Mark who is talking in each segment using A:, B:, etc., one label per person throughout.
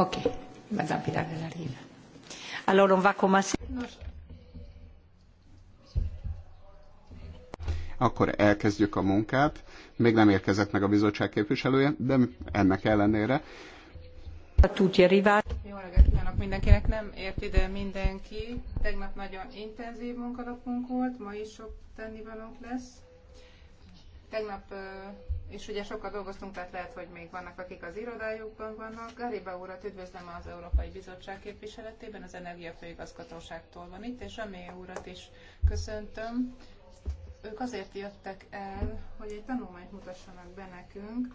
A: Oké, Madame Pilar de la Riva. on va commencer.
B: Akkor elkezdjük a munkát. Még nem érkezett meg a bizottság képviselője, de ennek ellenére. A tudja rivát.
C: Jó reggelt kívánok mindenkinek, nem ért ide mindenki. Tegnap nagyon intenzív munkanapunk volt, ma is sok tennivalónk lesz. Tegnap és ugye sokat dolgoztunk, tehát lehet, hogy még vannak, akik az irodájukban vannak. Gariba úrat üdvözlöm az Európai Bizottság képviseletében, az Energiafőigazgatóságtól van itt, és Amé úrat is köszöntöm. Ők azért jöttek el, hogy egy tanulmányt mutassanak be nekünk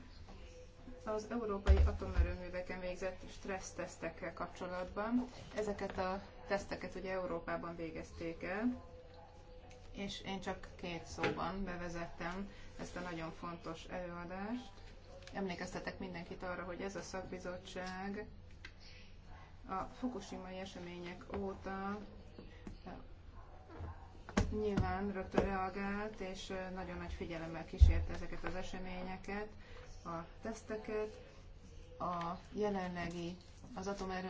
C: az európai atomerőműveken végzett stressztesztekkel kapcsolatban. Ezeket a teszteket ugye Európában végezték el és én csak két szóban bevezettem ezt a nagyon fontos előadást. Emlékeztetek mindenkit arra, hogy ez a szakbizottság a fukushimai események óta nyilván rögtön reagált, és nagyon nagy figyelemmel kísérte ezeket az eseményeket, a teszteket, a jelenlegi, az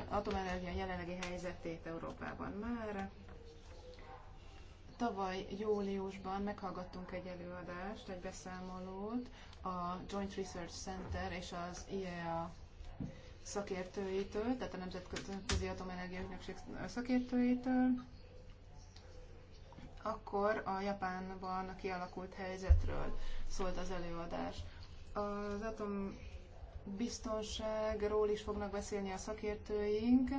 C: atomenergia jelenlegi helyzetét Európában már, Tavaly júliusban meghallgattunk egy előadást, egy beszámolót a Joint Research Center és az IEA szakértőitől, tehát a Nemzetközi Atomenergia Ügynökség szakértőitől, akkor a Japánban kialakult helyzetről szólt az előadás. Az atombiztonságról is fognak beszélni a szakértőink,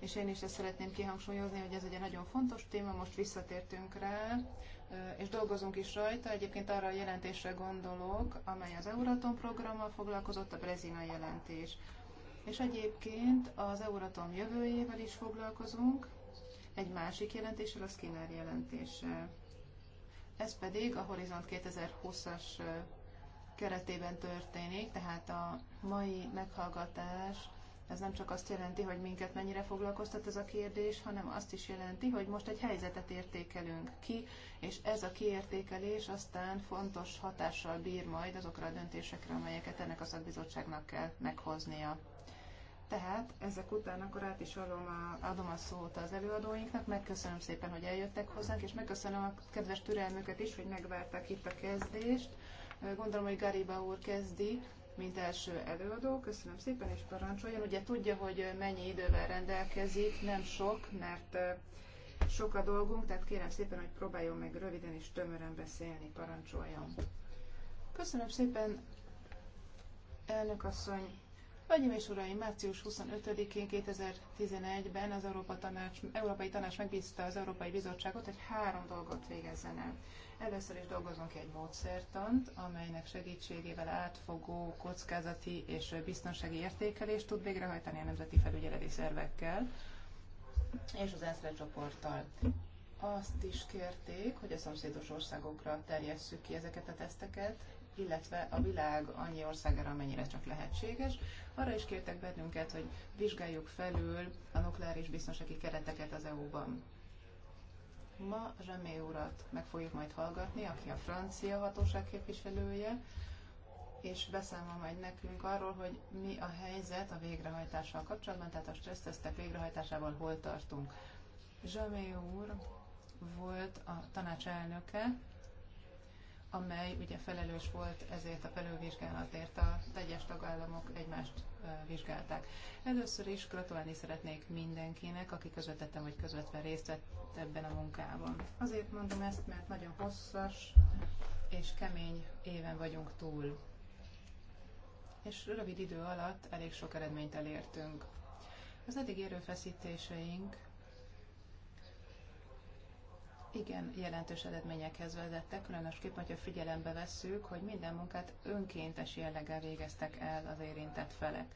C: és én is ezt szeretném kihangsúlyozni, hogy ez ugye nagyon fontos téma, most visszatértünk rá, és dolgozunk is rajta. Egyébként arra a jelentésre gondolok, amely az Euratom programmal foglalkozott, a Brezina jelentés. És egyébként az Euratom jövőjével is foglalkozunk, egy másik jelentéssel, a Skinner jelentéssel. Ez pedig a Horizont 2020-as keretében történik, tehát a mai meghallgatás ez nem csak azt jelenti, hogy minket mennyire foglalkoztat ez a kérdés, hanem azt is jelenti, hogy most egy helyzetet értékelünk ki, és ez a kiértékelés aztán fontos hatással bír majd azokra a döntésekre, amelyeket ennek a szakbizottságnak kell meghoznia. Tehát ezek után akkor át is adom a, adom a szót az előadóinknak, megköszönöm szépen, hogy eljöttek hozzánk, és megköszönöm a kedves türelmüket is, hogy megvárták itt a kezdést. Gondolom, hogy Gariba úr kezdi, mint első előadó. Köszönöm szépen, és parancsoljon. Ugye tudja, hogy mennyi idővel rendelkezik, nem sok, mert sok a dolgunk, tehát kérem szépen, hogy próbáljon meg röviden és tömören beszélni, parancsoljon. Köszönöm szépen, elnök asszony. Hölgyeim és Uraim, március 25-én 2011-ben az Európa Tanács, Európai Tanács megbízta az Európai Bizottságot, hogy három dolgot végezzen el. Először is dolgozunk egy módszertant, amelynek segítségével átfogó kockázati és biztonsági értékelést tud végrehajtani a nemzeti felügyeleti szervekkel és az ENSZ csoporttal. Azt is kérték, hogy a szomszédos országokra terjesszük ki ezeket a teszteket, illetve a világ annyi országára, amennyire csak lehetséges. Arra is kértek bennünket, hogy vizsgáljuk felül a nukleáris biztonsági kereteket az EU-ban ma Remé urat meg fogjuk majd hallgatni, aki a francia hatóság képviselője, és beszámol majd nekünk arról, hogy mi a helyzet a végrehajtással kapcsolatban, tehát a stressztesztek végrehajtásával hol tartunk. Zsamé úr volt a tanács elnöke, amely ugye felelős volt ezért a felülvizsgálatért, a egyes tagállamok egymást vizsgálták. Először is gratulálni szeretnék mindenkinek, aki közvetettem vagy közvetve részt vett ebben a munkában. Azért mondom ezt, mert nagyon hosszas és kemény éven vagyunk túl. És rövid idő alatt elég sok eredményt elértünk. Az eddig erőfeszítéseink igen jelentős eredményekhez vezettek, különösképp, hogyha figyelembe vesszük, hogy minden munkát önkéntes jelleggel végeztek el az érintett felek.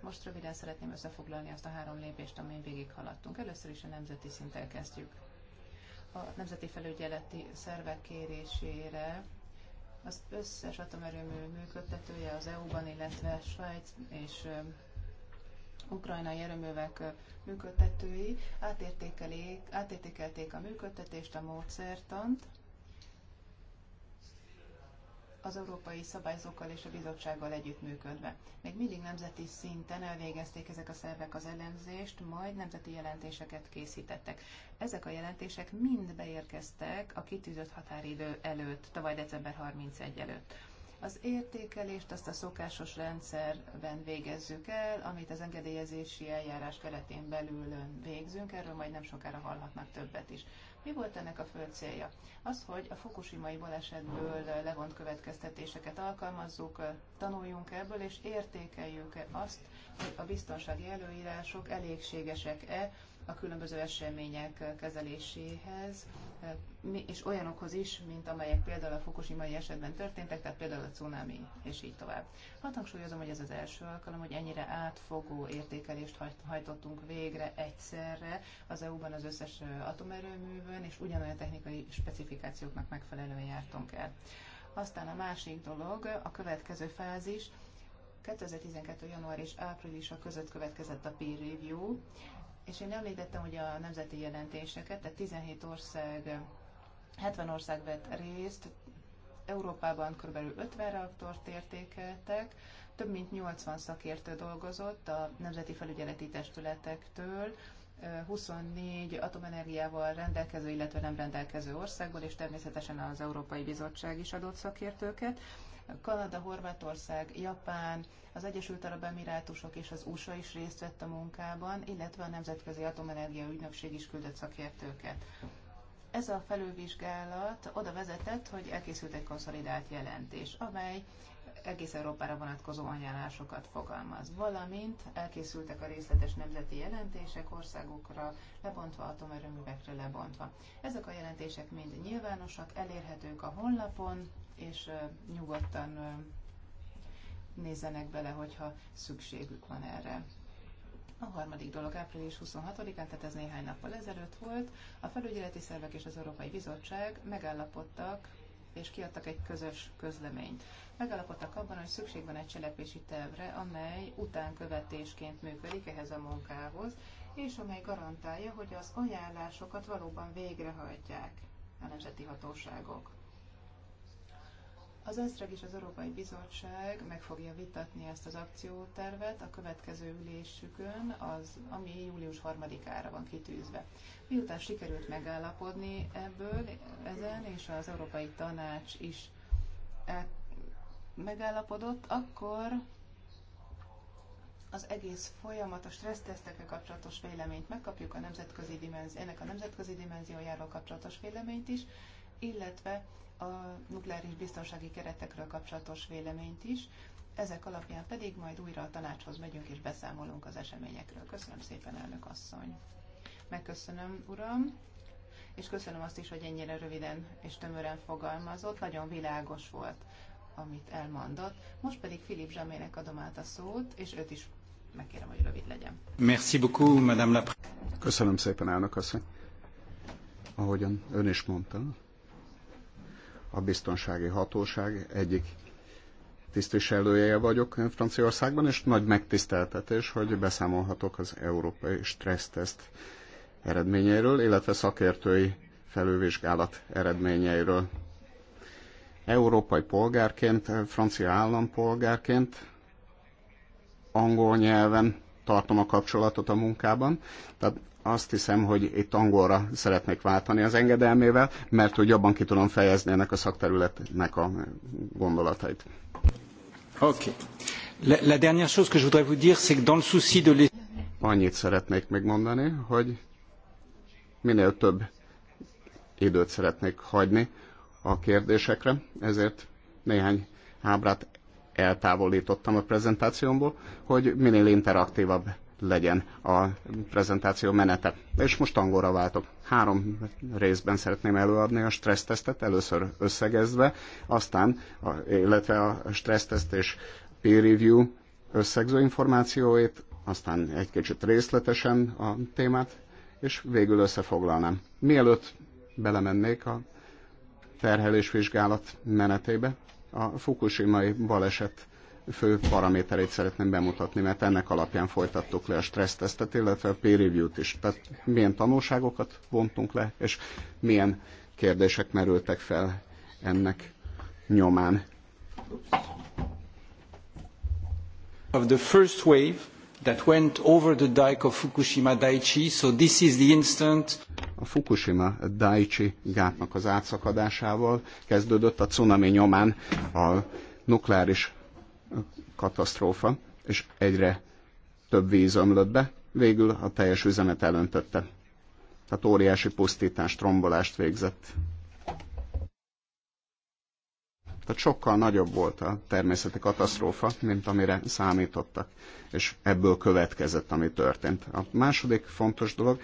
C: Most röviden szeretném összefoglalni azt a három lépést, amin végighaladtunk. Először is a nemzeti szinten kezdjük. A nemzeti felügyeleti szervek kérésére az összes atomerőmű működtetője az EU-ban, illetve Svájc és ukrajnai erőművek működtetői átértékelték a működtetést, a módszertant, az európai szabályzókkal és a bizottsággal együttműködve. Még mindig nemzeti szinten elvégezték ezek a szervek az elemzést, majd nemzeti jelentéseket készítettek. Ezek a jelentések mind beérkeztek a kitűzött határidő előtt, tavaly december 31 előtt. Az értékelést azt a szokásos rendszerben végezzük el, amit az engedélyezési eljárás keretén belül végzünk, erről majd nem sokára hallhatnak többet is. Mi volt ennek a fő célja? Az, hogy a fukushimai balesetből levont következtetéseket alkalmazzuk, tanuljunk ebből, és értékeljük azt, hogy a biztonsági előírások elégségesek-e a különböző események kezeléséhez, és olyanokhoz is, mint amelyek például a Fukushima-i esetben történtek, tehát például a cunami, és így tovább. Hát hangsúlyozom, hogy ez az első alkalom, hogy ennyire átfogó értékelést hajtottunk végre egyszerre az EU-ban az összes atomerőművön, és ugyanolyan technikai specifikációknak megfelelően jártunk el. Aztán a másik dolog, a következő fázis, 2012. január és áprilisa között következett a peer review, és én említettem ugye a nemzeti jelentéseket, tehát 17 ország, 70 ország vett részt, Európában kb. 50 reaktort értékeltek, több mint 80 szakértő dolgozott a nemzeti felügyeleti testületektől, 24 atomenergiával rendelkező, illetve nem rendelkező országból, és természetesen az Európai Bizottság is adott szakértőket. Kanada, Horvátország, Japán, az Egyesült Arab Emirátusok és az USA is részt vett a munkában, illetve a Nemzetközi Atomenergia Ügynökség is küldött szakértőket. Ez a felülvizsgálat oda vezetett, hogy elkészült egy konszolidált jelentés, amely egész Európára vonatkozó ajánlásokat fogalmaz, valamint elkészültek a részletes nemzeti jelentések országokra lebontva, atomerőművekre lebontva. Ezek a jelentések mind nyilvánosak, elérhetők a honlapon, és nyugodtan nézzenek bele, hogyha szükségük van erre. A harmadik dolog április 26-án, tehát ez néhány nappal ezelőtt volt, a felügyeleti szervek és az Európai Bizottság megállapodtak és kiadtak egy közös közleményt. Megállapodtak abban, hogy szükség van egy cselekvési tervre, amely utánkövetésként működik ehhez a munkához, és amely garantálja, hogy az ajánlásokat valóban végrehajtják a nemzeti hatóságok. Az ESZREG és az Európai Bizottság meg fogja vitatni ezt az akciótervet a következő ülésükön, az, ami július 3-ára van kitűzve. Miután sikerült megállapodni ebből, ezen, és az Európai Tanács is e, megállapodott, akkor az egész folyamat, a stressztesztekkel kapcsolatos véleményt megkapjuk, a nemzetközi dimenzió, ennek a nemzetközi dimenziójáról kapcsolatos véleményt is, illetve a nukleáris biztonsági keretekről kapcsolatos véleményt is. Ezek alapján pedig majd újra a tanácshoz megyünk és beszámolunk az eseményekről. Köszönöm szépen, elnök asszony. Megköszönöm, uram, és köszönöm azt is, hogy ennyire röviden és tömören fogalmazott. Nagyon világos volt, amit elmondott. Most pedig Filip Zsamének adom át a szót, és őt is megkérem, hogy rövid legyen.
B: Merci beaucoup, madame la Köszönöm szépen, elnök asszony. Ahogyan ön is mondta, a biztonsági hatóság egyik tisztviselője vagyok Franciaországban, és nagy megtiszteltetés, hogy beszámolhatok az európai stresszteszt eredményeiről, illetve szakértői felülvizsgálat eredményeiről. Európai polgárként, francia állampolgárként, angol nyelven tartom a kapcsolatot a munkában, tehát azt hiszem, hogy itt angolra szeretnék váltani az engedelmével, mert hogy jobban ki tudom fejezni ennek a szakterületnek a gondolatait. Oké. Okay. La, dernière chose que je voudrais vous dire, c'est que dans le souci de les... Annyit szeretnék még mondani, hogy minél több időt szeretnék hagyni a kérdésekre, ezért néhány ábrát eltávolítottam a prezentációmból, hogy minél interaktívabb legyen a prezentáció menete. És most angolra váltok. Három részben szeretném előadni a stressztesztet, először összegezve, aztán, a, illetve a stresszteszt és peer review összegző információit, aztán egy kicsit részletesen a témát, és végül összefoglalnám. Mielőtt belemennék a terhelésvizsgálat menetébe, a Fukushima-i baleset fő paraméterét szeretném bemutatni, mert ennek alapján folytattuk le a stressztesztet, illetve a peer review-t is. Tehát milyen tanulságokat vontunk le, és milyen kérdések merültek fel ennek nyomán. Of the first wave that went over the dike of Fukushima Daiichi, so this is the instant a Fukushima Daiichi gátnak az átszakadásával kezdődött a cunami nyomán a nukleáris katasztrófa, és egyre több víz ömlött be, végül a teljes üzemet elöntötte. Tehát óriási pusztítást, rombolást végzett. Tehát sokkal nagyobb volt a természeti katasztrófa, mint amire számítottak, és ebből következett, ami történt. A második fontos dolog,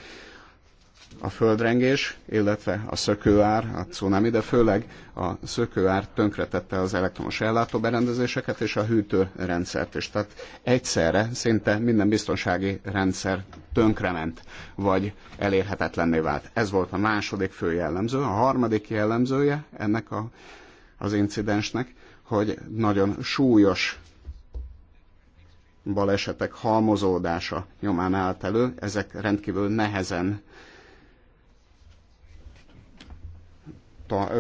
B: a földrengés, illetve a szökőár, a cunami, de főleg a szökőár tönkretette az elektromos ellátóberendezéseket és a hűtőrendszert is. Tehát egyszerre szinte minden biztonsági rendszer tönkrement, vagy elérhetetlenné vált. Ez volt a második fő jellemző. A harmadik jellemzője ennek a, az incidensnek, hogy nagyon súlyos balesetek halmozódása nyomán állt elő, ezek rendkívül nehezen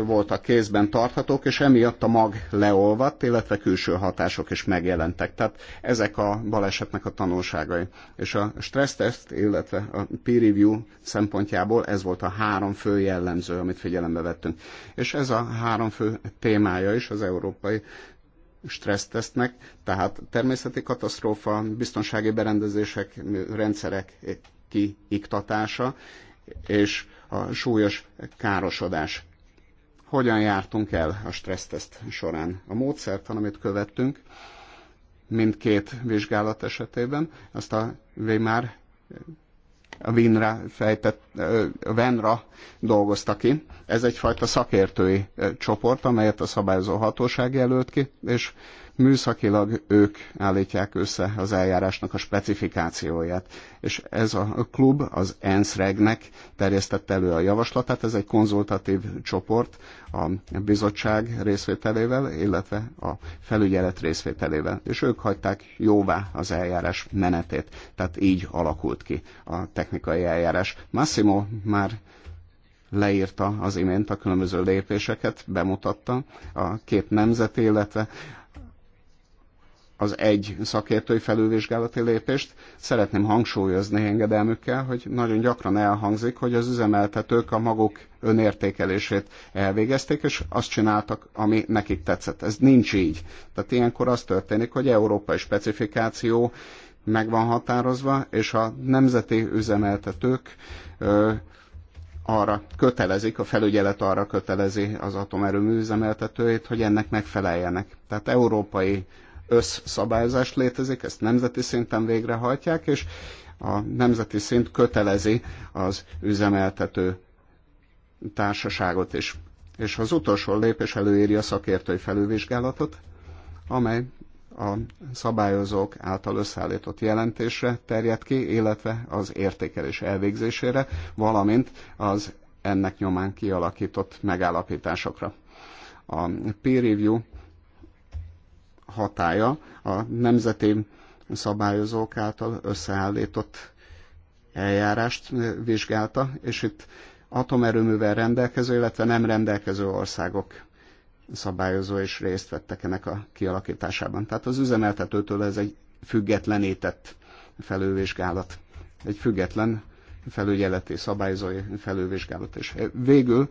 B: voltak kézben tarthatók, és emiatt a mag leolvadt, illetve külső hatások is megjelentek. Tehát ezek a balesetnek a tanulságai. És a stressztest, illetve a peer review szempontjából ez volt a három fő jellemző, amit figyelembe vettünk. És ez a három fő témája is az európai stressztesztnek, tehát természeti katasztrófa, biztonsági berendezések, rendszerek kiiktatása, és a súlyos károsodás hogyan jártunk el a stresszteszt során. A módszertan, amit követtünk mindkét vizsgálat esetében, azt a Weimar a Vinra fejtett, a Venra dolgozta ki. Ez egyfajta szakértői csoport, amelyet a szabályozó hatóság jelölt ki, és műszakilag ők állítják össze az eljárásnak a specifikációját. És ez a klub az ENSZ-regnek terjesztette elő a javaslatát, ez egy konzultatív csoport a bizottság részvételével, illetve a felügyelet részvételével. És ők hagyták jóvá az eljárás menetét, tehát így alakult ki a technikai eljárás. Massimo már leírta az imént a különböző lépéseket, bemutatta a két nemzeti, illetve az egy szakértői felülvizsgálati lépést. Szeretném hangsúlyozni engedelmükkel, hogy nagyon gyakran elhangzik, hogy az üzemeltetők a maguk önértékelését elvégezték, és azt csináltak, ami nekik tetszett. Ez nincs így. Tehát ilyenkor az történik, hogy európai specifikáció meg van határozva, és a nemzeti üzemeltetők ö, arra kötelezik, a felügyelet arra kötelezi az atomerőmű üzemeltetőjét, hogy ennek megfeleljenek. Tehát európai összszabályozás létezik, ezt nemzeti szinten végrehajtják, és a nemzeti szint kötelezi az üzemeltető társaságot is. És az utolsó lépés előírja a szakértői felülvizsgálatot, amely a szabályozók által összeállított jelentésre terjed ki, illetve az értékelés elvégzésére, valamint az ennek nyomán kialakított megállapításokra. A peer review hatája a nemzeti szabályozók által összeállított eljárást vizsgálta, és itt atomerőművel rendelkező, illetve nem rendelkező országok szabályozó is részt vettek ennek a kialakításában. Tehát az üzemeltetőtől ez egy függetlenített felülvizsgálat, egy független felügyeleti szabályozói felülvizsgálat. És végül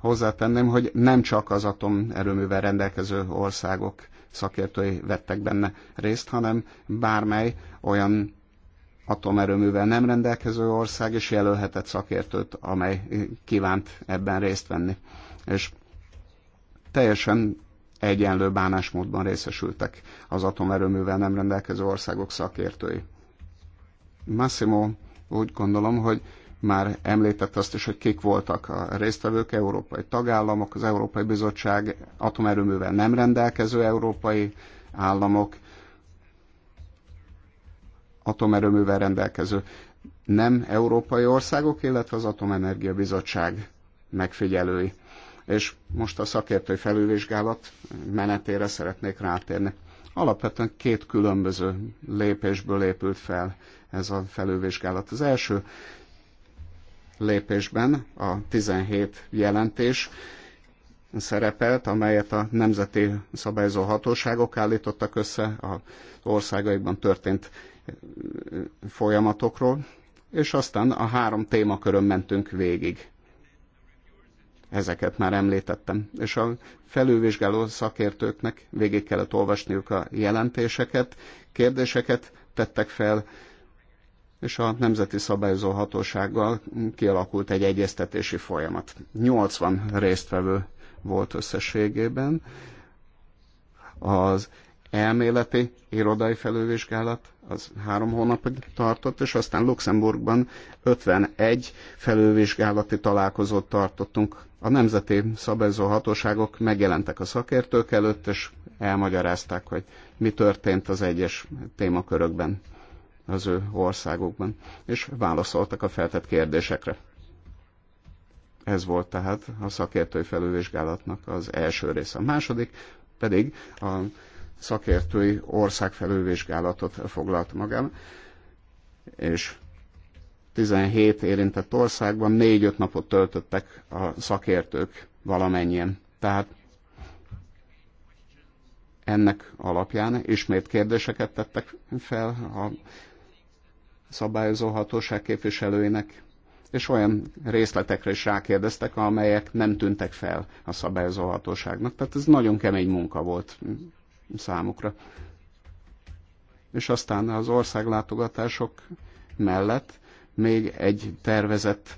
B: hozzátenném, hogy nem csak az atomerőművel rendelkező országok szakértői vettek benne részt, hanem bármely olyan atomerőművel nem rendelkező ország is jelölhetett szakértőt, amely kívánt ebben részt venni. És teljesen egyenlő bánásmódban részesültek az atomerőművel nem rendelkező országok szakértői. Massimo úgy gondolom, hogy már említette azt is, hogy kik voltak a résztvevők, európai tagállamok, az Európai Bizottság atomerőművel nem rendelkező európai államok, atomerőművel rendelkező nem európai országok, illetve az Atomenergia Bizottság megfigyelői. És most a szakértői felülvizsgálat menetére szeretnék rátérni. Alapvetően két különböző lépésből épült fel ez a felülvizsgálat. Az első lépésben a 17 jelentés szerepelt, amelyet a nemzeti szabályozó hatóságok állítottak össze az országaikban történt folyamatokról, és aztán a három témakörön mentünk végig. Ezeket már említettem. És a felülvizsgáló szakértőknek végig kellett olvasniuk a jelentéseket, kérdéseket tettek fel, és a Nemzeti Szabályozó Hatósággal kialakult egy egyeztetési folyamat. 80 résztvevő volt összességében. Az elméleti irodai felővizsgálat az három hónapig tartott, és aztán Luxemburgban 51 felővizsgálati találkozót tartottunk. A nemzeti szabályozó hatóságok megjelentek a szakértők előtt, és elmagyarázták, hogy mi történt az egyes témakörökben az ő országukban, és válaszoltak a feltett kérdésekre. Ez volt tehát a szakértői felülvizsgálatnak az első része. A második pedig a szakértői országfelülvizsgálatot foglalt magam, és 17 érintett országban 4-5 napot töltöttek a szakértők valamennyien. Tehát ennek alapján ismét kérdéseket tettek fel a szabályozó hatóság képviselőinek, és olyan részletekre is rákérdeztek, amelyek nem tűntek fel a szabályozó hatóságnak. Tehát ez nagyon kemény munka volt számukra. És aztán az országlátogatások mellett még egy tervezett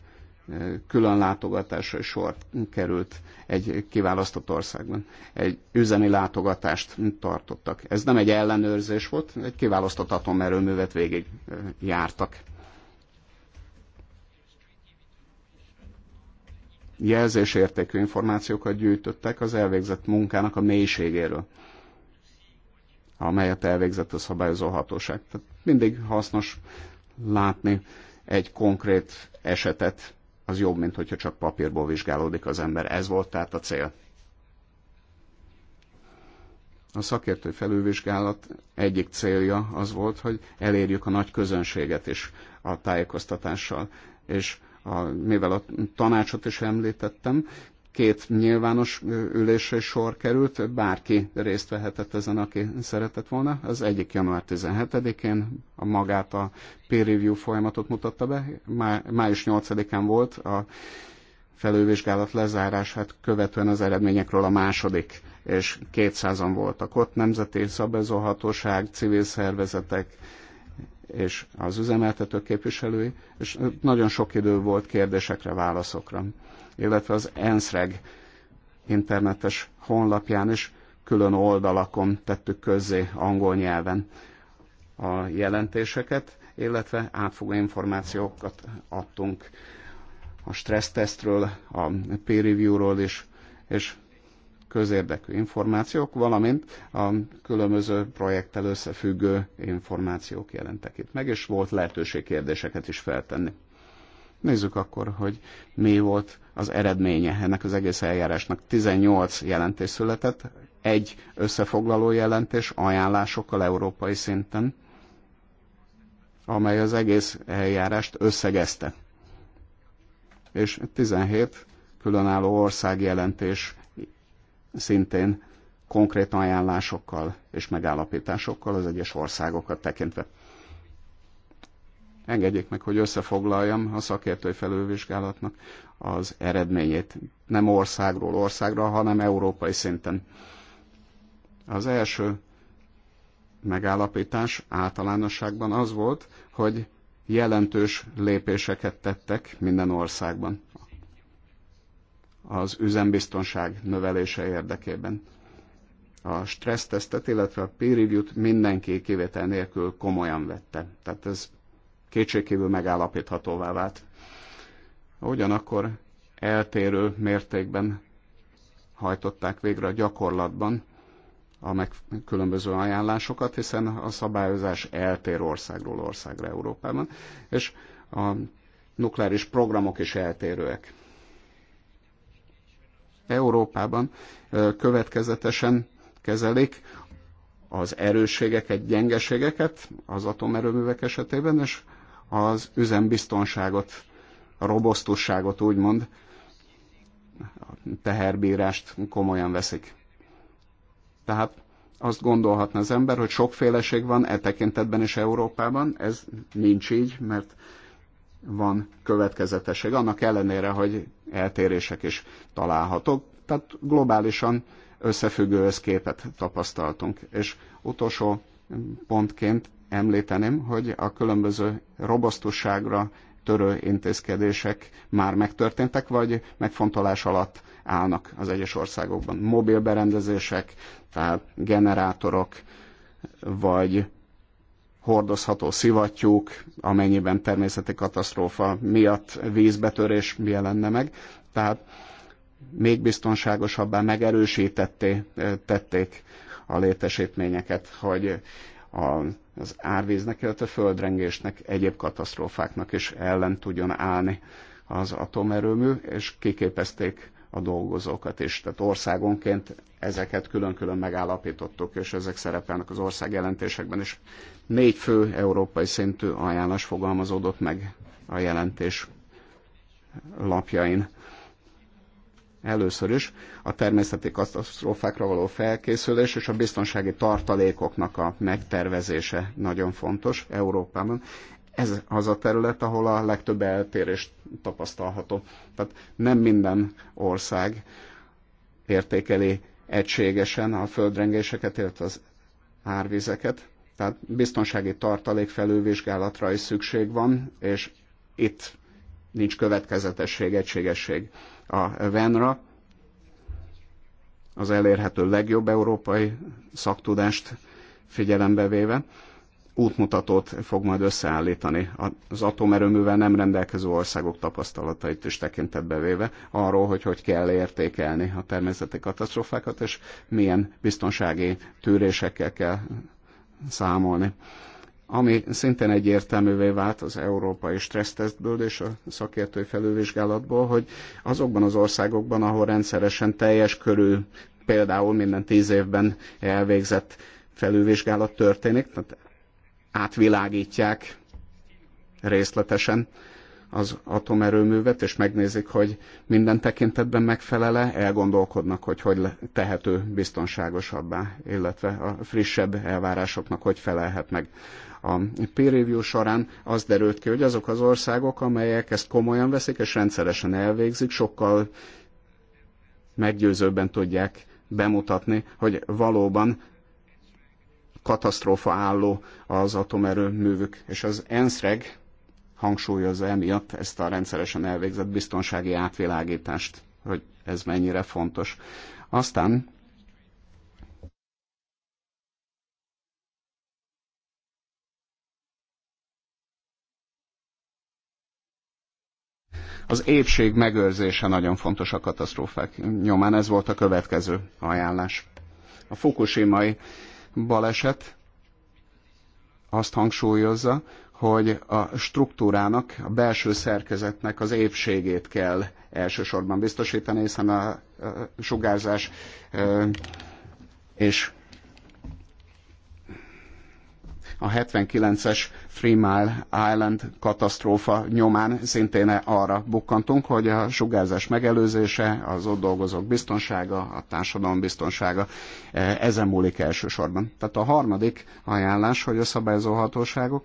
B: külön látogatásra sor került egy kiválasztott országban. Egy üzemi látogatást tartottak. Ez nem egy ellenőrzés volt, egy kiválasztott atomerőművet végig jártak. Jelzésértékű információkat gyűjtöttek az elvégzett munkának a mélységéről amelyet elvégzett a szabályozó hatóság. Tehát mindig hasznos látni egy konkrét esetet, az jobb, mint hogyha csak papírból vizsgálódik az ember. Ez volt tehát a cél. A szakértői felülvizsgálat egyik célja az volt, hogy elérjük a nagy közönséget is a tájékoztatással. És a, mivel a tanácsot is említettem, két nyilvános ülésre sor került, bárki részt vehetett ezen, aki szeretett volna. Az egyik január 17-én a magát a peer review folyamatot mutatta be, május 8-án volt a felővizsgálat lezárását követően az eredményekről a második, és 200-an voltak ott, nemzeti szabályozóhatóság, civil szervezetek, és az üzemeltető képviselői, és nagyon sok idő volt kérdésekre, válaszokra illetve az ENSZREG internetes honlapján is külön oldalakon tettük közzé angol nyelven a jelentéseket, illetve átfogó információkat adtunk a stressztesztről, a peer review-ról is, és közérdekű információk, valamint a különböző projekttel összefüggő információk jelentek itt meg, és volt lehetőség kérdéseket is feltenni. Nézzük akkor, hogy mi volt az eredménye ennek az egész eljárásnak. 18 jelentés született, egy összefoglaló jelentés ajánlásokkal európai szinten, amely az egész eljárást összegezte. És 17 különálló országjelentés szintén konkrét ajánlásokkal és megállapításokkal az egyes országokat tekintve. Engedjék meg, hogy összefoglaljam a szakértői felülvizsgálatnak az eredményét nem országról országra, hanem európai szinten. Az első megállapítás általánosságban az volt, hogy jelentős lépéseket tettek minden országban az üzembiztonság növelése érdekében. A stressztesztet, illetve a peer review-t mindenki kivétel nélkül komolyan vette. Tehát ez kétségkívül megállapíthatóvá vált ugyanakkor eltérő mértékben hajtották végre a gyakorlatban a meg különböző ajánlásokat, hiszen a szabályozás eltér országról országra Európában, és a nukleáris programok is eltérőek. Európában következetesen kezelik az erősségeket, gyengeségeket az atomerőművek esetében, és az üzembiztonságot robosztusságot úgymond, a teherbírást komolyan veszik. Tehát azt gondolhatna az ember, hogy sokféleség van e tekintetben is Európában, ez nincs így, mert van következetesség, annak ellenére, hogy eltérések is találhatók, tehát globálisan összefüggő összképet tapasztaltunk. És utolsó pontként említeném, hogy a különböző robosztusságra törő intézkedések már megtörténtek, vagy megfontolás alatt állnak az egyes országokban. Mobil berendezések, tehát generátorok, vagy hordozható szivattyúk, amennyiben természeti katasztrófa miatt vízbetörés jelenne meg. Tehát még biztonságosabbá megerősítették tették a létesítményeket, hogy a az árvíznek, illetve földrengésnek, egyéb katasztrófáknak is ellen tudjon állni az atomerőmű, és kiképezték a dolgozókat is. Tehát országonként ezeket külön-külön megállapítottuk, és ezek szerepelnek az ország jelentésekben is. Négy fő európai szintű ajánlás fogalmazódott meg a jelentés lapjain. Először is a természeti katasztrófákra való felkészülés és a biztonsági tartalékoknak a megtervezése nagyon fontos Európában. Ez az a terület, ahol a legtöbb eltérés tapasztalható. Tehát nem minden ország értékeli egységesen a földrengéseket, illetve az árvizeket. Tehát biztonsági tartalék felülvizsgálatra is szükség van, és itt nincs következetesség, egységesség a VENRA, az elérhető legjobb európai szaktudást figyelembe véve útmutatót fog majd összeállítani az atomerőművel nem rendelkező országok tapasztalatait is tekintetbe véve arról, hogy hogy kell értékelni a természeti katasztrófákat, és milyen biztonsági tűrésekkel kell számolni ami szintén egyértelművé vált az európai stressztesztből és a szakértői felülvizsgálatból, hogy azokban az országokban, ahol rendszeresen teljes körű, például minden tíz évben elvégzett felülvizsgálat történik, tehát átvilágítják részletesen az atomerőművet, és megnézik, hogy minden tekintetben megfelele, elgondolkodnak, hogy hogy tehető biztonságosabbá, illetve a frissebb elvárásoknak hogy felelhet meg a peer review során az derült ki, hogy azok az országok, amelyek ezt komolyan veszik és rendszeresen elvégzik, sokkal meggyőzőbben tudják bemutatni, hogy valóban katasztrófa álló az atomerőművük, és az ENSREG hangsúlyozza emiatt ezt a rendszeresen elvégzett biztonsági átvilágítást, hogy ez mennyire fontos. Aztán Az épség megőrzése nagyon fontos a katasztrófák nyomán, ez volt a következő ajánlás. A fukushimai baleset azt hangsúlyozza, hogy a struktúrának, a belső szerkezetnek az épségét kell elsősorban biztosítani, hiszen a sugárzás és a 79-es Three Mile Island katasztrófa nyomán szintén arra bukkantunk, hogy a sugárzás megelőzése, az ott dolgozók biztonsága, a társadalom biztonsága e, ezen múlik elsősorban. Tehát a harmadik ajánlás, hogy a szabályozó hatóságok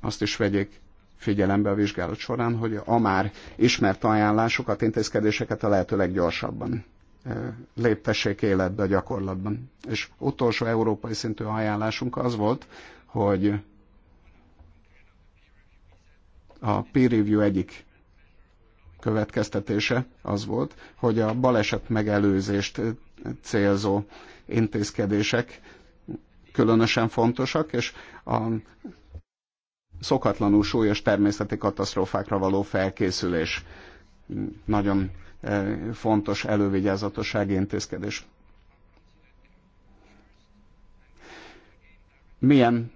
B: azt is vegyék figyelembe a vizsgálat során, hogy a már ismert ajánlásokat, intézkedéseket a lehető leggyorsabban léptessék életbe a gyakorlatban. És utolsó európai szintű ajánlásunk az volt, hogy a peer review egyik következtetése az volt, hogy a baleset megelőzést célzó intézkedések különösen fontosak, és a szokatlanul súlyos természeti katasztrófákra való felkészülés nagyon E, fontos elővigyázatossági intézkedés. Milyen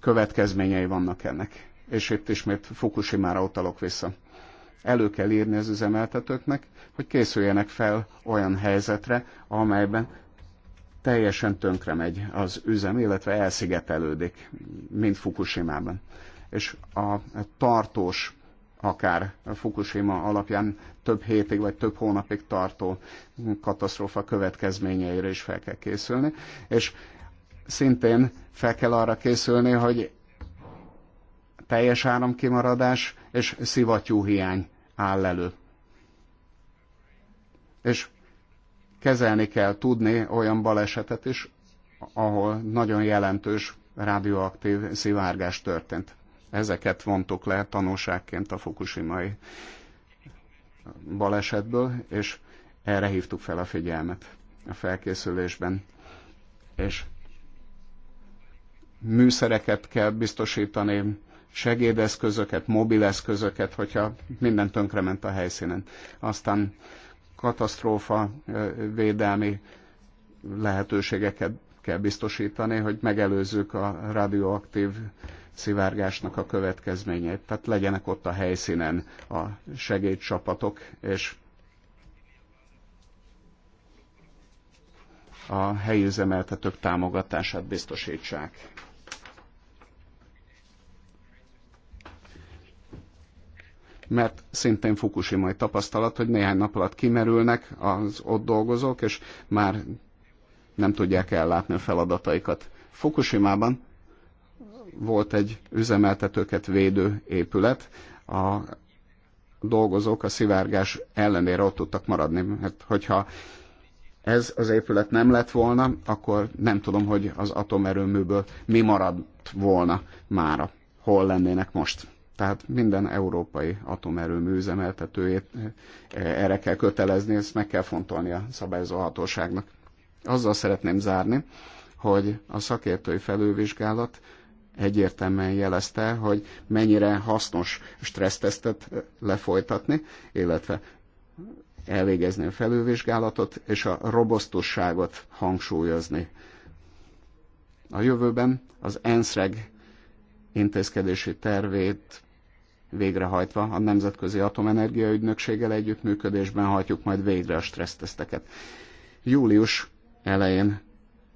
B: következményei vannak ennek? És itt ismét Fukushima-ra utalok vissza. Elő kell írni az üzemeltetőknek, hogy készüljenek fel olyan helyzetre, amelyben teljesen tönkre megy az üzem, illetve elszigetelődik, mint Fukushima-ban. És a tartós akár Fukushima alapján több hétig vagy több hónapig tartó katasztrófa következményeire is fel kell készülni, és szintén fel kell arra készülni, hogy teljes áramkimaradás és hiány áll elő. És kezelni kell tudni olyan balesetet is, ahol nagyon jelentős radioaktív szivárgás történt. Ezeket vontok le tanulságként a fukushimai balesetből, és erre hívtuk fel a figyelmet a felkészülésben. És műszereket kell biztosítani, segédeszközöket, mobileszközöket, hogyha minden tönkrement a helyszínen. Aztán katasztrófa védelmi lehetőségeket kell biztosítani, hogy megelőzzük a radioaktív szivárgásnak a következményeit. Tehát legyenek ott a helyszínen a segédcsapatok, és a helyi üzemeltetők támogatását biztosítsák. mert szintén fukushima tapasztalat, hogy néhány nap alatt kimerülnek az ott dolgozók, és már nem tudják ellátni a feladataikat. Fukushima-ban volt egy üzemeltetőket védő épület, a dolgozók a szivárgás ellenére ott tudtak maradni, mert hát, hogyha ez az épület nem lett volna, akkor nem tudom, hogy az atomerőműből mi maradt volna mára, hol lennének most. Tehát minden európai atomerőmű üzemeltetőjét eh, eh, erre kell kötelezni, ezt meg kell fontolni a szabályozó hatóságnak. Azzal szeretném zárni, hogy a szakértői felővizsgálat egyértelműen jelezte, hogy mennyire hasznos stressztesztet eh, lefolytatni, illetve elvégezni a felülvizsgálatot és a robosztusságot hangsúlyozni. A jövőben az ENSZREG intézkedési tervét végrehajtva a Nemzetközi Atomenergia Ügynökséggel együttműködésben hajtjuk majd végre a stresszteszteket. Július elején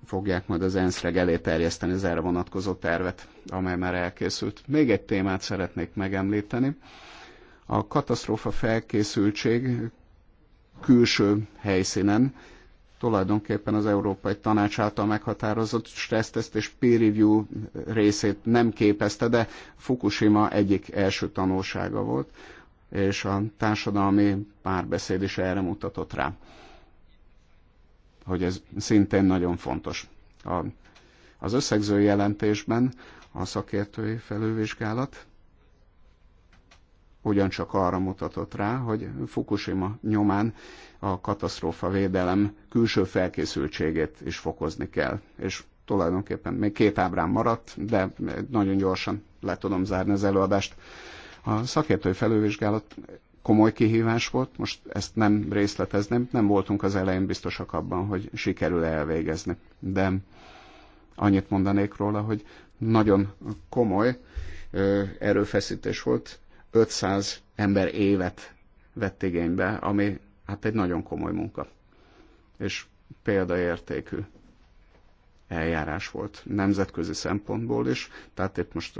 B: fogják majd az ENSZ elé terjeszteni az erre vonatkozó tervet, amely már elkészült. Még egy témát szeretnék megemlíteni. A katasztrófa felkészültség külső helyszínen tulajdonképpen az Európai Tanács által meghatározott stresszteszt és peer review részét nem képezte, de Fukushima egyik első tanulsága volt, és a társadalmi párbeszéd is erre mutatott rá hogy ez szintén nagyon fontos. A, az összegző jelentésben a szakértői felülvizsgálat ugyancsak arra mutatott rá, hogy Fukushima nyomán a katasztrófa védelem külső felkészültségét is fokozni kell. És tulajdonképpen még két ábrán maradt, de nagyon gyorsan le tudom zárni az előadást. A szakértői felülvizsgálat komoly kihívás volt, most ezt nem részletezném, nem voltunk az elején biztosak abban, hogy sikerül elvégezni, de annyit mondanék róla, hogy nagyon komoly erőfeszítés volt, 500 ember évet vett igénybe, ami hát egy nagyon komoly munka, és példaértékű eljárás volt nemzetközi szempontból is, tehát itt most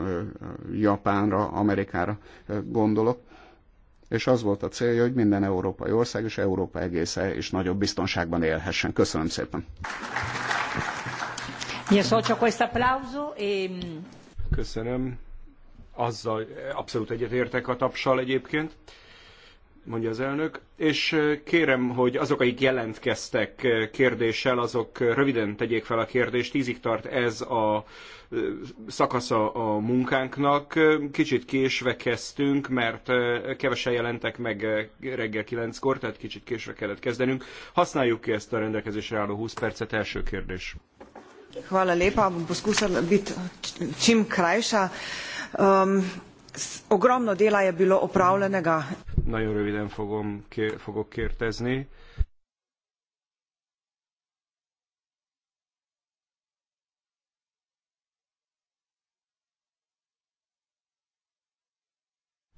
B: Japánra, Amerikára gondolok, és az volt a célja, hogy minden európai ország és Európa egésze is nagyobb biztonságban élhessen. Köszönöm szépen!
A: Ehm,
D: Köszönöm. Azzal abszolút egyetértek a tapsal egyébként mondja az elnök, és kérem, hogy azok, akik jelentkeztek kérdéssel, azok röviden tegyék fel a kérdést. Tízig tart ez a szakasza a munkánknak. Kicsit késve kezdtünk, mert kevesen jelentek meg reggel kilenckor, tehát kicsit késve kellett kezdenünk. Használjuk ki ezt a rendelkezésre álló 20 percet. Első kérdés.
C: Hvala lepa, bom poskušala biti krajša. Ehm, ogromno dela je bilo opravljenega.
D: Nagyon röviden fogom, fogok kérdezni.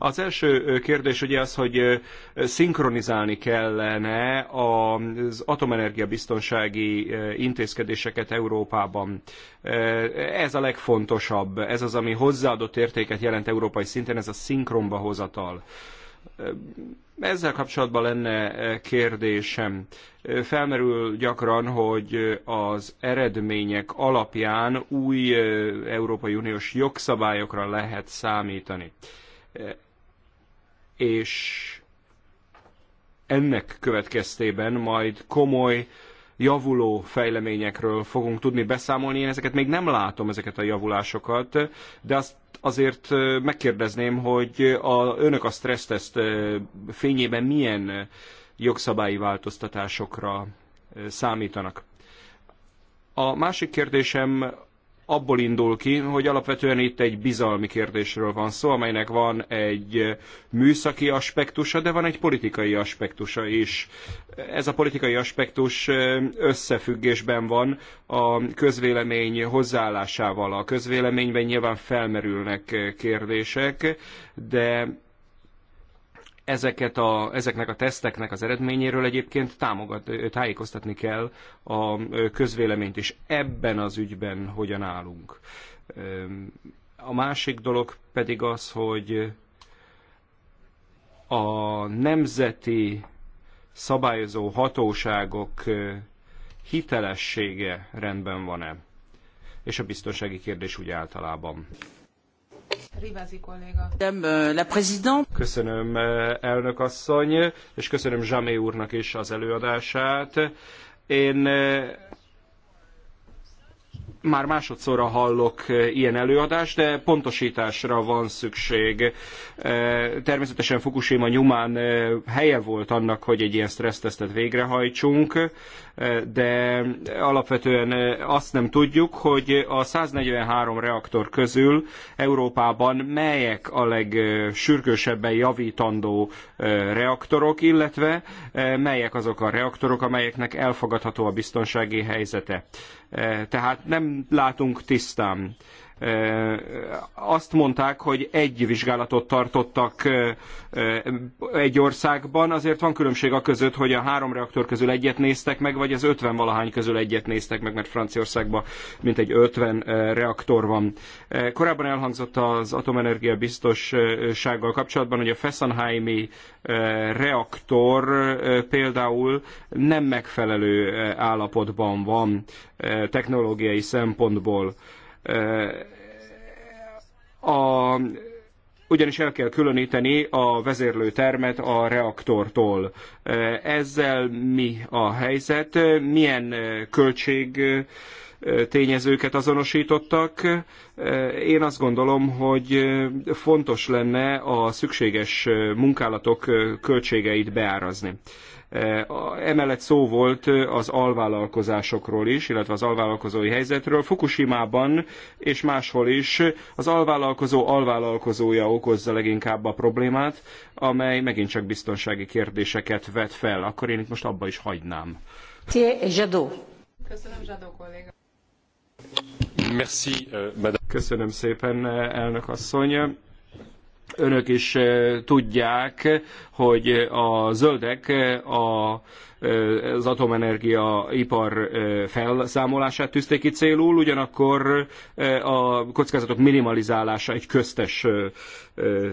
D: Az első kérdés ugye az, hogy szinkronizálni kellene az atomenergia biztonsági intézkedéseket Európában. Ez a legfontosabb, ez az, ami hozzáadott értéket jelent európai szinten, ez a szinkronba hozatal. Ezzel kapcsolatban lenne kérdésem. Felmerül gyakran, hogy az eredmények alapján új Európai Uniós jogszabályokra lehet számítani és ennek következtében majd komoly javuló fejleményekről fogunk tudni beszámolni. Én ezeket még nem látom, ezeket a javulásokat, de azt azért megkérdezném, hogy a, önök a stresszteszt fényében milyen jogszabályi változtatásokra számítanak. A másik kérdésem abból indul ki, hogy alapvetően itt egy bizalmi kérdésről van szó, amelynek van egy műszaki aspektusa, de van egy politikai aspektusa is. Ez a politikai aspektus összefüggésben van a közvélemény hozzáállásával. A közvéleményben nyilván felmerülnek kérdések, de ezeket a, ezeknek a teszteknek az eredményéről egyébként támogat, tájékoztatni kell a közvéleményt, és ebben az ügyben hogyan állunk. A másik dolog pedig az, hogy a nemzeti szabályozó hatóságok hitelessége rendben van-e, és a biztonsági kérdés úgy általában. Euh, köszönöm euh, elnök asszony, és köszönöm Zsamé úrnak is az előadását. Én euh, már másodszorra hallok e, ilyen előadást, de pontosításra van szükség. E, természetesen Fukushima nyomán e, helye volt annak, hogy egy ilyen stressztesztet végrehajtsunk, de alapvetően azt nem tudjuk, hogy a 143 reaktor közül Európában melyek a legsürgősebben javítandó reaktorok, illetve melyek azok a reaktorok, amelyeknek elfogadható a biztonsági helyzete. Eh, tehát nem látunk tisztán azt mondták, hogy egy vizsgálatot tartottak egy országban, azért van különbség a között, hogy a három reaktor közül egyet néztek meg, vagy az 50 valahány közül egyet néztek meg, mert Franciaországban mintegy 50 reaktor van. Korábban elhangzott az atomenergia biztossággal kapcsolatban, hogy a Fessenheimi reaktor például nem megfelelő állapotban van technológiai szempontból a, ugyanis el kell különíteni a vezérlő termet a reaktortól. Ezzel mi a helyzet? Milyen költség tényezőket azonosítottak. Én azt gondolom, hogy fontos lenne a szükséges munkálatok költségeit beárazni. Eh, emellett szó volt eh, az alvállalkozásokról is, illetve az alvállalkozói helyzetről. Fukushima-ban és máshol is az alvállalkozó alvállalkozója okozza leginkább a problémát, amely megint csak biztonsági kérdéseket vet fel. Akkor én itt most abba is hagynám. Zsadó.
C: Köszönöm, Zsadó kolléga.
D: Merci, euh, Köszönöm szépen, eh, elnök asszony önök is eh, tudják, hogy a zöldek a, eh, az atomenergia ipar eh, felszámolását tűzték ki célul, ugyanakkor a kockázatok minimalizálása egy köztes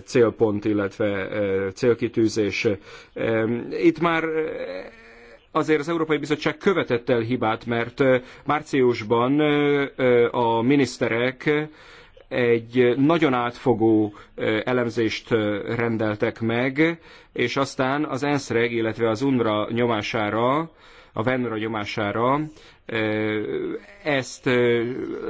D: célpont, illetve célkitűzés. Itt már azért az Európai Bizottság követett el hibát, mert márciusban a miniszterek egy nagyon átfogó elemzést rendeltek meg, és aztán az ENSZ-reg, illetve az UNRA nyomására, a Venra nyomására ezt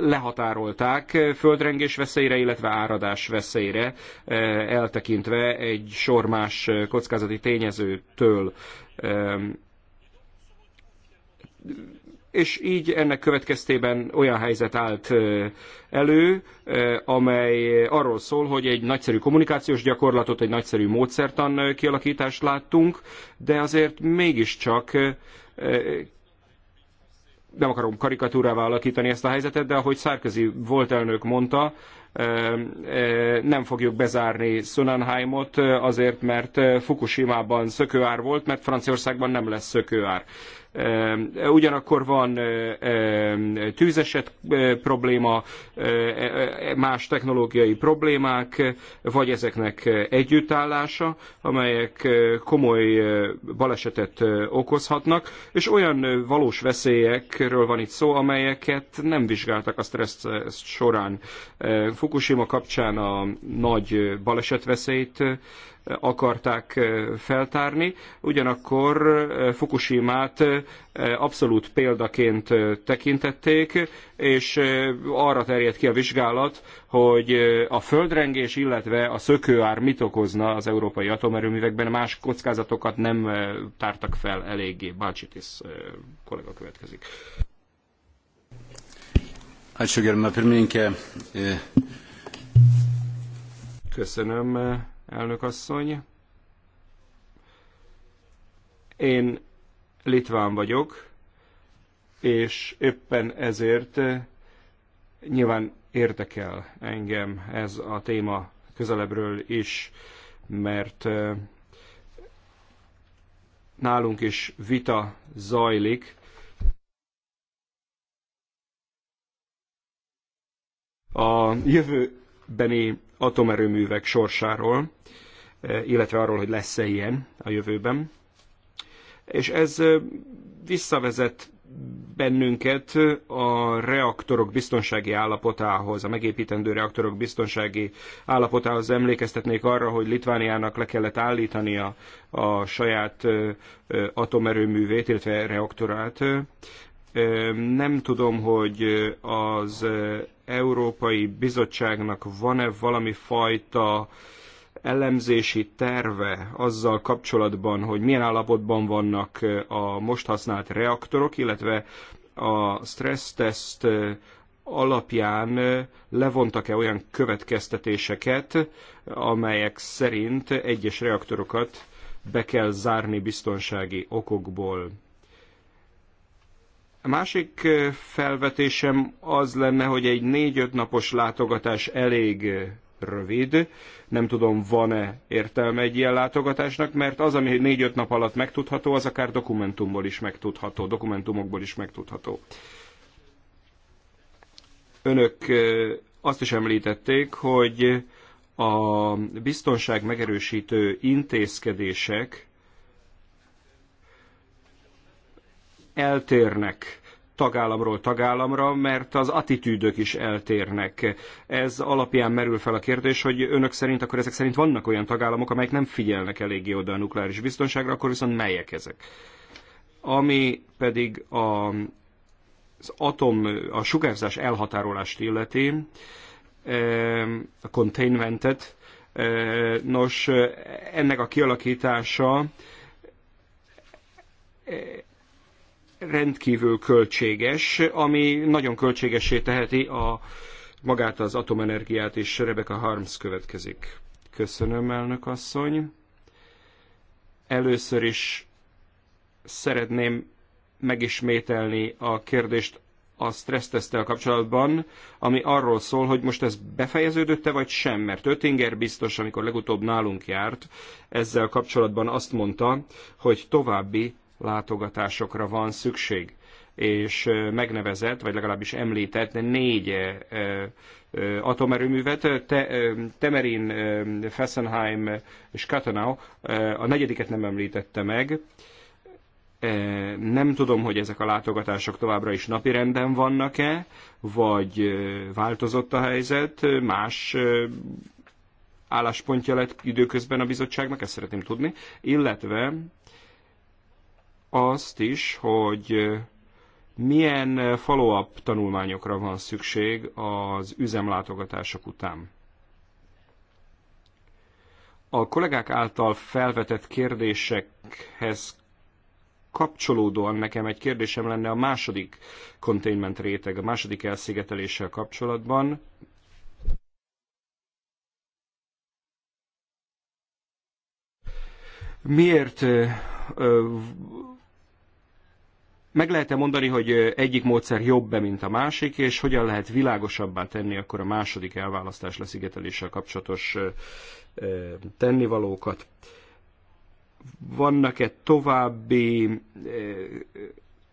D: lehatárolták földrengés veszélyre, illetve áradás veszélyre, eltekintve egy sor más kockázati tényezőtől és így ennek következtében olyan helyzet állt elő, amely arról szól, hogy egy nagyszerű kommunikációs gyakorlatot, egy nagyszerű módszertan kialakítást láttunk, de azért mégiscsak nem akarom karikatúrává alakítani ezt a helyzetet, de ahogy Sarkozy volt elnök mondta, nem fogjuk bezárni Sunanheimot azért, mert Fukushima-ban szökőár volt, mert Franciaországban nem lesz szökőár. Ugyanakkor van tűzeset probléma, más technológiai problémák, vagy ezeknek együttállása, amelyek komoly balesetet okozhatnak, és olyan valós veszélyekről van itt szó, amelyeket nem vizsgáltak a stressz során. Fukushima kapcsán a nagy balesetveszélyt akarták eh, feltárni, ugyanakkor eh, Fukushimát eh, abszolút példaként tekintették, és arra terjedt ki a vizsgálat, hogy a földrengés, illetve a szökőár mit okozna az európai atomerőművekben, más kockázatokat nem tártak fel eléggé. Bácsitis kollega következik. Köszönöm, elnök asszony. Én litván vagyok, és éppen ezért eh, nyilván érdekel engem ez a téma közelebbről is, mert eh, nálunk is vita zajlik a jövőbeni atomerőművek sorsáról, eh, illetve arról, hogy lesz-e ilyen a jövőben. És ez eh, visszavezet bennünket a reaktorok biztonsági állapotához, a megépítendő reaktorok biztonsági állapotához emlékeztetnék arra, hogy Litvániának le kellett állítania a saját eh, atomerőművét, illetve reaktorát. Nem tudom, hogy az Európai Bizottságnak van-e valami fajta elemzési terve azzal kapcsolatban, hogy milyen állapotban vannak a most használt reaktorok, illetve a stressztest alapján levontak-e olyan következtetéseket, amelyek szerint egyes reaktorokat be kell zárni biztonsági okokból. A másik felvetésem az lenne, hogy egy négy-öt napos látogatás elég rövid. Nem tudom, van-e értelme egy ilyen látogatásnak, mert az, ami négy-öt nap alatt megtudható, az akár dokumentumból is megtudható, dokumentumokból is megtudható. Önök azt is említették, hogy a biztonság megerősítő intézkedések eltérnek tagállamról tagállamra, mert az attitűdök is eltérnek. Ez alapján merül fel a kérdés, hogy önök szerint, akkor ezek szerint vannak olyan tagállamok, amelyek nem figyelnek eléggé oda a nukleáris biztonságra, akkor viszont melyek ezek? Ami pedig a, az atom, a sugárzás elhatárolást illeti, e, a containmentet, e, nos, ennek a kialakítása rendkívül költséges, ami nagyon költségesé teheti a, magát az atomenergiát, és Rebecca Harms következik. Köszönöm, elnök asszony. Először is szeretném megismételni a kérdést a stressztesztel kapcsolatban, ami arról szól, hogy most ez befejeződött-e vagy sem, mert Öttinger biztos, amikor legutóbb nálunk járt, ezzel kapcsolatban azt mondta, hogy további látogatásokra van szükség és megnevezett, vagy legalábbis említett négy atomerőművet, Te, Temerin, Fessenheim és Katonau, a negyediket nem említette meg. Nem tudom, hogy ezek a látogatások továbbra is napirenden vannak-e, vagy változott a helyzet, más álláspontja lett időközben a bizottságnak, ezt szeretném tudni, illetve azt is, hogy milyen follow-up tanulmányokra van szükség az üzemlátogatások után. A kollégák által felvetett kérdésekhez kapcsolódóan nekem egy kérdésem lenne a második containment réteg, a második elszigeteléssel kapcsolatban. Miért meg lehet-e mondani, hogy egyik módszer jobb-e, mint a másik, és hogyan lehet világosabbá tenni akkor a második elválasztás leszigeteléssel kapcsolatos tennivalókat? Vannak-e további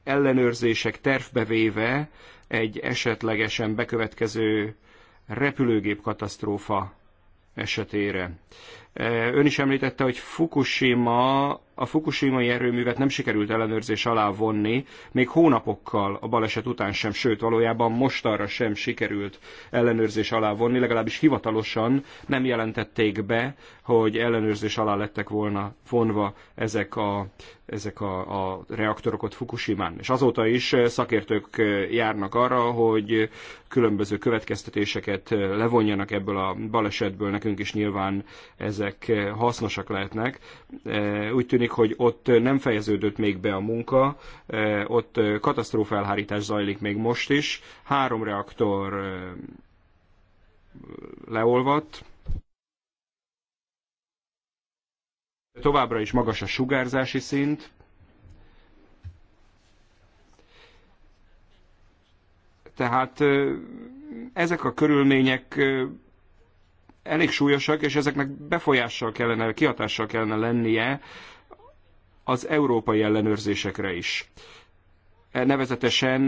D: ellenőrzések tervbevéve egy esetlegesen bekövetkező repülőgép katasztrófa esetére. Eh, ön is említette, hogy Fukushima, a fukushimai erőművet nem sikerült ellenőrzés alá vonni, még hónapokkal a baleset után sem, sőt valójában mostanra sem sikerült ellenőrzés alá vonni, legalábbis hivatalosan nem jelentették be, hogy ellenőrzés alá lettek volna vonva ezek a, ezek a, a reaktorok ott Fukushimán. És azóta is eh, szakértők eh, járnak arra, hogy különböző következtetéseket levonjanak ebből a balesetből, nekünk is nyilván ez ezek eh, hasznosak lehetnek. Eh, úgy tűnik, hogy ott nem fejeződött még be a munka, eh, ott katasztrófelhárítás zajlik még most is. Három reaktor leolvadt, Továbbra is magas a sugárzási szint. Tehát ezek a körülmények elég súlyosak, és ezeknek befolyással kellene, kihatással kellene lennie az európai ellenőrzésekre is nevezetesen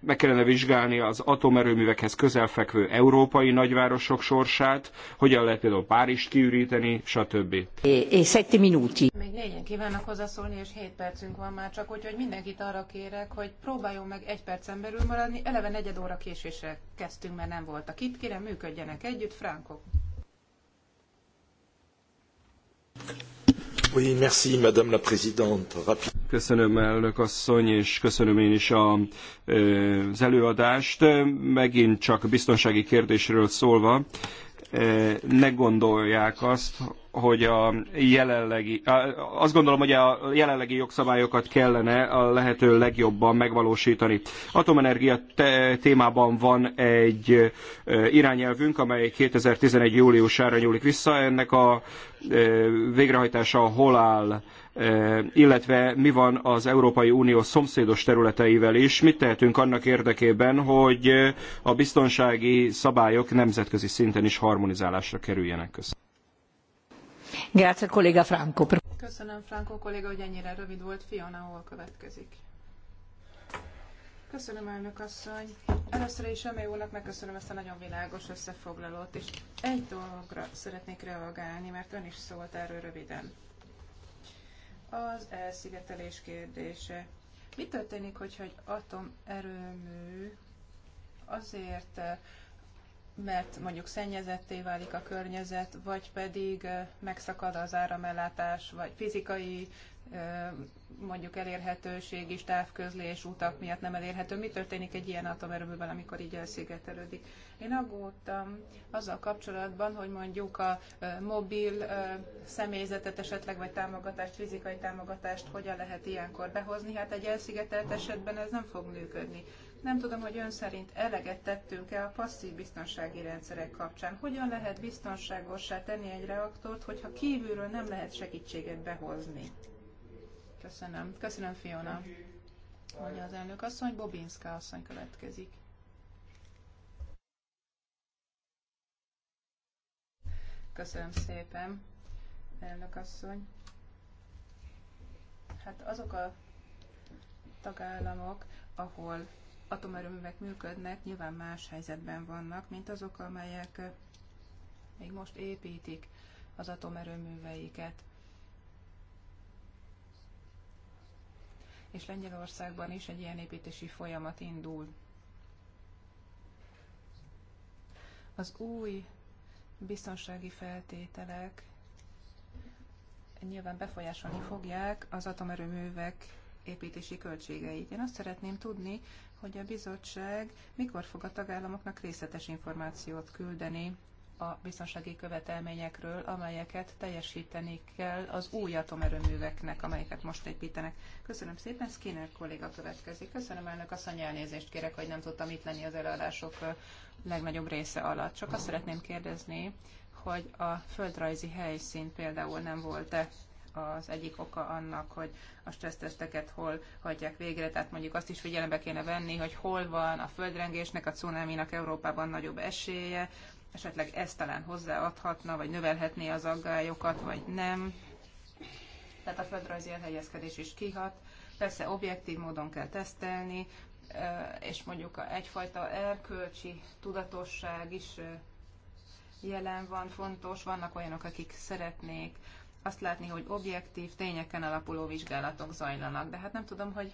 D: meg kellene vizsgálni az atomerőművekhez közelfekvő európai nagyvárosok sorsát, hogyan lehet például Párizst kiüríteni, stb.
A: És 7 minúti.
C: Még négyen kívánok hozzászólni, és 7 percünk van már csak, úgyhogy mindenkit arra kérek, hogy próbáljon meg egy percen belül maradni. Eleve negyed óra késésre kezdtünk, mert nem voltak itt. Kérem, működjenek együtt, frankok!
E: Oui, merci, Madame la Présidente. Rapid.
D: Köszönöm, elnök asszony, és köszönöm én is a, e, az előadást. Megint csak biztonsági kérdésről szólva, ne gondolják azt, hogy a jelenlegi, azt gondolom, hogy a jelenlegi jogszabályokat kellene a lehető legjobban megvalósítani. Atomenergia témában van egy irányelvünk, amely 2011. júliusára nyúlik vissza. Ennek a végrehajtása hol áll? illetve mi van az Európai Unió szomszédos területeivel is, mit tehetünk annak érdekében, hogy a biztonsági szabályok nemzetközi szinten is harmonizálásra kerüljenek. Köszönöm.
A: Grazie, kolléga Franco.
C: Köszönöm, Franco kolléga, hogy ennyire rövid volt. Fiona, hol következik? Köszönöm, elnök asszony. Először is Ömé úrnak megköszönöm ezt a nagyon világos összefoglalót, és egy dologra szeretnék reagálni, mert ön is szólt erről röviden az elszigetelés kérdése. Mi történik, hogyha egy atomerőmű azért, eh, mert mondjuk szennyezetté válik a környezet, vagy pedig eh, megszakad az áramellátás, vagy fizikai mondjuk elérhetőség is, távközlés, utak miatt nem elérhető. Mi történik egy ilyen atomerőművel, amikor így elszigetelődik? Én aggódtam azzal kapcsolatban, hogy mondjuk a mobil személyzetet esetleg, vagy támogatást, fizikai támogatást hogyan lehet ilyenkor behozni. Hát egy elszigetelt esetben ez nem fog működni. Nem tudom, hogy ön szerint eleget tettünk-e a passzív biztonsági rendszerek kapcsán. Hogyan lehet biztonságosá tenni egy reaktort, hogyha kívülről nem lehet segítséget behozni? Köszönöm. Köszönöm, Fiona. Mondja az elnök asszony, Bobinska asszony következik. Köszönöm szépen, elnök asszony. Hát azok a tagállamok, ahol atomerőművek működnek, nyilván más helyzetben vannak, mint azok, amelyek még most építik az atomerőműveiket. és Lengyelországban is egy ilyen építési folyamat indul. Az új biztonsági feltételek nyilván befolyásolni fogják az atomerőművek építési költségeit. Én azt szeretném tudni, hogy a bizottság mikor fog a tagállamoknak részletes információt küldeni a biztonsági követelményekről, amelyeket teljesíteni kell az új atomerőműveknek, amelyeket most építenek. Köszönöm szépen, Skinner kolléga következik. Köszönöm elnök asszony, elnézést kérek, hogy nem tudtam itt lenni az előadások legnagyobb része alatt. Csak azt szeretném kérdezni, hogy a földrajzi helyszín például nem volt-e az egyik oka annak, hogy a stressztesteket hol hagyják végre, tehát mondjuk azt is figyelembe kéne venni, hogy hol van a földrengésnek, a cunáminak Európában nagyobb esélye, esetleg ez talán hozzáadhatna, vagy növelhetné az aggályokat, vagy nem. Tehát a földrajzi elhelyezkedés is kihat. Persze objektív módon kell tesztelni, és mondjuk egyfajta erkölcsi tudatosság is jelen van, fontos. Vannak olyanok, akik szeretnék azt látni, hogy objektív, tényeken alapuló vizsgálatok zajlanak. De hát nem tudom, hogy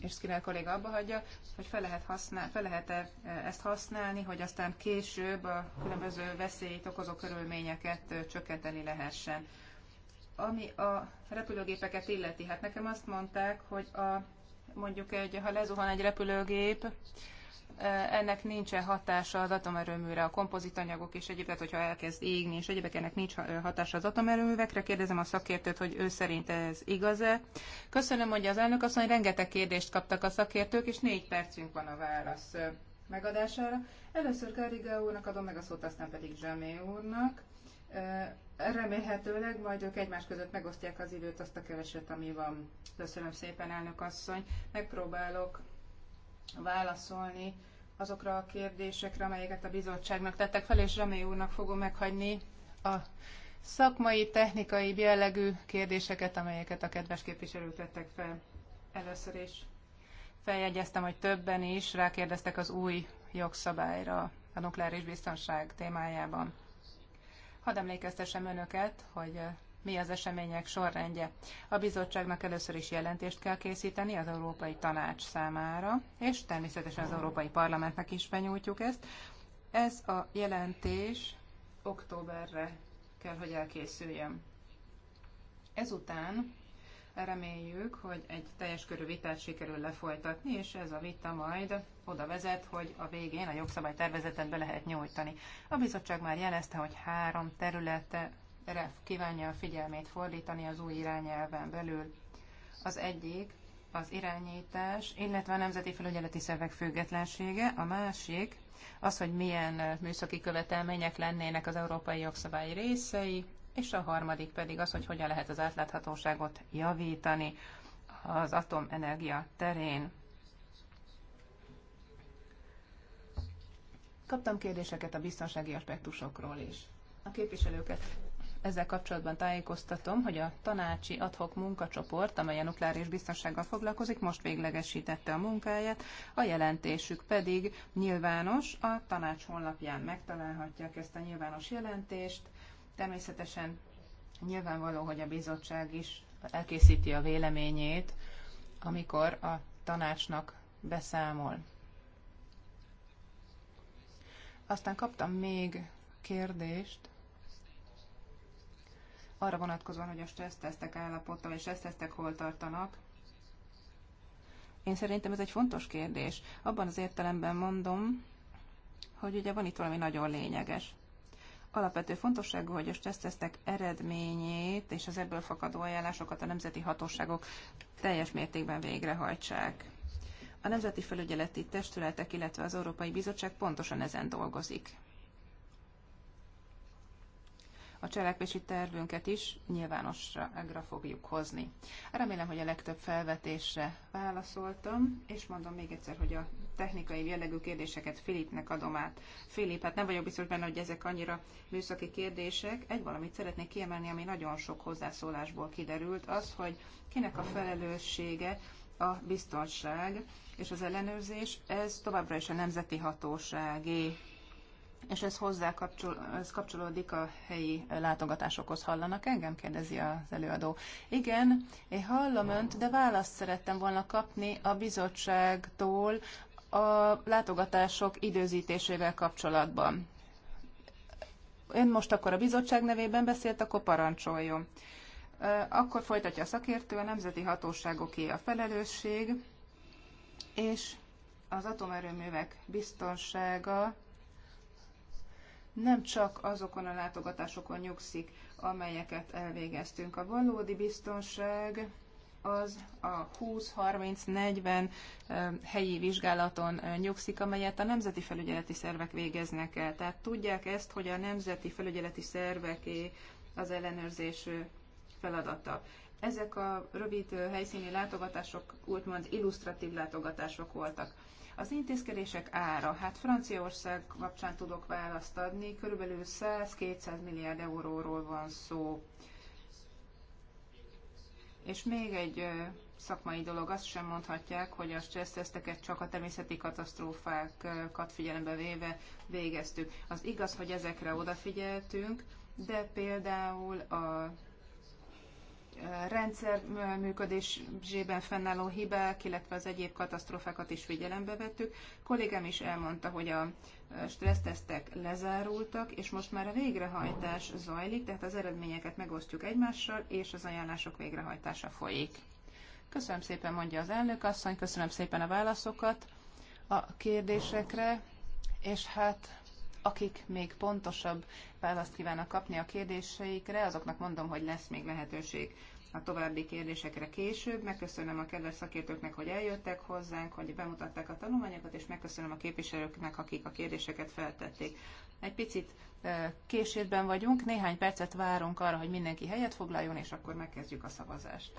C: és Skinner kolléga abba hagyja, hogy fel lehet, használ, fel lehet -e ezt használni, hogy aztán később a különböző veszélyt okozó körülményeket csökkenteni lehessen. Ami a repülőgépeket illeti, hát nekem azt mondták, hogy a, mondjuk egy, ha lezuhan egy repülőgép, ennek nincsen hatása az atomerőműre, a kompozitanyagok és egyéb, tehát hogyha elkezd égni, és egyébek ennek nincs hatása az atomerőművekre. Kérdezem a szakértőt, hogy ő szerint ez igaz-e. Köszönöm, hogy az elnök asszony rengeteg kérdést kaptak a szakértők, és négy percünk van a válasz megadására. Először Kariga úrnak adom meg a szót, aztán pedig Zsamé úrnak. Remélhetőleg majd ők egymás között megosztják az időt, azt a keveset, ami van. Köszönöm szépen, elnök asszony. Megpróbálok válaszolni azokra a kérdésekre, amelyeket a bizottságnak tettek fel, és Remé úrnak fogom meghagyni a szakmai, technikai, jellegű kérdéseket, amelyeket a kedves képviselők tettek fel először is. Feljegyeztem, hogy többen is rákérdeztek az új jogszabályra a nukleáris biztonság témájában. Hadd emlékeztessem önöket, hogy mi az események sorrendje. A bizottságnak először is jelentést kell készíteni az Európai Tanács számára, és természetesen az Európai Parlamentnek is benyújtjuk ezt. Ez a jelentés októberre kell, hogy elkészüljön. Ezután reméljük, hogy egy teljes körű vitát sikerül lefolytatni, és ez a vita majd oda vezet, hogy a végén a jogszabálytervezetet be lehet nyújtani. A bizottság már jelezte, hogy három területe re kívánja a figyelmét fordítani az új irányelven belül. Az egyik az irányítás, illetve a nemzeti felügyeleti szervek függetlensége, a másik az, hogy milyen műszaki követelmények lennének az európai jogszabály részei, és a harmadik pedig az, hogy hogyan lehet az átláthatóságot javítani az atomenergia terén. Kaptam kérdéseket a biztonsági aspektusokról is. A képviselőket ezzel kapcsolatban tájékoztatom, hogy a tanácsi adhok munkacsoport, amely a nukleáris biztonsággal foglalkozik, most véglegesítette a munkáját, a jelentésük pedig nyilvános, a tanács honlapján megtalálhatják ezt a nyilvános jelentést. Természetesen nyilvánvaló, hogy a bizottság is elkészíti a véleményét, amikor a tanácsnak beszámol. Aztán kaptam még kérdést arra vonatkozóan, hogy a stressztesztek állapottal és stressztesztek hol tartanak. Én szerintem ez egy fontos kérdés. Abban az értelemben mondom, hogy ugye van itt valami nagyon lényeges. Alapvető fontosságú, hogy a stressztesztek eredményét és az ebből fakadó ajánlásokat a nemzeti hatóságok teljes mértékben végrehajtsák. A Nemzeti Felügyeleti Testületek, illetve az Európai Bizottság pontosan ezen dolgozik a cselekvési tervünket is nyilvánosságra fogjuk hozni. Remélem, hogy a legtöbb felvetésre válaszoltam, és mondom még egyszer, hogy a technikai jellegű kérdéseket Filipnek adom át. Filip, hát nem vagyok biztos benne, hogy ezek annyira műszaki kérdések. Egy valamit szeretnék kiemelni, ami nagyon sok hozzászólásból kiderült, az, hogy kinek a felelőssége a biztonság és az ellenőrzés, ez továbbra is a nemzeti hatóságé és ez hozzá kapcsol, ez kapcsolódik a helyi látogatásokhoz. Hallanak engem? kérdezi az előadó. Igen, én hallom önt, de választ szerettem volna kapni a bizottságtól a látogatások időzítésével kapcsolatban. Ön most akkor a bizottság nevében beszélt, akkor parancsoljon. Akkor folytatja a szakértő, a nemzeti hatóságoké a felelősség, és az atomerőművek biztonsága nem csak azokon a látogatásokon nyugszik, amelyeket elvégeztünk. A valódi biztonság az a 20-30-40 helyi vizsgálaton nyugszik, amelyet a nemzeti felügyeleti szervek végeznek el. Tehát tudják ezt, hogy a nemzeti felügyeleti szerveké az ellenőrzés feladata. Ezek a rövid helyszíni látogatások úgymond illusztratív látogatások voltak. Az intézkedések ára, hát Franciaország kapcsán tudok választ adni, körülbelül 100-200 milliárd euróról van szó. És még egy szakmai dolog, azt sem mondhatják, hogy a stresszteszteket csak a természeti katasztrófákat figyelembe véve végeztük. Az igaz, hogy ezekre odafigyeltünk, de például a rendszer működésében fennálló hibák, illetve az egyéb katasztrófákat is figyelembe vettük. A kollégám is elmondta, hogy a stressztesztek lezárultak, és most már a végrehajtás zajlik, tehát az eredményeket megosztjuk egymással, és az ajánlások végrehajtása folyik. Köszönöm szépen, mondja az elnök asszony, köszönöm szépen a válaszokat a kérdésekre, és hát akik még pontosabb választ kívánnak kapni a kérdéseikre, azoknak mondom, hogy lesz még lehetőség a további kérdésekre később. Megköszönöm a kedves szakértőknek, hogy eljöttek hozzánk, hogy bemutatták a tanulmányokat, és megköszönöm a képviselőknek, akik a kérdéseket feltették. Egy picit késésben vagyunk, néhány percet várunk arra, hogy mindenki helyet foglaljon, és akkor megkezdjük a szavazást.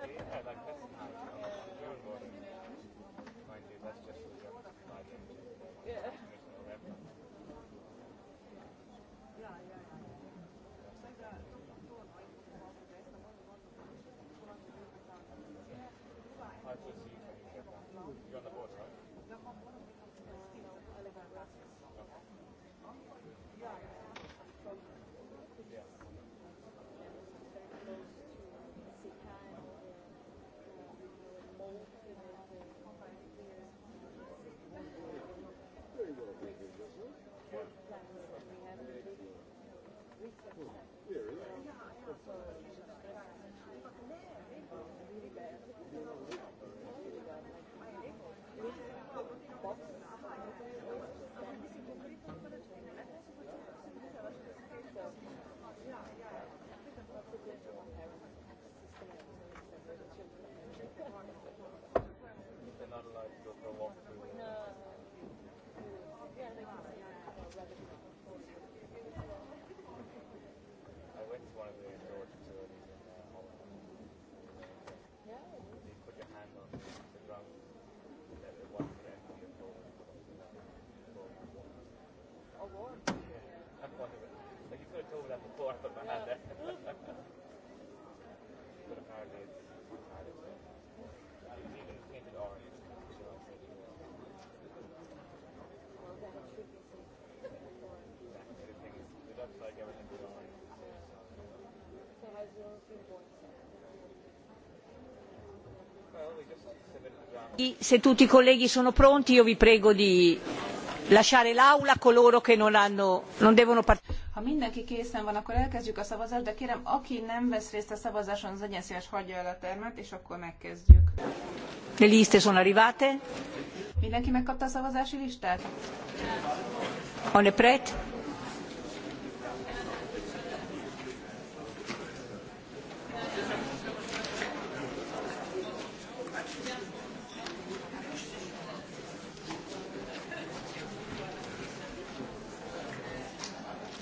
E: Tényleg?
D: Mind you, that's just a joke.
A: Se tutti i colleghi sono pronti io vi prego di lasciare l'aula coloro che non, hanno, non devono partecipare.
C: Ha mindenki készen van, akkor elkezdjük a szavazást, de kérem, aki nem vesz részt a szavazáson, az legyen szíves, hagyja el a termet, és akkor megkezdjük.
A: Le liste sono arrivate.
C: Mindenki megkapta a szavazási listát?
A: On est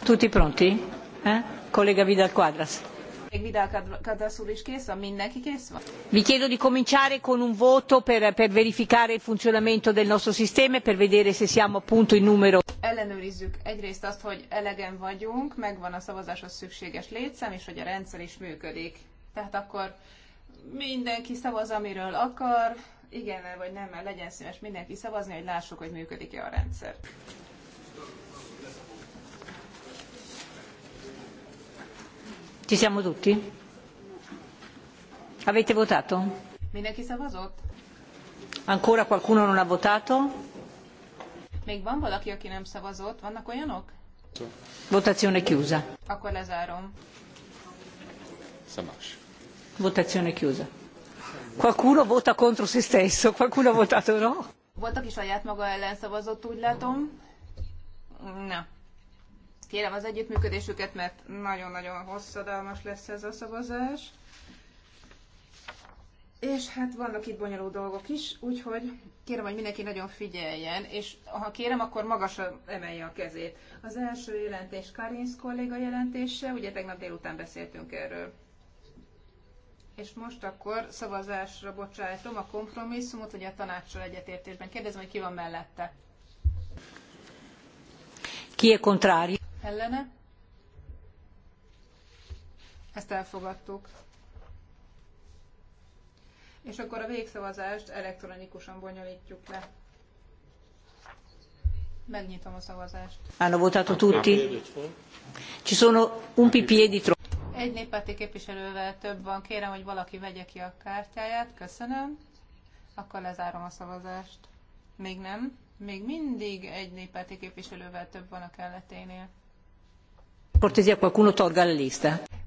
A: Eh? Vi chiedo di cominciare con un voto per, per verificare il funzionamento del nostro sistema e per vedere se siamo appunto in numero.
C: Ellenőrizzük egyrészt azt, hogy elegen vagyunk, megvan a szavazáshoz szükséges létszám, és hogy a rendszer is működik. Tehát akkor mindenki szavaz, amiről akar, igen, vagy nem, mert legyen szíves mindenki szavazni, hogy lássuk, hogy működik-e a rendszer.
A: Ci siamo tutti? Avete votato?
C: Mindenki szavazott?
A: Ancora qualcuno non ha votato?
C: Még van valaki, aki nem szavazott? Vannak olyanok?
A: Votazione chiusa.
C: Akkor lezárom.
E: Szamás.
A: Votazione chiusa. Qualcuno vota contro se stesso, qualcuno ha votato no?
C: Volt, aki saját maga ellen szavazott, úgy látom. Na, kérem az együttműködésüket, mert nagyon-nagyon hosszadalmas lesz ez a szavazás. És hát vannak itt bonyolult dolgok is, úgyhogy kérem, hogy mindenki nagyon figyeljen, és ha kérem, akkor magasra emelje a kezét. Az első jelentés Karinsz kolléga jelentése, ugye tegnap délután beszéltünk erről. És most akkor szavazásra bocsájtom a kompromisszumot, hogy a tanácssal egyetértésben. Kérdezem, hogy ki van mellette.
A: Ki è contrario?
C: ellene. Ezt elfogadtuk. És akkor a végszavazást elektronikusan bonyolítjuk le. Megnyitom a szavazást.
A: Hanno votato tutti. Ci sono un PPE di
C: Egy néppárti képviselővel több van. Kérem, hogy valaki vegye ki a kártyáját. Köszönöm. Akkor lezárom a szavazást. Még nem. Még mindig egy néppárti képviselővel több van a kelleténél.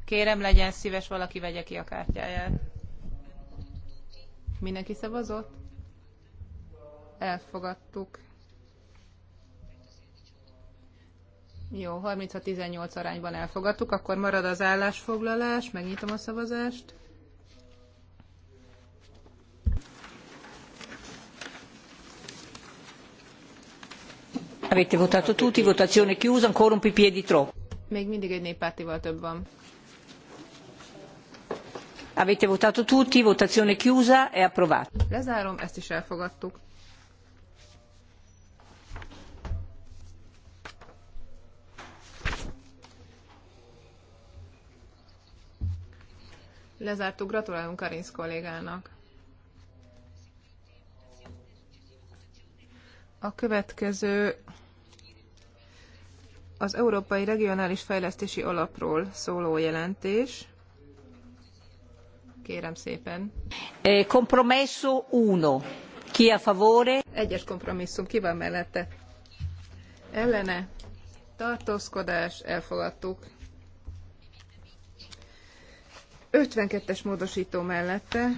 C: Kérem, legyen szíves, valaki vegye ki a kártyáját. Mindenki szavazott? Elfogadtuk. Jó, 36-18 arányban elfogadtuk, akkor marad az állásfoglalás, megnyitom a szavazást.
A: Avete votato tutti, votazione chiusa, ancora un PPE di troppo.
C: Még mindig egy néppártival több van. Avete votato tutti,
A: votazione chiusa e
C: approvato. Lezárom, ezt is elfogadtuk. Lezártuk, gratulálunk Karinsz kollégának. A következő az Európai Regionális Fejlesztési Alapról szóló jelentés. Kérem szépen. E,
A: compromesso uno. Ki a favore? Egyes kompromisszum. Ki van mellette?
C: Ellene. Tartózkodás. Elfogadtuk. 52-es módosító mellette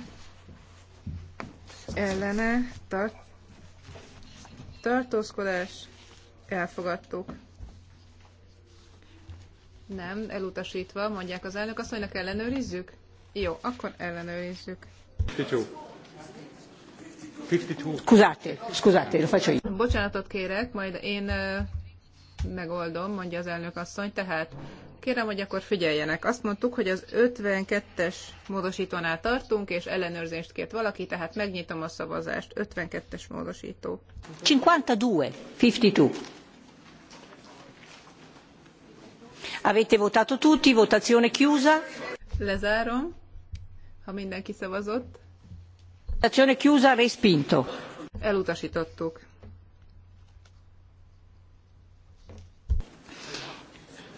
C: ellene tart, tartózkodás elfogadtuk. Nem, elutasítva, mondják az elnök asszonynak, ellenőrizzük? Jó, akkor ellenőrizzük.
D: 52.
A: 52. Scusate, scusate,
C: Bocsánatot kérek, majd én megoldom, mondja az elnök asszony. Tehát kérem, hogy akkor figyeljenek. Azt mondtuk, hogy az 52-es módosítónál tartunk, és ellenőrzést kért valaki, tehát megnyitom a szavazást. 52-es módosító.
A: 52. 52. Avete votato tutti, votazione chiusa.
C: Lezárom, ha mindenki szavazott.
A: Votazione chiusa, respinto.
C: Elutasítottuk.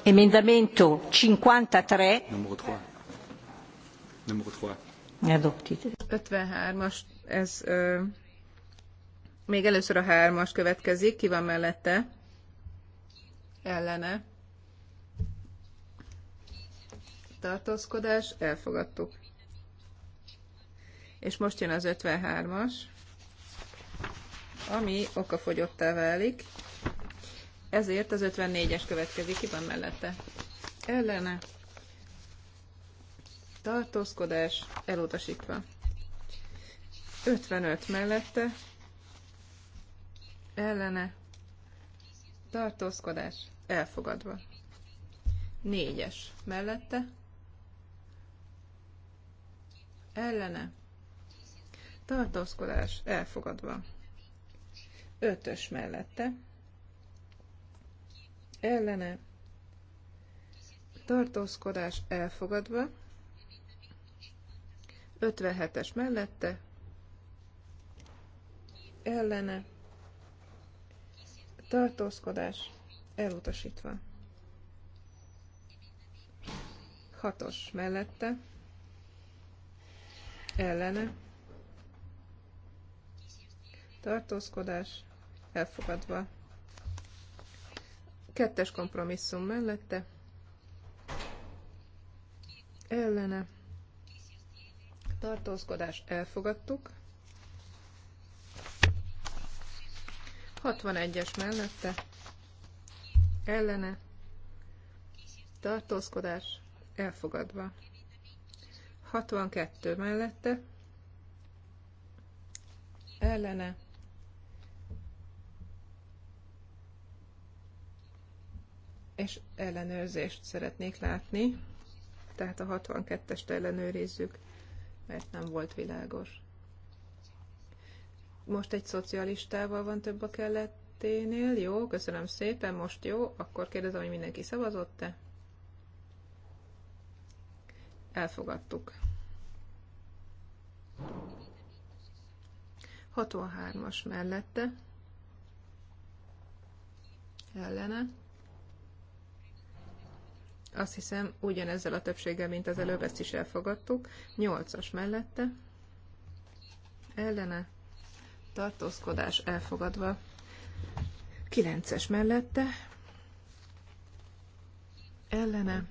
A: Emendamento 53. Numero 3. Numero 3.
C: 53-as, ez ö, még először a hármas következik, ki van mellette? Ellene. tartózkodás, elfogadtuk. És most jön az 53-as, ami okafogyottá válik, ezért az 54-es következik, ki van mellette? Ellene. Tartózkodás elutasítva. 55 mellette. Ellene. Tartózkodás elfogadva. 4-es mellette ellene tartózkodás elfogadva. Ötös mellette ellene tartózkodás elfogadva. 57-es mellette ellene tartózkodás elutasítva. 6-os mellette ellene, tartózkodás, elfogadva. Kettes kompromisszum mellette, ellene, tartózkodás, elfogadtuk. 61-es mellette, ellene, tartózkodás, elfogadva. 62 mellette, ellene, és ellenőrzést szeretnék látni, tehát a 62-est ellenőrizzük, mert nem volt világos. Most egy szocialistával van több a kelleténél, jó, köszönöm szépen, most jó, akkor kérdezem, hogy mindenki szavazott-e? elfogadtuk. 63-as mellette ellene. Azt hiszem, ugyanezzel a többséggel, mint az előbb, ezt is elfogadtuk. 8-as mellette ellene. Tartózkodás elfogadva. 9-es mellette ellene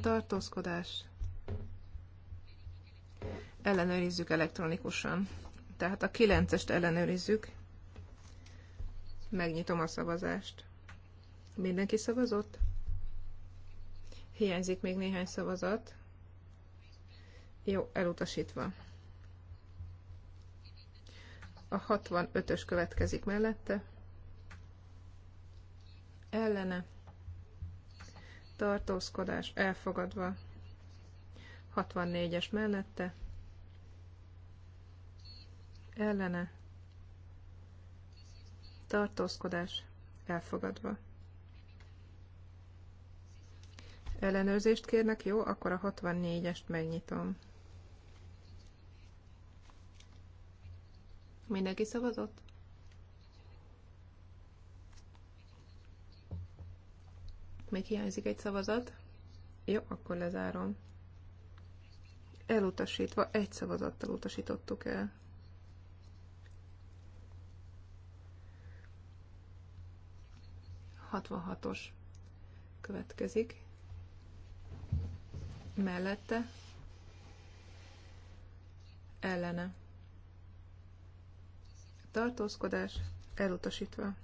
C: tartózkodás, ellenőrizzük elektronikusan. Tehát a 9-est ellenőrizzük. Megnyitom a szavazást. Mindenki szavazott? Hiányzik még néhány szavazat. Jó, elutasítva. A 65-ös következik mellette. Ellene tartózkodás elfogadva. 64-es mellette, ellene, tartózkodás elfogadva. Ellenőrzést kérnek, jó, akkor a 64-est megnyitom. Mindenki szavazott? Még hiányzik egy szavazat. Jó, akkor lezárom. Elutasítva, egy szavazattal utasítottuk el. hatos. következik. Mellette. Ellene. Tartózkodás elutasítva.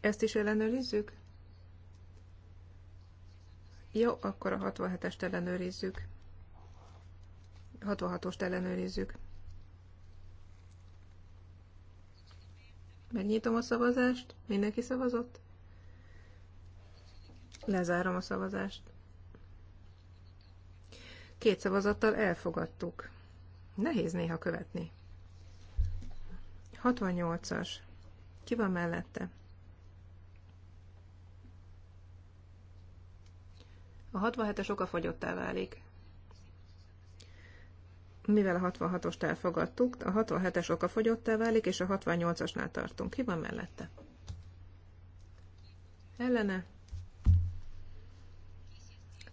C: Ezt is ellenőrizzük? Jó, akkor a 67-est ellenőrizzük. 66-ost ellenőrizzük. Megnyitom a szavazást. Mindenki szavazott? Lezárom a szavazást. Két szavazattal elfogadtuk. Nehéz néha követni. 68-as. Ki van mellette? A 67-es okafogyottá válik. Mivel a 66-ost elfogadtuk, a 67-es okafogyottá válik, és a 68-asnál tartunk. Ki van mellette? Ellene.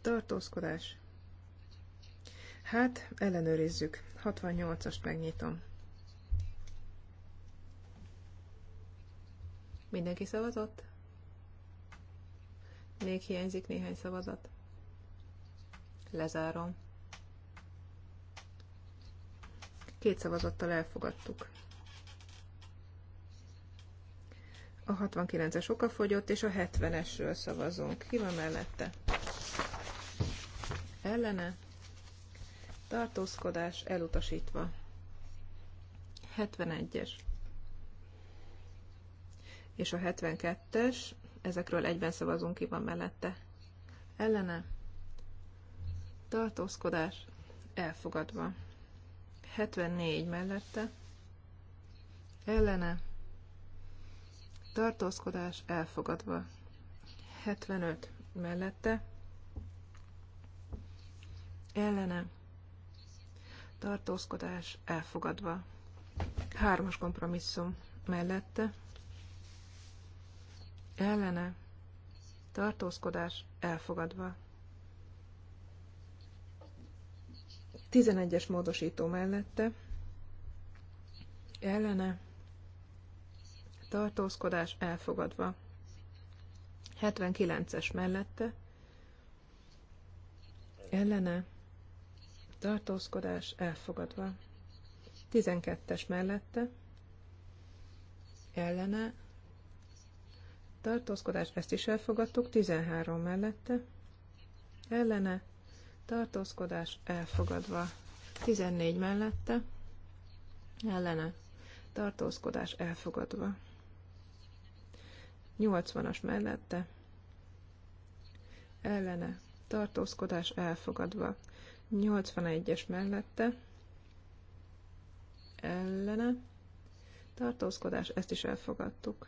C: Tartózkodás. Hát, ellenőrizzük. 68-ast megnyitom. Mindenki szavazott? Még hiányzik néhány szavazat. Lezárom. Két szavazattal elfogadtuk. A 69-es oka fogyott, és a 70-esről szavazunk. Ki van mellette? Ellene? Tartózkodás elutasítva. 71-es. És a 72-es, ezekről egyben szavazunk, ki van mellette. Ellene? tartózkodás elfogadva. 74 mellette, ellene, tartózkodás elfogadva. 75 mellette, ellene, tartózkodás elfogadva. Hármas kompromisszum mellette, ellene, tartózkodás elfogadva. 11-es módosító mellette ellene tartózkodás elfogadva. 79-es mellette ellene tartózkodás elfogadva. 12-es mellette ellene tartózkodás ezt is elfogadtuk. 13 mellette ellene tartózkodás elfogadva. 14 mellette, ellene, tartózkodás elfogadva. 80-as mellette, ellene, tartózkodás elfogadva. 81-es mellette, ellene, tartózkodás, ezt is elfogadtuk.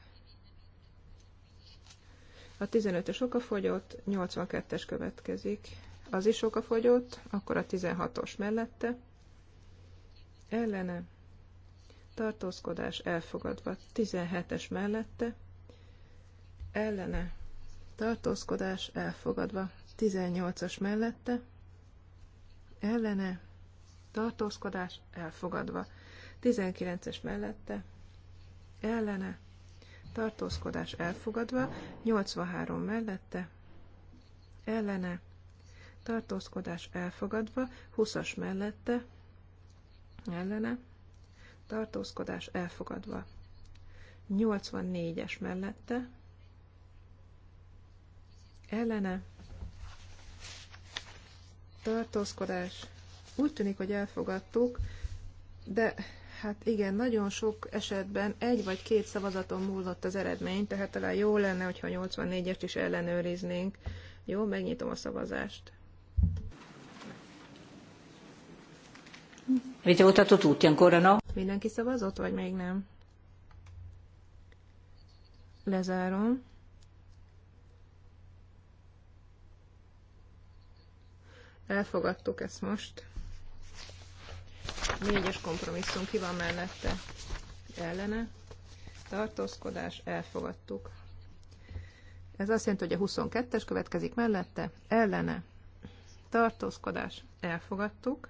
C: A 15-ös okafogyott, 82-es következik az is fogyott, akkor a 16-os mellette ellene tartózkodás elfogadva 17-es mellette ellene tartózkodás elfogadva 18-as mellette ellene tartózkodás elfogadva 19-es mellette ellene tartózkodás elfogadva 83 mellette ellene tartózkodás elfogadva, 20-as mellette, ellene, tartózkodás elfogadva, 84-es mellette, ellene, tartózkodás, úgy tűnik, hogy elfogadtuk, de hát igen, nagyon sok esetben egy vagy két szavazaton múlott az eredmény, tehát talán jó lenne, hogyha 84-est is ellenőriznénk. Jó, megnyitom a szavazást.
A: Avete votato tutti, ancora no?
C: Mindenki szavazott, vagy még nem? Lezárom. Elfogadtuk ezt most. Négyes kompromisszum ki van mellette? Ellene. Tartózkodás, elfogadtuk. Ez azt jelenti, hogy a 22-es következik mellette, ellene. Tartózkodás, elfogadtuk.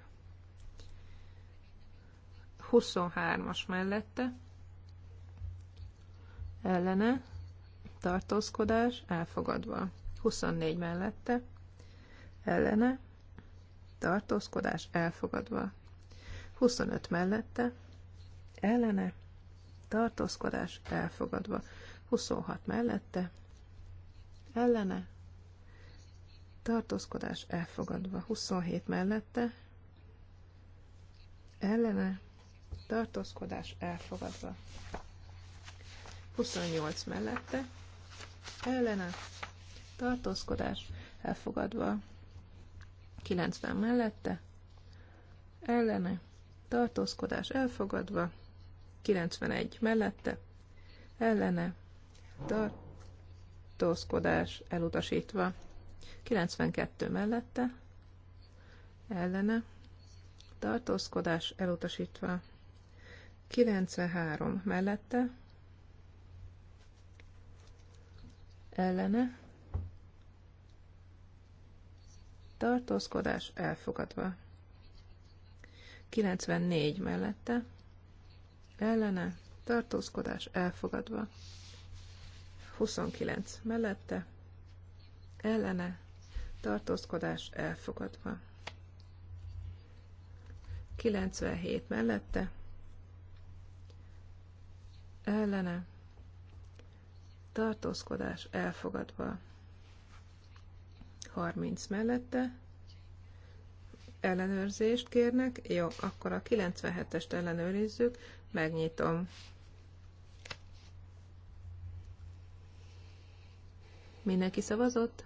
C: 23-as mellette ellene tartózkodás elfogadva. 24 mellette ellene tartózkodás elfogadva. 25 mellette ellene tartózkodás elfogadva. 26 mellette ellene tartózkodás elfogadva. 27 mellette ellene tartózkodás elfogadva. 28 mellette, ellene, tartózkodás elfogadva. 90 mellette, ellene, tartózkodás elfogadva. 91 mellette, ellene, tartózkodás elutasítva. 92 mellette, ellene, tartózkodás elutasítva. 93 mellette, ellene, tartózkodás elfogadva. 94 mellette, ellene, tartózkodás elfogadva. 29 mellette, ellene, tartózkodás elfogadva. 97 mellette, ellene tartózkodás elfogadva 30 mellette ellenőrzést kérnek. Jó, akkor a 97-est ellenőrizzük, megnyitom. Mindenki szavazott?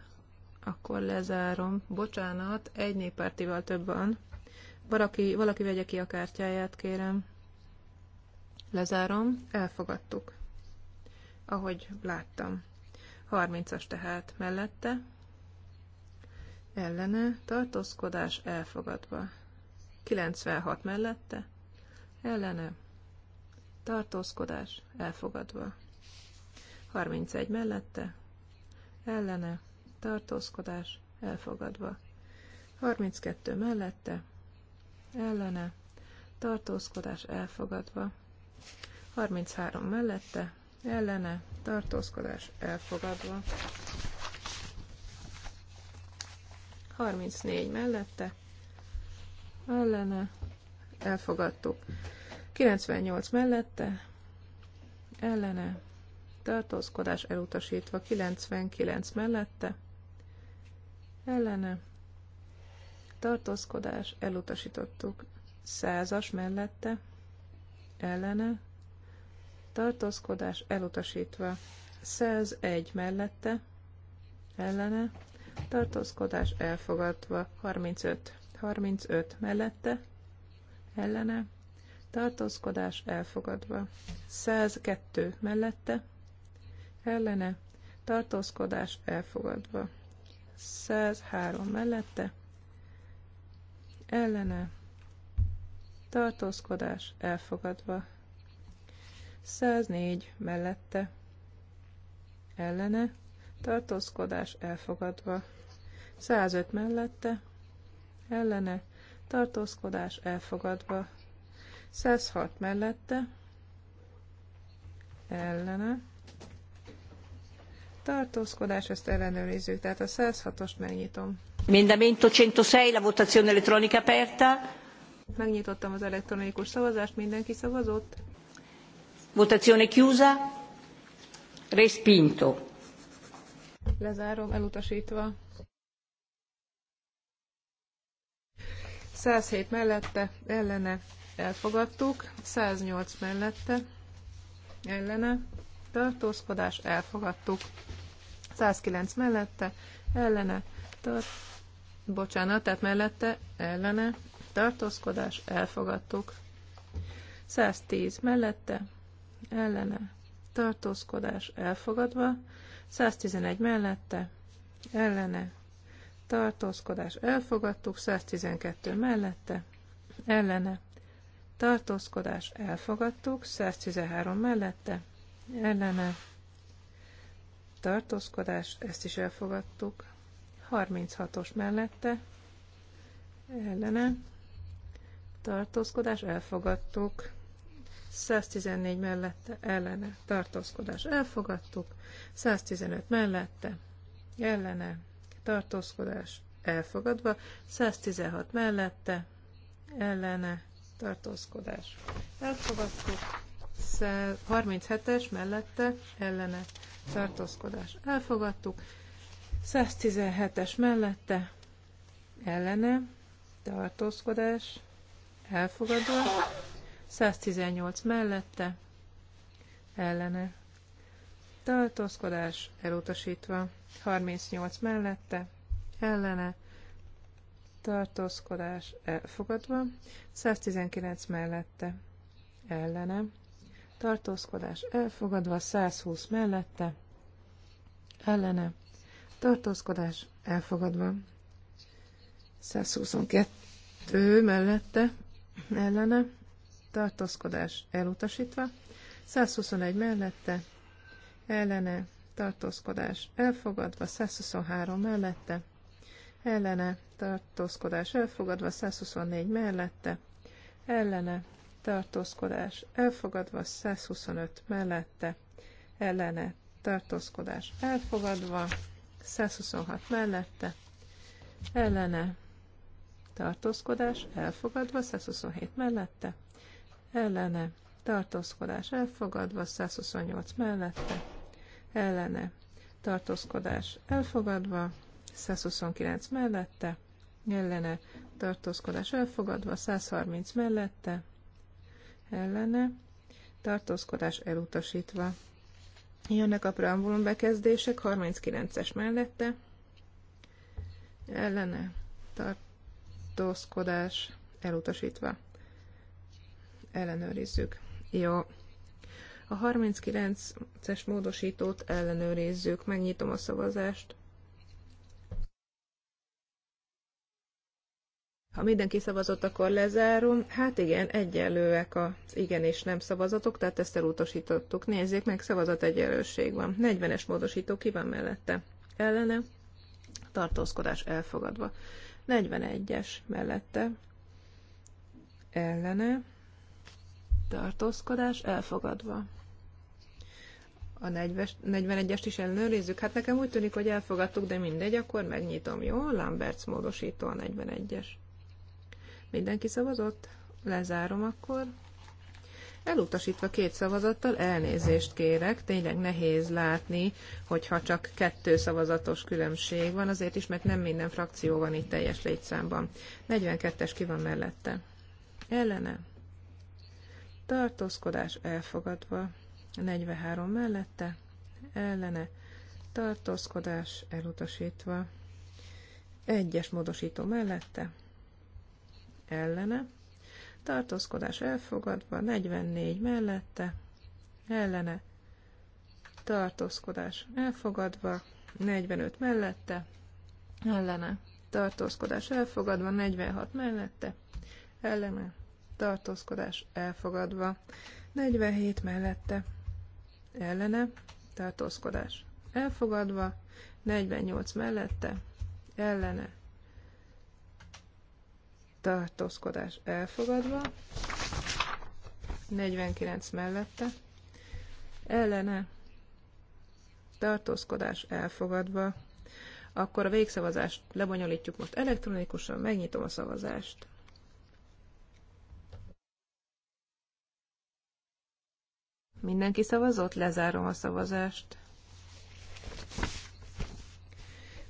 C: Akkor lezárom. Bocsánat, egy néppártival több van. Valaki, valaki vegye ki a kártyáját, kérem. Lezárom, elfogadtuk. Ahogy láttam. 30-as tehát mellette. Ellene, tartózkodás elfogadva. 96 mellette. Ellene, tartózkodás elfogadva. 31 mellette. Ellene, tartózkodás elfogadva. 32 mellette. Ellene, tartózkodás elfogadva. 33 mellette, ellene, tartózkodás elfogadva. 34 mellette, ellene, elfogadtuk. 98 mellette, ellene, tartózkodás elutasítva. 99 mellette, ellene, tartózkodás elutasítottuk. 100-as mellette, ellene, tartózkodás elutasítva. 101 mellette, ellene, tartózkodás elfogadva. 35, 35 mellette, ellene, tartózkodás elfogadva. 102 mellette, ellene, tartózkodás elfogadva. 103 mellette, ellene, tartózkodás elfogadva. 104 mellette ellene, tartózkodás elfogadva. 105 mellette ellene, tartózkodás elfogadva. 106 mellette ellene, tartózkodás, ezt ellenőrizzük, tehát a 106-ost megnyitom.
A: Mindamento 106, la votazione elettronica aperta.
C: Megnyitottam az elektronikus szavazást, mindenki szavazott.
A: Votazione chiusa. Respinto.
C: Lezárom, elutasítva. 107 mellette, ellene elfogadtuk, 108 mellette, ellene tartózkodás elfogadtuk, 109 mellette, ellene tart, bocsánat, tehát mellette, ellene tartózkodás, elfogadtuk. 110 mellette, ellene, tartózkodás, elfogadva. 111 mellette, ellene, tartózkodás, elfogadtuk. 112 mellette, ellene, tartózkodás, elfogadtuk. 113 mellette, ellene, tartózkodás, ezt is elfogadtuk. 36-os mellette, ellene, tartózkodás, elfogadtuk. 114 mellette, ellene, tartózkodás, elfogadtuk. 115 mellette, ellene, tartózkodás, elfogadva. 116 mellette, ellene, tartózkodás, elfogadtuk. 37-es mellette, ellene, tartózkodás, elfogadtuk. 117-es mellette, ellene, tartózkodás, elfogadva, 118 mellette, ellene, tartózkodás elutasítva, 38 mellette, ellene, tartózkodás elfogadva, 119 mellette, ellene, tartózkodás elfogadva, 120 mellette, ellene, tartózkodás elfogadva, 122 mellette, ellene, tartózkodás elutasítva, 121 mellette, ellene, tartózkodás elfogadva, 123 mellette, ellene, tartózkodás elfogadva, 124 mellette, ellene, tartózkodás elfogadva, 125 mellette, ellene, tartózkodás elfogadva, 126 mellette, ellene, tartózkodás elfogadva, 127 mellette, ellene, tartózkodás elfogadva, 128 mellette, ellene, tartózkodás elfogadva, 129 mellette, ellene, tartózkodás elfogadva, 130 mellette, ellene, tartózkodás elutasítva. Jönnek a preambulum bekezdések, 39-es mellette, ellene, tart, tartózkodás elutasítva. Ellenőrizzük. Jó. A 39-es módosítót ellenőrizzük. Megnyitom a szavazást. Ha mindenki szavazott, akkor lezárom. Hát igen, egyenlőek az igen és nem szavazatok, tehát ezt elutasítottuk. Nézzék meg, szavazat egyenlőség van. 40-es módosító ki van mellette? Ellene? Tartózkodás elfogadva. 41-es mellette ellene tartózkodás elfogadva. A 41-est is ellenőrizzük. Hát nekem úgy tűnik, hogy elfogadtuk, de mindegy, akkor megnyitom, jó? Lamberts módosító a 41-es. Mindenki szavazott? Lezárom akkor. Elutasítva két szavazattal elnézést kérek, tényleg nehéz látni, hogyha csak kettő szavazatos különbség van, azért is, mert nem minden frakció van itt teljes létszámban. 42-es ki van mellette. Ellene. Tartózkodás elfogadva. 43 mellette. Ellene. Tartózkodás elutasítva. Egyes módosító mellette. Ellene tartózkodás elfogadva, 44 mellette, ellene, tartózkodás elfogadva, 45 mellette, ellene, tartózkodás elfogadva, 46 mellette, ellene, tartózkodás elfogadva, 47 mellette, ellene, tartózkodás elfogadva, 48 mellette, ellene, tartózkodás elfogadva, 49 mellette, ellene tartózkodás elfogadva, akkor a végszavazást lebonyolítjuk most elektronikusan, megnyitom a szavazást. Mindenki szavazott, lezárom a szavazást.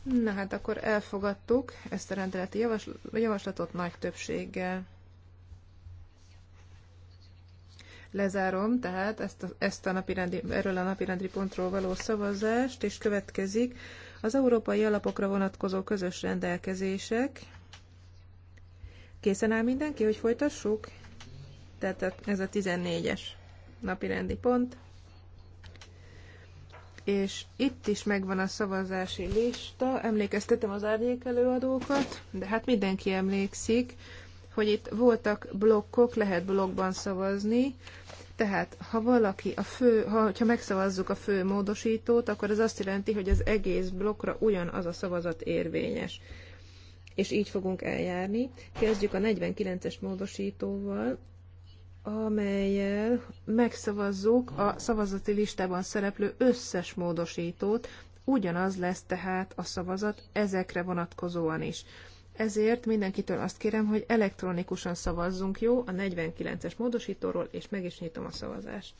C: Na hát akkor elfogadtuk ezt a rendeleti javasl- javaslatot nagy többséggel. Lezárom tehát ezt a, ezt a napirendi, erről a napirendi pontról való szavazást, és következik az európai alapokra vonatkozó közös rendelkezések. Készen áll mindenki, hogy folytassuk? Tehát ez a 14-es napirendi pont és itt is megvan a szavazási lista. Emlékeztetem az árnyék előadókat, de hát mindenki emlékszik, hogy itt voltak blokkok, lehet blokkban szavazni, tehát, ha valaki a fő, ha, ha megszavazzuk a fő módosítót, akkor ez azt jelenti, hogy az egész blokkra ugyanaz a szavazat érvényes. És így fogunk eljárni. Kezdjük a 49-es módosítóval, amelyel megszavazzuk a szavazati listában szereplő összes módosítót, ugyanaz lesz tehát a szavazat ezekre vonatkozóan is. Ezért mindenkitől azt kérem, hogy elektronikusan szavazzunk, jó, a 49-es módosítóról, és meg is nyitom a szavazást.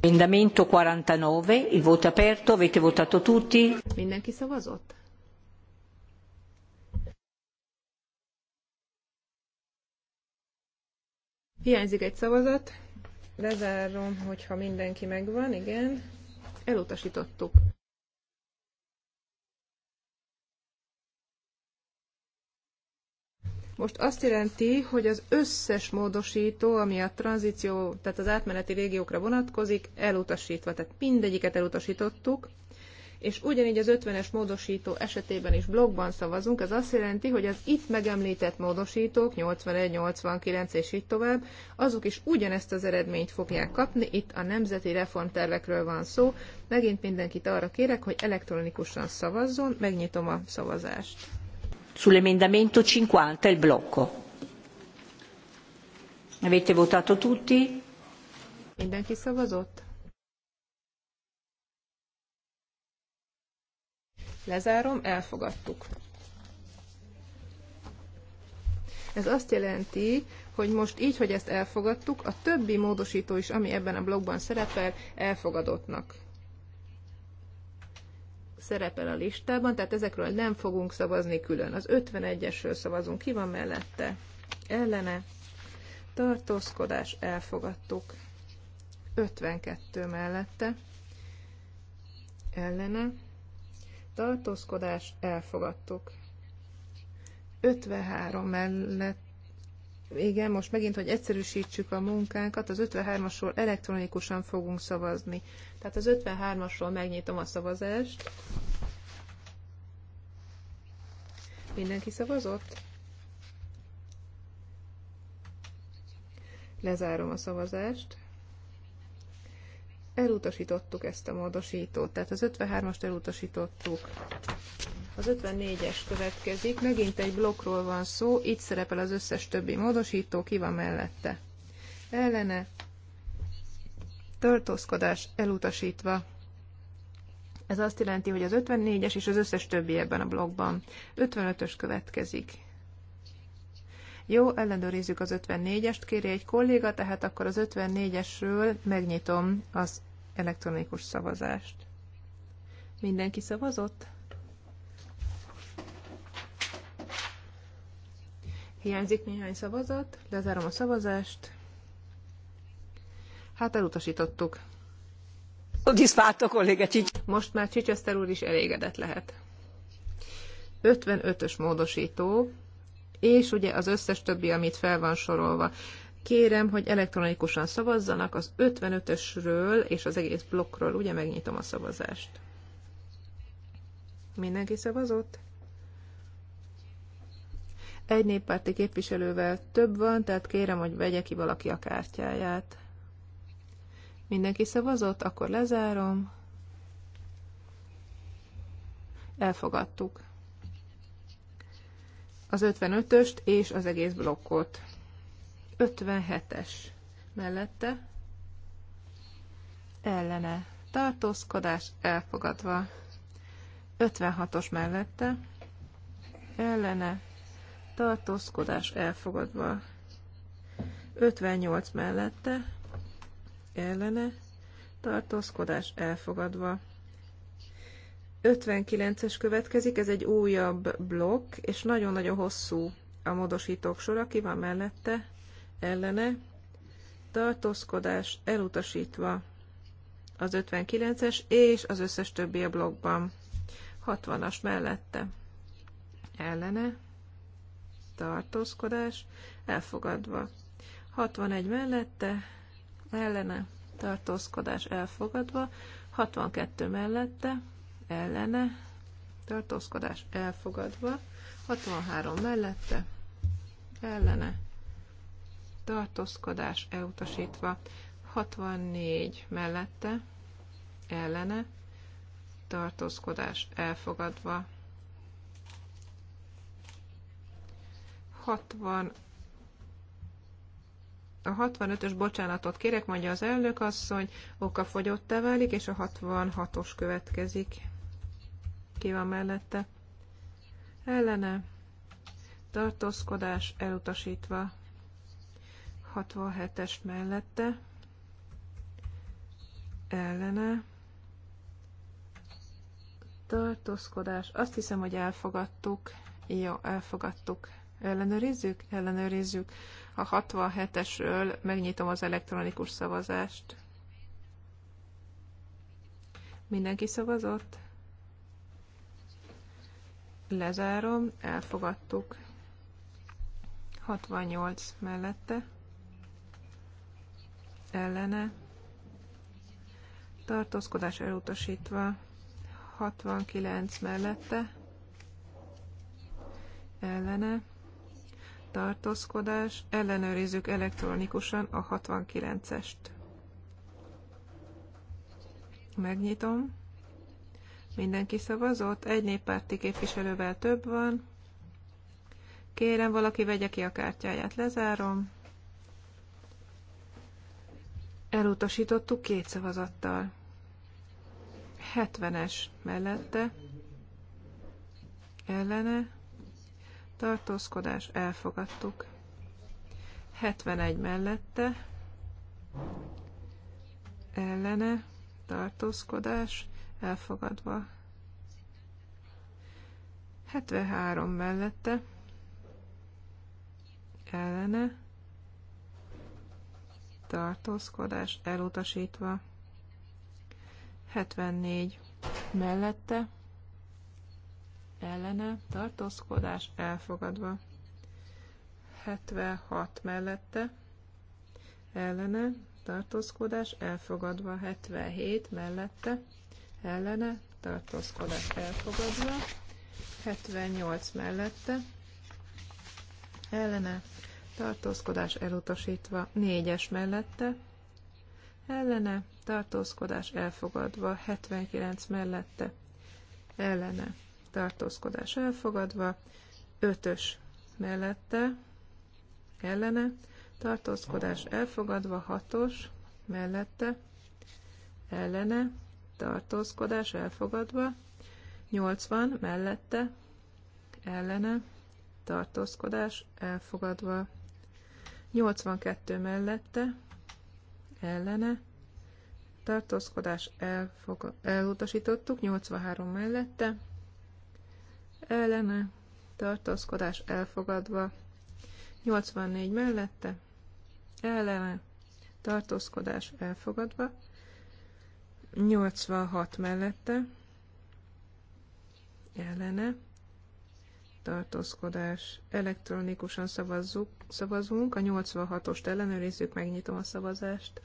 A: Emendamento 49, il voto aperto, avete votato tutti.
C: Mindenki szavazott? Hiányzik egy szavazat. Lezárom, hogyha mindenki megvan, igen. Elutasítottuk. Most azt jelenti, hogy az összes módosító, ami a tranzíció, tehát az átmeneti régiókra vonatkozik, elutasítva, tehát mindegyiket elutasítottuk, és ugyanígy az 50-es módosító esetében is blogban szavazunk, ez azt jelenti, hogy az itt megemlített módosítók, 81, 89 és így tovább, azok is ugyanezt az eredményt fogják kapni, itt a nemzeti reformtervekről van szó. Megint mindenkit arra kérek, hogy elektronikusan szavazzon, megnyitom a szavazást.
A: Sull'emendamento 50 il blocco.
C: Avete votato tutti? Mindenki szavazott? Lezárom, elfogadtuk. Ez azt jelenti, hogy most így, hogy ezt elfogadtuk, a többi módosító is, ami ebben a blogban szerepel, elfogadottnak szerepel a listában, tehát ezekről nem fogunk szavazni külön. Az 51-esről szavazunk, ki van mellette? Ellene. Tartózkodás, elfogadtuk. 52 mellette. Ellene tartózkodás, elfogadtuk. 53 mellett igen, most megint, hogy egyszerűsítsük a munkánkat, az 53-asról elektronikusan fogunk szavazni. Tehát az 53-asról megnyitom a szavazást. Mindenki szavazott? Lezárom a szavazást elutasítottuk ezt a módosítót, tehát az 53-ast elutasítottuk. Az 54-es következik, megint egy blokkról van szó, itt szerepel az összes többi módosító, ki van mellette. Ellene, tartózkodás elutasítva. Ez azt jelenti, hogy az 54-es és az összes többi ebben a blokkban. 55-ös következik. Jó, ellenőrizzük az 54-est, kéri egy kolléga, tehát akkor az 54-esről megnyitom az elektronikus szavazást. Mindenki szavazott? Hiányzik néhány szavazat, lezárom a szavazást. Hát elutasítottuk. Diszpárta kolléga Csics. Most már Csicseszter úr is elégedett lehet. 55-ös módosító, és ugye az összes többi, amit fel van sorolva. Kérem, hogy elektronikusan szavazzanak az 55-ösről és az egész blokkról. Ugye megnyitom a szavazást. Mindenki szavazott? Egy néppárti képviselővel több van, tehát kérem, hogy vegye ki valaki a kártyáját. Mindenki szavazott? Akkor lezárom. Elfogadtuk. Az 55-öst és az egész blokkot. 57-es mellette ellene tartózkodás elfogadva. 56-os mellette ellene tartózkodás elfogadva. 58 mellette ellene tartózkodás elfogadva. 59-es következik, ez egy újabb blokk, és nagyon-nagyon hosszú a módosítók sora, ki van mellette, ellene, tartózkodás elutasítva az 59-es és az összes többi a blokkban. 60-as mellette ellene, tartózkodás elfogadva. 61 mellette ellene, tartózkodás elfogadva. 62 mellette ellene, tartózkodás elfogadva. 63 mellette ellene, tartózkodás elutasítva, 64 mellette, ellene, tartózkodás elfogadva, 60 a 65-ös bocsánatot kérek, mondja az elnök asszony, oka fogyottá válik, és a 66-os következik. Ki van mellette? Ellene. Tartózkodás elutasítva. 67-es mellette ellene tartózkodás. Azt hiszem, hogy elfogadtuk. Jó, elfogadtuk. Ellenőrizzük? Ellenőrizzük. A 67-esről megnyitom az elektronikus szavazást. Mindenki szavazott? Lezárom, elfogadtuk. 68 mellette ellene, tartózkodás elutasítva, 69 mellette, ellene, tartózkodás, ellenőrizzük elektronikusan a 69-est. Megnyitom. Mindenki szavazott, egy néppárti képviselővel több van. Kérem, valaki vegye ki a kártyáját, lezárom. Elutasítottuk két szavazattal. 70-es mellette ellene tartózkodás elfogadtuk. 71 mellette ellene tartózkodás elfogadva. 73 mellette ellene tartózkodás elutasítva. 74 mellette ellene tartózkodás elfogadva. 76 mellette ellene tartózkodás elfogadva. 77 mellette ellene tartózkodás elfogadva. 78 mellette ellene tartózkodás elutasítva, négyes mellette, ellene, tartózkodás elfogadva, 79 mellette, ellene, tartózkodás elfogadva, ötös mellette, ellene, tartózkodás elfogadva, hatos mellette, ellene, tartózkodás elfogadva, 80 mellette, ellene, tartózkodás elfogadva, 82 mellette, ellene, tartózkodás elfog, elutasítottuk, 83 mellette, ellene, tartózkodás elfogadva, 84 mellette, ellene, tartózkodás elfogadva, 86 mellette, ellene, tartózkodás. Elektronikusan szavazzuk, szavazunk, a 86-ost ellenőrizzük, megnyitom a szavazást.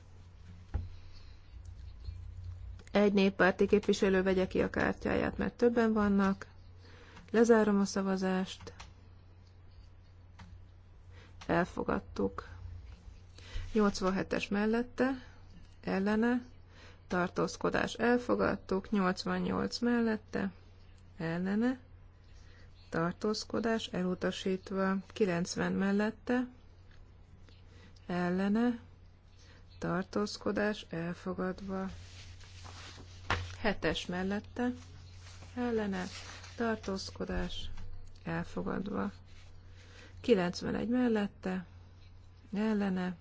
C: Egy néppárti képviselő vegye ki a kártyáját, mert többen vannak. Lezárom a szavazást. Elfogadtuk. 87-es mellette, ellene, tartózkodás elfogadtuk, 88 mellette, ellene, tartózkodás elutasítva, 90 mellette, ellene, tartózkodás elfogadva, 7-es mellette, ellene, tartózkodás elfogadva, 91 mellette, ellene,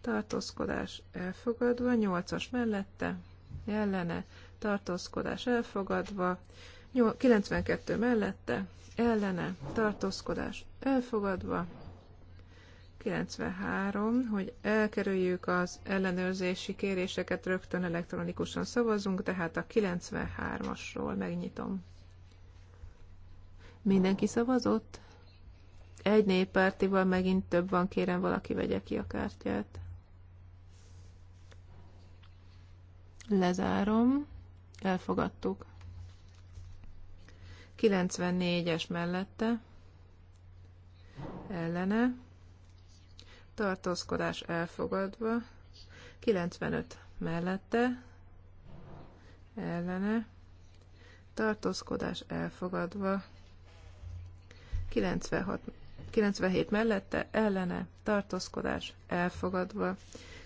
C: tartózkodás elfogadva, 8-as mellette, ellene, tartózkodás elfogadva, 92 mellette, ellene, tartózkodás elfogadva. 93, hogy elkerüljük az ellenőrzési kéréseket, rögtön elektronikusan szavazunk, tehát a 93-asról megnyitom. Mindenki szavazott? Egy néppártival megint több van, kérem valaki vegye ki a kártyát. Lezárom. Elfogadtuk. 94-es mellette ellene, tartózkodás elfogadva, 95 mellette ellene, tartózkodás elfogadva, 96, 97 mellette ellene, tartózkodás elfogadva,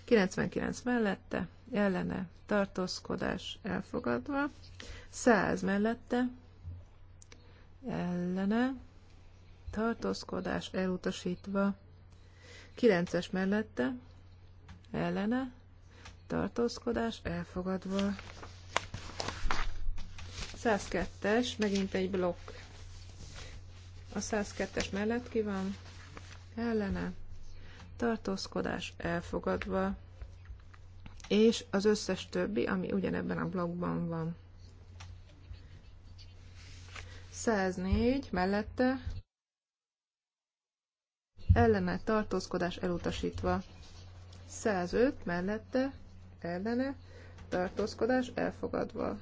C: 99 mellette ellene, tartózkodás elfogadva, 100 mellette ellene, tartózkodás elutasítva, 9-es mellette, ellene, tartózkodás elfogadva. 102-es, megint egy blokk. A 102-es mellett ki van? Ellene. Tartózkodás elfogadva. És az összes többi, ami ugyanebben a blokkban van. 104 mellette ellene tartózkodás elutasítva. 105 mellette ellene tartózkodás elfogadva.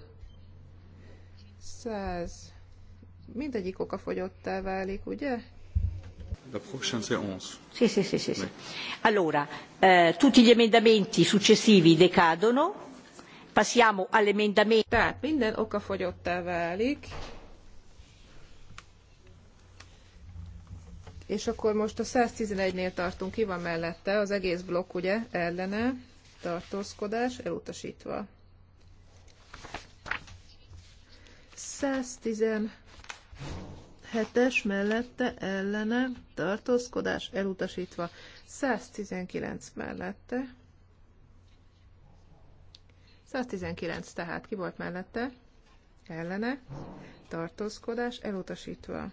C: 100. Mindegyik oka fogyottá válik, ugye?
B: La prochaine séance. Sì, sì, sì, sì.
A: Allora, eh, tutti gli emendamenti successivi decadono.
C: Passiamo all'emendamento. Tehát minden oka fogyottá válik. És akkor most a 111-nél tartunk, ki van mellette, az egész blokk ugye ellene, tartózkodás, elutasítva. 117-es mellette ellene, tartózkodás, elutasítva. 119 mellette. 119 tehát ki volt mellette? Ellene, tartózkodás, elutasítva.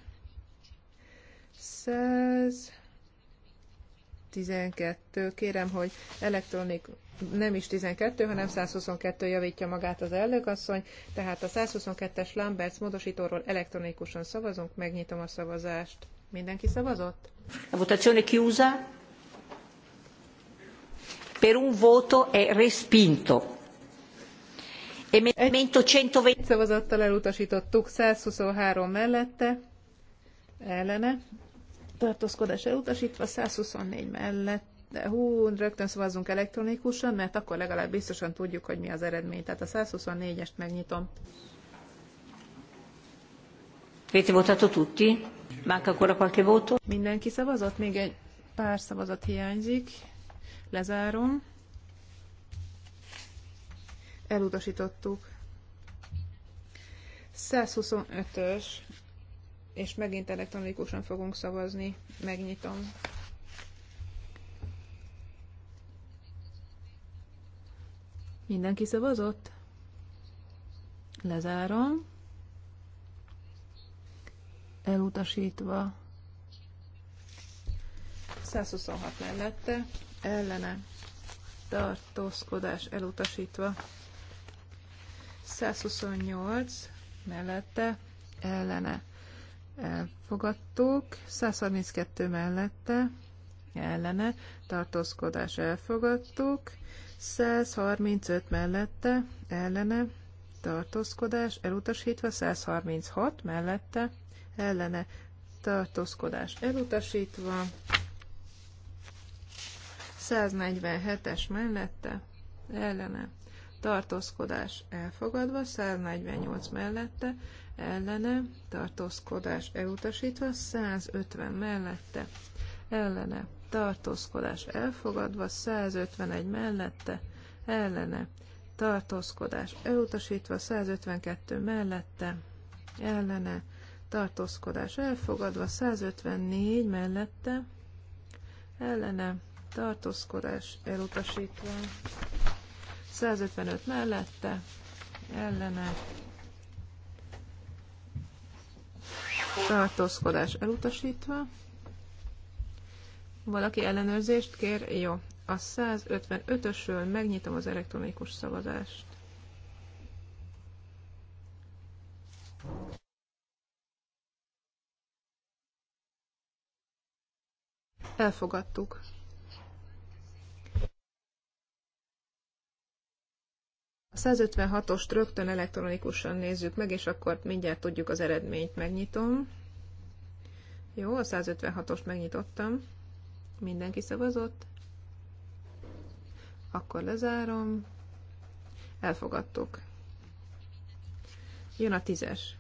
C: 112, kérem, hogy elektronik, nem is 12, hanem 122 javítja magát az elnökasszony, tehát a 122-es Lamberts módosítóról elektronikusan szavazunk, megnyitom a szavazást. Mindenki szavazott?
A: A votazione chiusa.
C: Per un voto è
A: respinto.
C: Emendamento 120. Szavazattal elutasítottuk 123 mellette, ellene tartózkodás elutasítva, 124 mellett hú, rögtön szavazunk elektronikusan, mert akkor legalább biztosan tudjuk, hogy mi az eredmény. Tehát a 124-est megnyitom. Avete votato tutti? Manca ancora qualche voto? Mindenki szavazott? Még egy pár szavazat hiányzik. Lezárom. Elutasítottuk. 125-ös és megint elektronikusan fogunk szavazni. Megnyitom. Mindenki szavazott? Lezárom. Elutasítva. 126 mellette, ellene, tartózkodás elutasítva. 128 mellette, ellene, elfogadtuk, 132 mellette ellene tartózkodás elfogadtuk, 135 mellette ellene tartózkodás elutasítva, 136 mellette ellene tartózkodás elutasítva, 147-es mellette ellene tartózkodás elfogadva, 148 mellette ellene, tartózkodás elutasítva, 150 mellette, ellene, tartózkodás elfogadva, 151 mellette, ellene, tartózkodás elutasítva, 152 mellette, ellene, tartózkodás elfogadva, 154 mellette, ellene, tartózkodás elutasítva, 155 mellette, ellene, tartózkodás elutasítva. Valaki ellenőrzést kér? Jó. A 155-ösről megnyitom az elektronikus szavazást. Elfogadtuk. 156-ost rögtön elektronikusan nézzük meg, és akkor mindjárt tudjuk az eredményt. Megnyitom. Jó, a 156-ost megnyitottam. Mindenki szavazott. Akkor lezárom. Elfogadtuk. Jön a tízes.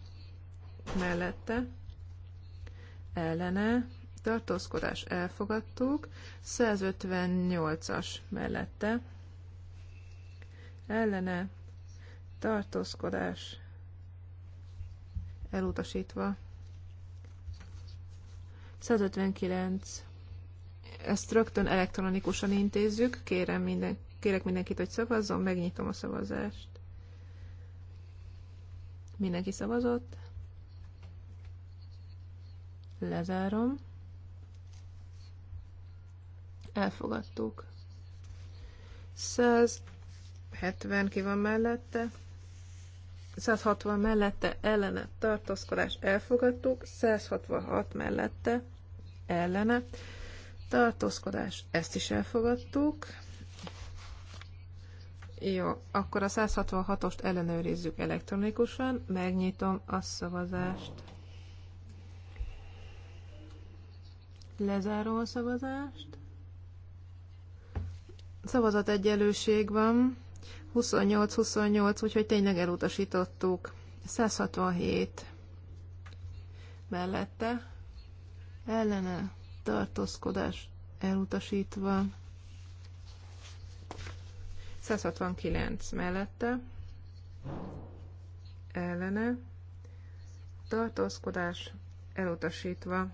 C: Mellette. Ellene. Tartózkodás elfogadtuk. 158-as mellette ellene tartózkodás elutasítva. 159. Ezt rögtön elektronikusan intézzük. Kérem minden, kérek mindenkit, hogy szavazzon. Megnyitom a szavazást. Mindenki szavazott. Lezárom. Elfogadtuk. 100 70 ki van mellette, 160 mellette ellene tartózkodás elfogadtuk, 166 mellette ellene tartózkodás ezt is elfogadtuk. Jó, akkor a 166-ost ellenőrizzük elektronikusan, megnyitom a szavazást. Lezárom a szavazást. Szavazat egyenlőség van. 28-28, úgyhogy tényleg elutasítottuk. 167 mellette ellene tartózkodás elutasítva. 169 mellette ellene tartózkodás elutasítva.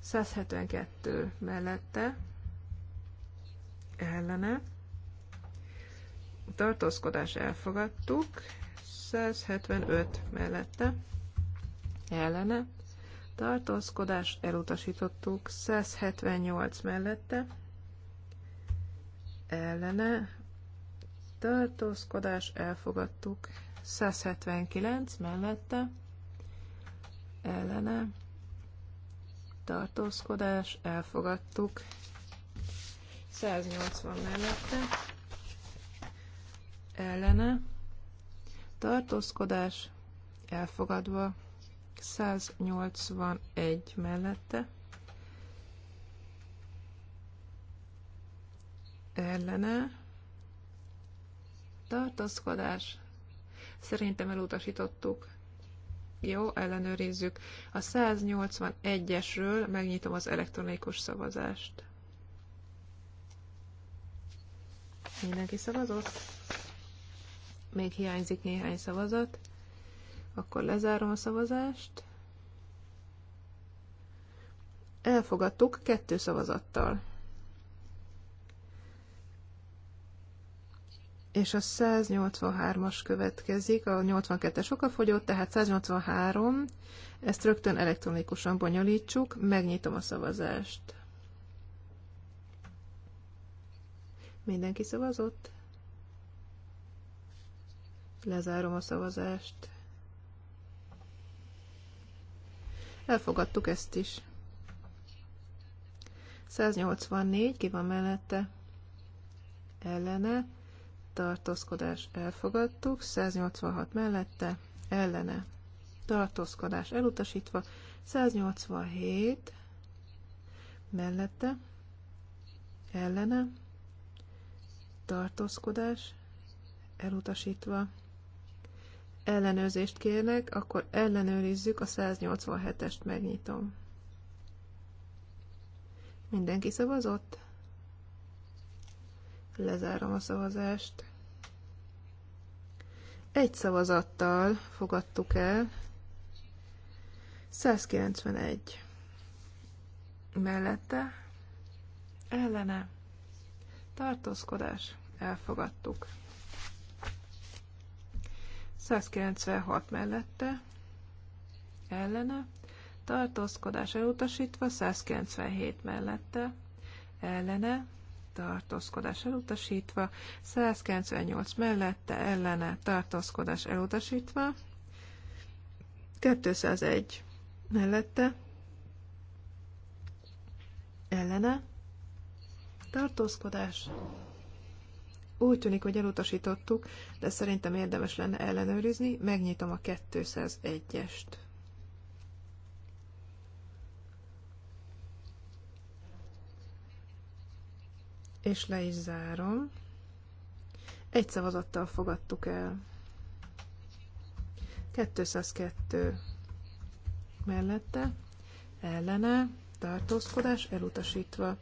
C: 172 mellette ellene tartózkodás elfogadtuk, 175 mellette, ellene, tartózkodás elutasítottuk, 178 mellette, ellene, tartózkodás elfogadtuk, 179 mellette, ellene, tartózkodás elfogadtuk, 180 mellette, ellene, tartózkodás elfogadva, 181 mellette, ellene, tartózkodás, szerintem elutasítottuk. Jó, ellenőrizzük. A 181-esről megnyitom az elektronikus szavazást. Mindenki szavazott? még hiányzik néhány szavazat, akkor lezárom a szavazást. Elfogadtuk kettő szavazattal. és a 183-as következik, a 82-es okafogyott, tehát 183, ezt rögtön elektronikusan bonyolítsuk, megnyitom a szavazást. Mindenki szavazott? Lezárom a szavazást. Elfogadtuk ezt is. 184, ki van mellette? Ellene. Tartózkodás elfogadtuk. 186 mellette. Ellene. Tartózkodás elutasítva. 187 mellette. Ellene. Tartózkodás elutasítva ellenőrzést kérnek, akkor ellenőrizzük a 187-est, megnyitom. Mindenki szavazott? Lezárom a szavazást. Egy szavazattal fogadtuk el. 191. Mellette ellene tartózkodás elfogadtuk. 196 mellette ellene, tartózkodás elutasítva 197 mellette ellene, tartózkodás elutasítva, 198 mellette ellene tartózkodás elutasítva, 201 mellette ellene tartózkodás úgy tűnik, hogy elutasítottuk, de szerintem érdemes lenne ellenőrizni. Megnyitom a 201-est. És le is zárom. Egy szavazattal fogadtuk el. 202 mellette, ellene, tartózkodás elutasítva.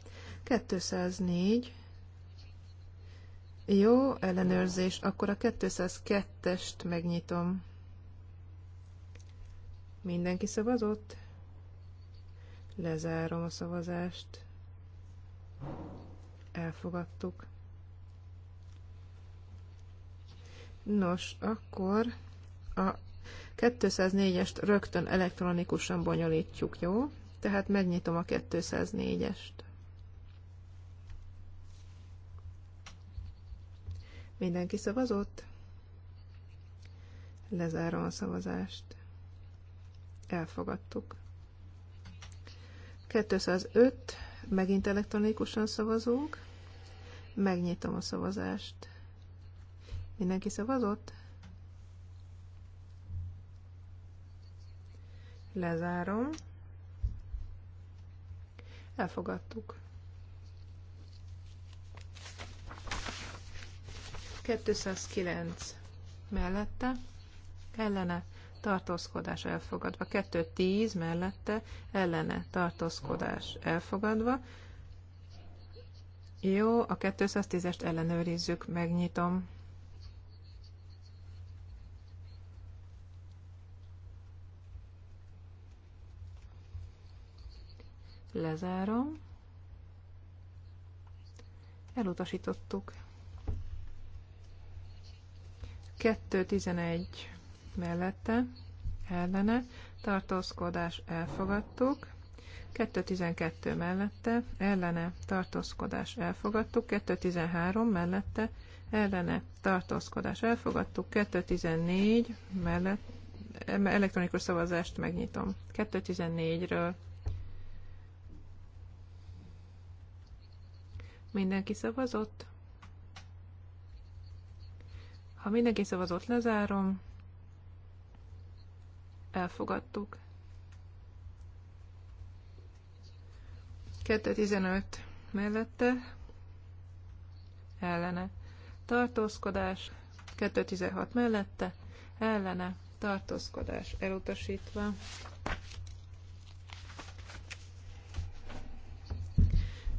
C: 204 jó, ellenőrzés. Akkor a 202-est megnyitom. Mindenki szavazott? Lezárom a szavazást. Elfogadtuk. Nos, akkor a 204-est rögtön elektronikusan bonyolítjuk, jó? Tehát megnyitom a 204-est. Mindenki szavazott? Lezárom a szavazást. Elfogadtuk. 205, megint elektronikusan szavazunk. Megnyitom a szavazást. Mindenki szavazott? Lezárom. Elfogadtuk. 209 mellette, ellene tartózkodás elfogadva, 210 mellette, ellene tartózkodás elfogadva. Jó, a 210-est ellenőrizzük, megnyitom. Lezárom. Elutasítottuk. 2.11 mellette ellene tartózkodás elfogadtuk. 2.12 mellette ellene tartózkodás elfogadtuk. 2.13 mellette ellene tartózkodás elfogadtuk. 2.14 mellett elektronikus szavazást megnyitom. 2.14-ről mindenki szavazott? Ha mindenki szavazott, lezárom. Elfogadtuk. 2.15 mellette ellene. Tartózkodás 2.16 mellette ellene. Tartózkodás elutasítva.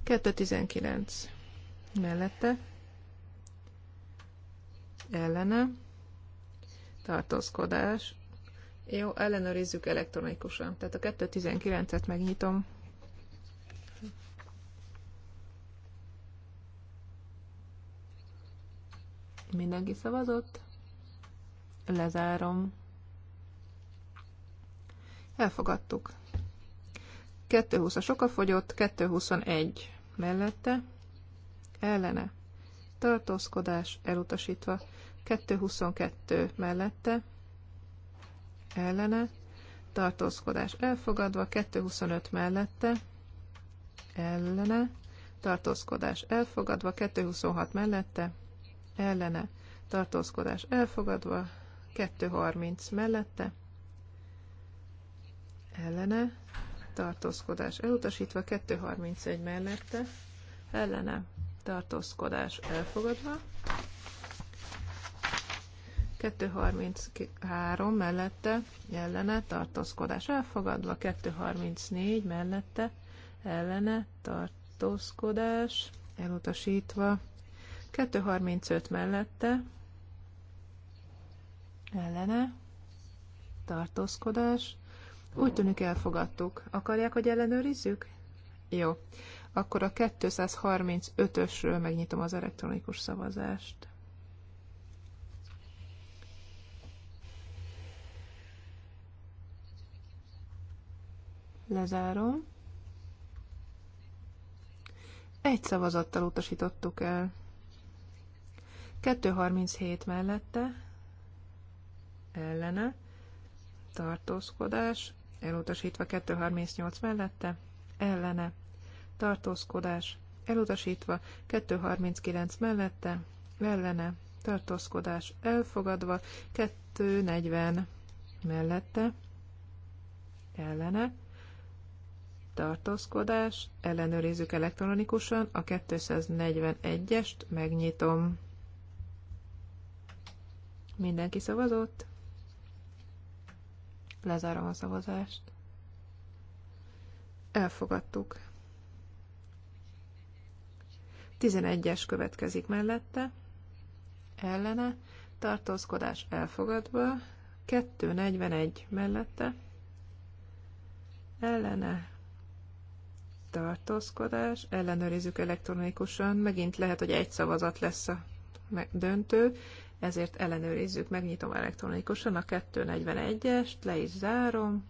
C: 2.19 mellette ellene, tartózkodás. Jó, ellenőrizzük elektronikusan. Tehát a 2.19-et megnyitom. Mindenki szavazott? Lezárom. Elfogadtuk. 2.20 a soka fogyott, 2.21 mellette, ellene, tartózkodás elutasítva, 222 mellette ellene, tartózkodás elfogadva, 225 mellette ellene, tartózkodás elfogadva, 226 mellette ellene, tartózkodás elfogadva, 230 mellette ellene, tartózkodás elutasítva, 231 mellette ellene, tartózkodás elfogadva, 233 mellette ellene tartózkodás elfogadva, 234 mellette ellene tartózkodás elutasítva, 235 mellette ellene tartózkodás. Úgy tűnik elfogadtuk. Akarják, hogy ellenőrizzük? Jó. Akkor a 235-ösről megnyitom az elektronikus szavazást. Lezárom. Egy szavazattal utasítottuk el. 237 mellette, ellene, tartózkodás, elutasítva 238 mellette, ellene, tartózkodás, elutasítva 239 mellette, ellene, tartózkodás, elfogadva 240 mellette, ellene, tartózkodás, ellenőrizzük elektronikusan, a 241-est megnyitom. Mindenki szavazott? Lezárom a szavazást. Elfogadtuk. 11-es következik mellette, ellene, tartózkodás elfogadva, 241 mellette, ellene, tartózkodás, ellenőrizzük elektronikusan, megint lehet, hogy egy szavazat lesz a döntő, ezért ellenőrizzük, megnyitom elektronikusan a 241-est, le is zárom.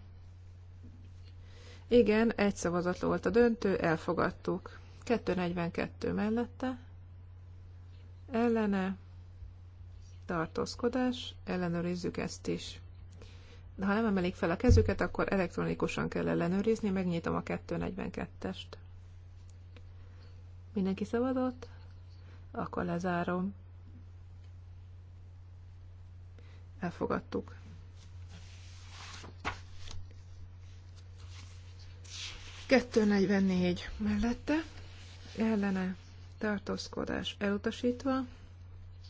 C: Igen, egy szavazat volt a döntő, elfogadtuk. 242 mellette, ellene, tartózkodás, ellenőrizzük ezt is ha nem emelik fel a kezüket, akkor elektronikusan kell ellenőrizni, megnyitom a 242-est. Mindenki szabadott? Akkor lezárom. Elfogadtuk. Kettő mellette, ellene tartózkodás elutasítva,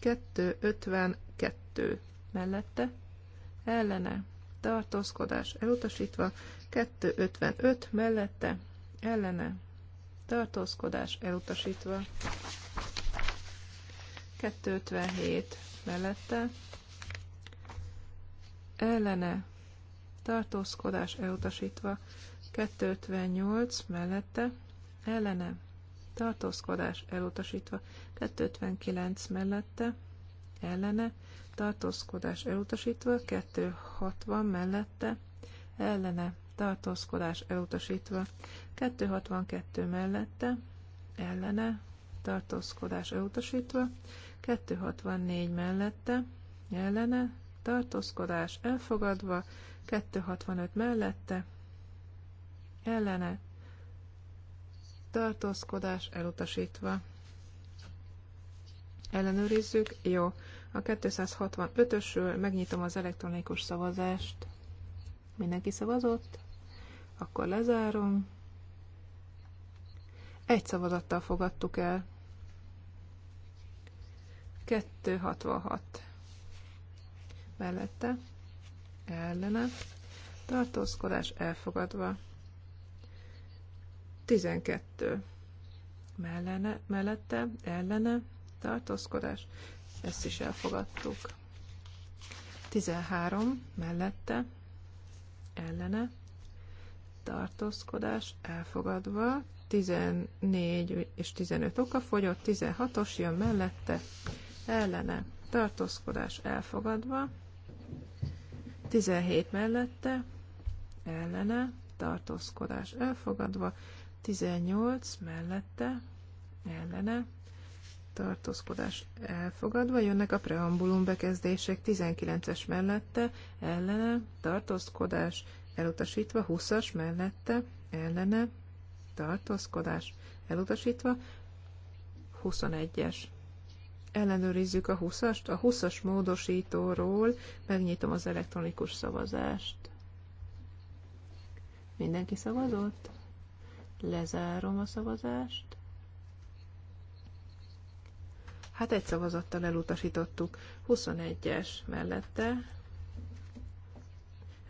C: 252 mellette, ellene tartózkodás elutasítva, 255 mellette, ellene, tartózkodás elutasítva, 257 mellette, ellene, tartózkodás elutasítva, 258 mellette, ellene, tartózkodás elutasítva, 259 mellette, ellene, tartózkodás elutasítva, 260 mellette, ellene, tartózkodás elutasítva, 262 mellette, ellene, tartózkodás elutasítva, 264 mellette, ellene, tartózkodás elfogadva, 265 mellette, ellene, tartózkodás elutasítva. Ellenőrizzük, jó. A 265-ösről megnyitom az elektronikus szavazást. Mindenki szavazott? Akkor lezárom. Egy szavazattal fogadtuk el. 266 mellette, ellene, tartózkodás elfogadva. 12 mellene, mellette, ellene, tartózkodás ezt is elfogadtuk. 13 mellette, ellene, tartózkodás elfogadva, 14 és 15 oka fogyott, 16-os jön mellette, ellene, tartózkodás elfogadva, 17 mellette, ellene, tartózkodás elfogadva, 18 mellette, ellene, tartózkodás elfogadva, jönnek a preambulum bekezdések 19-es mellette, ellene, tartózkodás elutasítva, 20-as mellette, ellene, tartózkodás elutasítva, 21-es. Ellenőrizzük a 20-ast, a 20-as módosítóról megnyitom az elektronikus szavazást. Mindenki szavazott? Lezárom a szavazást. Hát egy szavazattal elutasítottuk. 21-es mellette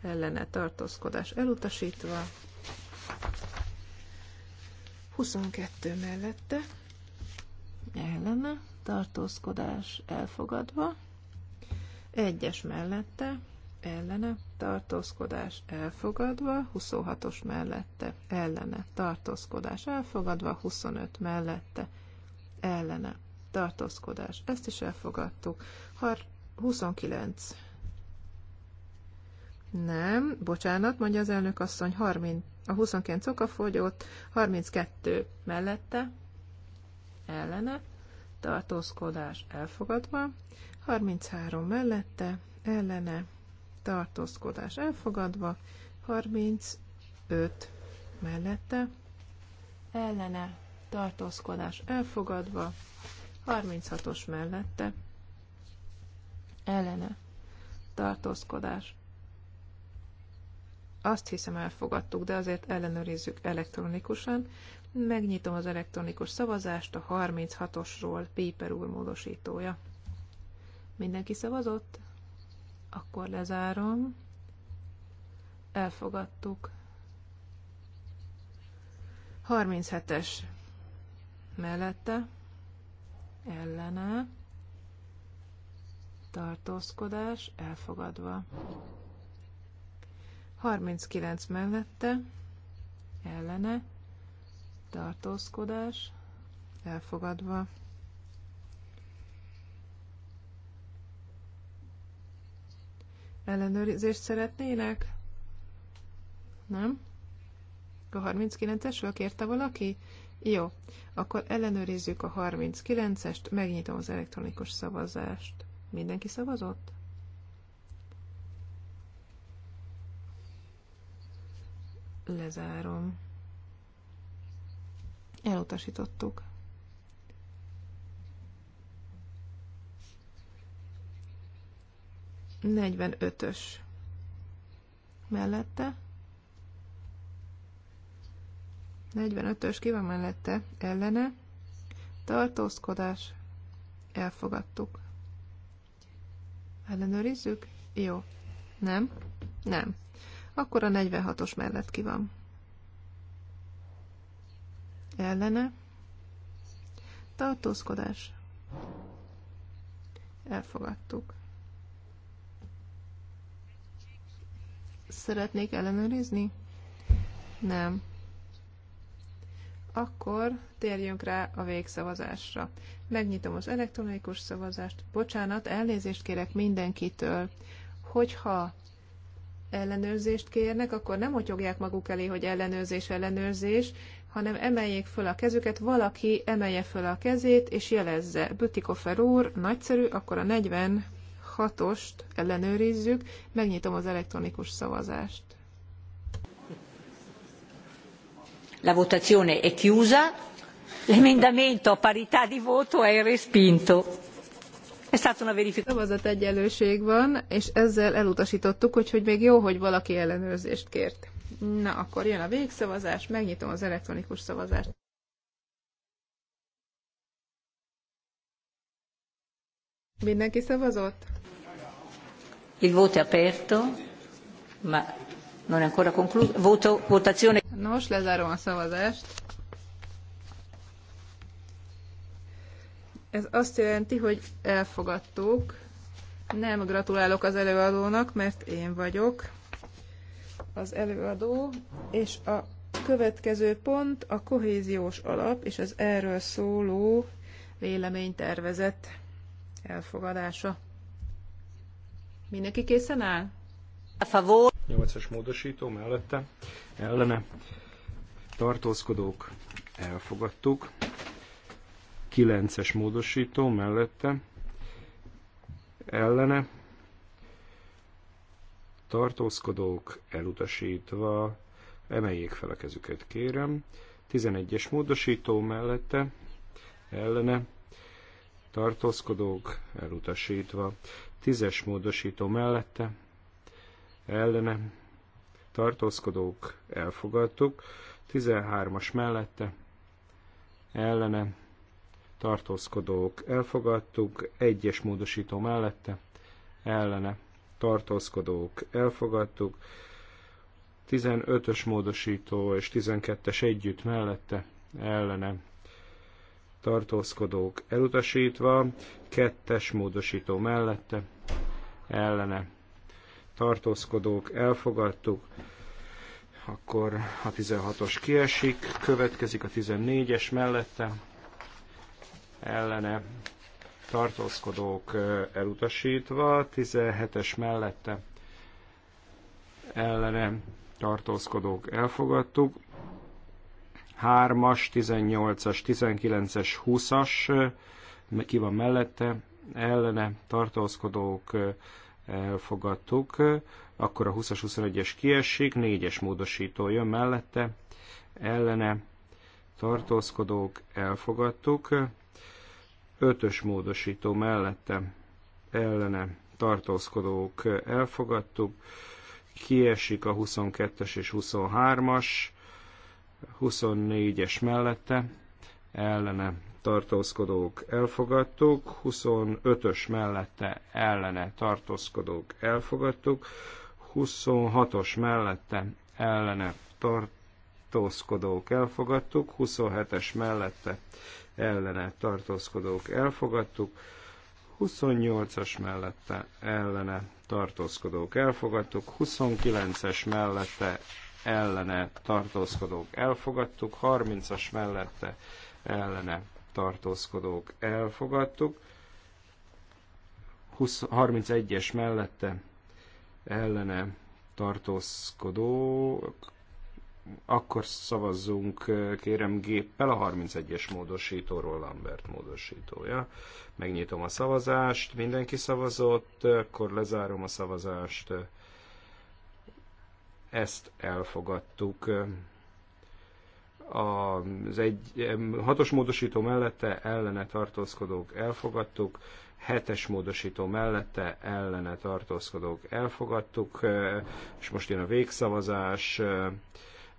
C: ellene tartózkodás elutasítva. 22 mellette ellene tartózkodás elfogadva. 1-es mellette ellene, tartózkodás elfogadva, 26-os mellette, ellene, tartózkodás elfogadva, 25 mellette, ellene, tartózkodás. Ezt is elfogadtuk. Har 29. Nem, bocsánat, mondja az elnök asszony, 30, a 29 oka fogyott, 32 mellette, ellene, tartózkodás elfogadva, 33 mellette, ellene, tartózkodás elfogadva, 35 mellette, ellene, tartózkodás elfogadva, 36-os mellette ellene tartózkodás. Azt hiszem elfogadtuk, de azért ellenőrizzük elektronikusan. Megnyitom az elektronikus szavazást a 36-osról Péper úr módosítója. Mindenki szavazott? Akkor lezárom. Elfogadtuk. 37-es mellette ellene, tartózkodás elfogadva. 39 mellette, ellene, tartózkodás elfogadva. Ellenőrizést szeretnének? Nem? A 39-esről kérte valaki? Jó, akkor ellenőrizzük a 39-est, megnyitom az elektronikus szavazást. Mindenki szavazott? Lezárom. Elutasítottuk. Negyvenötös mellette 45-ös ki van mellette, ellene, tartózkodás, elfogadtuk. Ellenőrizzük? Jó. Nem? Nem. Akkor a 46-os mellett ki van. Ellene, tartózkodás, elfogadtuk. Szeretnék ellenőrizni? Nem akkor térjünk rá a végszavazásra. Megnyitom az elektronikus szavazást. Bocsánat, elnézést kérek mindenkitől, hogyha ellenőrzést kérnek, akkor nem otyogják maguk elé, hogy ellenőrzés, ellenőrzés, hanem emeljék föl a kezüket, valaki emelje föl a kezét, és jelezze. Bütikofer úr, nagyszerű, akkor a 46-ost ellenőrizzük, megnyitom az elektronikus szavazást. La votazione è chiusa. L'emendamento
A: a parità di voto è respinto.
C: È stata una verifica. Szavazat egyenlőség van, és ezzel elutasítottuk, úgyhogy még jó, hogy valaki ellenőrzést kért. Na, akkor jön a végszavazás, megnyitom az elektronikus szavazást. Mindenki szavazott? Il voto è aperto,
A: ma Non è ancora concluso. Voto, votazione.
C: Nos, lezárom a szavazást. Ez azt jelenti, hogy elfogadtuk. Nem gratulálok az előadónak, mert én vagyok az előadó, és a következő pont a kohéziós alap és az erről szóló véleménytervezet elfogadása. Mindenki készen áll? A favor.
D: 8-as módosító mellette, ellene, tartózkodók, elfogadtuk, 9-es módosító mellette, ellene, tartózkodók, elutasítva, emeljék fel a kezüket, kérem, 11-es módosító mellette, ellene, tartózkodók, elutasítva, 10-es módosító mellette, ellene tartózkodók elfogadtuk, 13-as mellette ellene tartózkodók elfogadtuk, egyes módosító mellette ellene tartózkodók elfogadtuk, 15-ös módosító és 12-es együtt mellette ellene tartózkodók elutasítva, kettes módosító mellette ellene tartózkodók, elfogadtuk. Akkor a 16-os kiesik, következik a 14-es mellette, ellene tartózkodók elutasítva, 17-es mellette ellene tartózkodók elfogadtuk, 3-as, 18-as, 19-es, 20-as, ki van mellette, ellene tartózkodók elfogadtuk, akkor a 20-as, 21-es kiesik, 4-es módosító jön mellette, ellene tartózkodók elfogadtuk, 5-ös módosító mellette, ellene tartózkodók elfogadtuk, kiesik a 22-es és 23-as, 24-es mellette, ellene tartózkodók elfogadtuk, 25-ös mellette ellene tartózkodók elfogadtuk, 26-os mellette ellene tartózkodók elfogadtuk, 27-es mellette ellene tartózkodók elfogadtuk, 28-as mellette ellene tartózkodók elfogadtuk, 29-es mellette ellene tartózkodók elfogadtuk, 30-as mellette ellene tartózkodók elfogadtuk. 31-es mellette ellene tartózkodó. akkor szavazzunk, kérem géppel, a 31-es módosítóról Lambert módosítója. Megnyitom a szavazást, mindenki szavazott, akkor lezárom a szavazást. Ezt elfogadtuk az egy hatos módosító mellette ellene tartózkodók elfogadtuk, hetes módosító mellette ellene tartózkodók elfogadtuk, és most jön a végszavazás,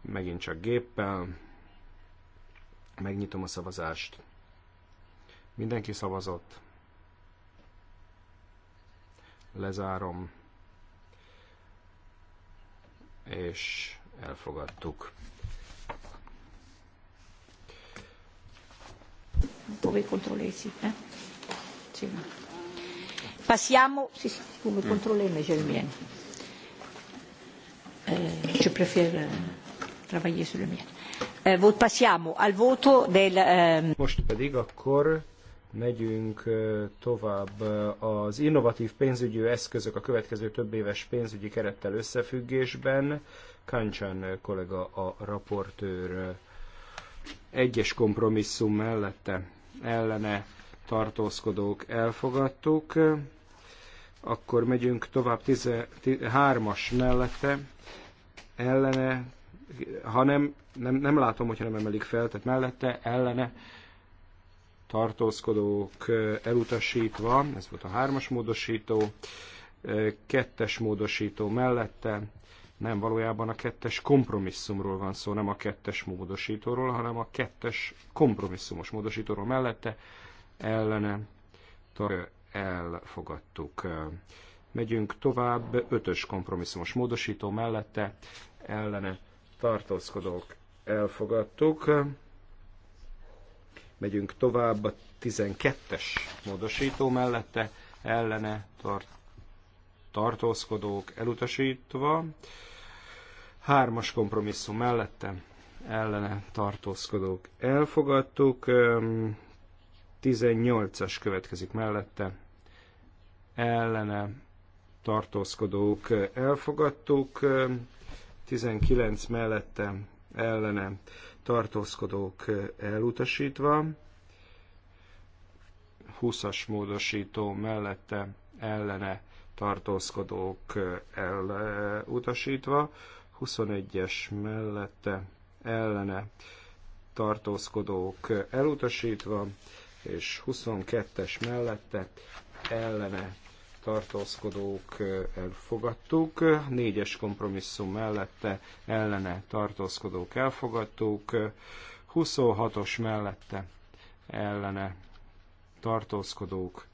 D: megint csak géppel, megnyitom a szavazást. Mindenki szavazott. Lezárom. És elfogadtuk.
A: Vous pouvez contrôler ici. Hein eh? Passiamo. Sì, sì, vous me contrôlez, mais j'ai le mien. Euh, je préfère euh, travailler sur le mien. Eh, eh, eh passiamo al voto del...
D: Eh... Most pedig akkor megyünk tovább az innovatív pénzügyi eszközök a következő több éves pénzügyi kerettel összefüggésben. Kancsán kollega a raportőr egyes kompromisszum mellette ellene tartózkodók elfogadtuk. Akkor megyünk tovább 13-as mellette, ellene, ha nem, nem, nem látom, hogyha nem emelik fel, tehát mellette, ellene tartózkodók elutasítva, ez volt a hármas módosító, kettes módosító mellette, nem, valójában a kettes kompromisszumról van szó, nem a kettes módosítóról, hanem a kettes kompromisszumos módosítóról mellette ellene elfogadtuk. Megyünk tovább, ötös kompromisszumos módosító mellette ellene tartózkodók elfogadtuk. Megyünk tovább a 12-es módosító mellette ellene tart, tartózkodók elutasítva. Hármas kompromisszum mellette ellene tartózkodók elfogadtuk. 18-as következik mellette ellene tartózkodók elfogadtuk. 19 mellette ellene tartózkodók elutasítva. 20-as módosító mellette ellene tartózkodók elutasítva, 21-es mellette ellene tartózkodók elutasítva, és 22-es mellette ellene tartózkodók elfogadtuk, 4-es kompromisszum mellette ellene tartózkodók elfogadtuk, 26-os mellette ellene tartózkodók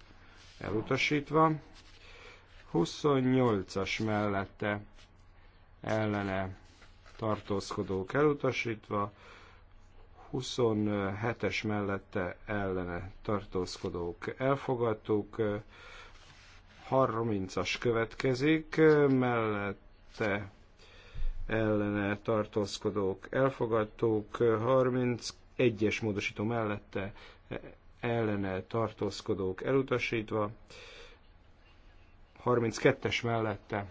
D: elutasítva, 28-as mellette ellene tartózkodók elutasítva, 27-es mellette ellene tartózkodók elfogadtuk, 30-as következik, mellette ellene tartózkodók elfogadtuk, 31-es módosító mellette ellene tartózkodók elutasítva, 32-es mellette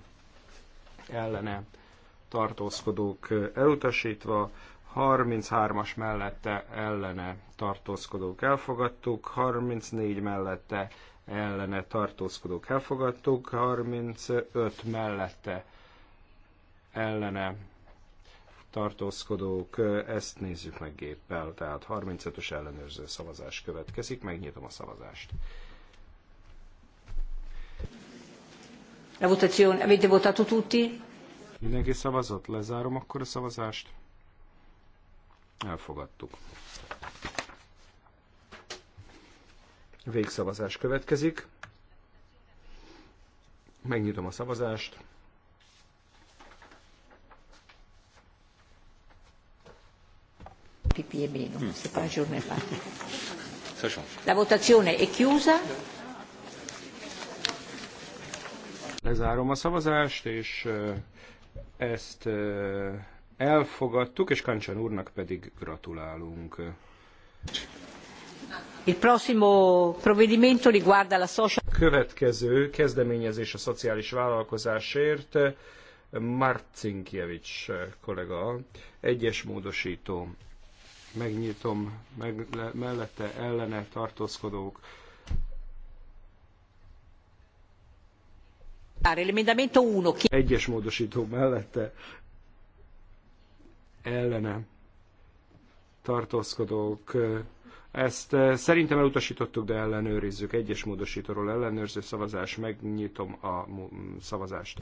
D: ellene tartózkodók elutasítva, 33-as mellette ellene tartózkodók elfogadtuk, 34 mellette ellene tartózkodók elfogadtuk, 35 mellette ellene tartózkodók, ezt nézzük meg géppel, tehát 35-ös ellenőrző szavazás következik, megnyitom a szavazást.
A: La votazione, avete votato tutti?
D: Mindenki szavazott? Lezárom akkor a szavazást. Elfogadtuk. Végszavazás következik. Megnyitom a szavazást.
A: Pipi e meno, mm. se pas journée parti. La votazione è chiusa.
D: Lezárom a szavazást, és eh, ezt elfogadtuk, és Kancsan úrnak pedig gratulálunk. Il prossimo provvedimento riguarda la social... Következő kezdeményezés a szociális vállalkozásért. Marcinkiewicz kollega, egyes módosító. Megnyitom, meg, mellette ellene tartózkodók Egyes módosító mellette ellene tartózkodók. Ezt szerintem elutasítottuk, de ellenőrizzük. Egyes módosítóról ellenőrző szavazás. Megnyitom a szavazást.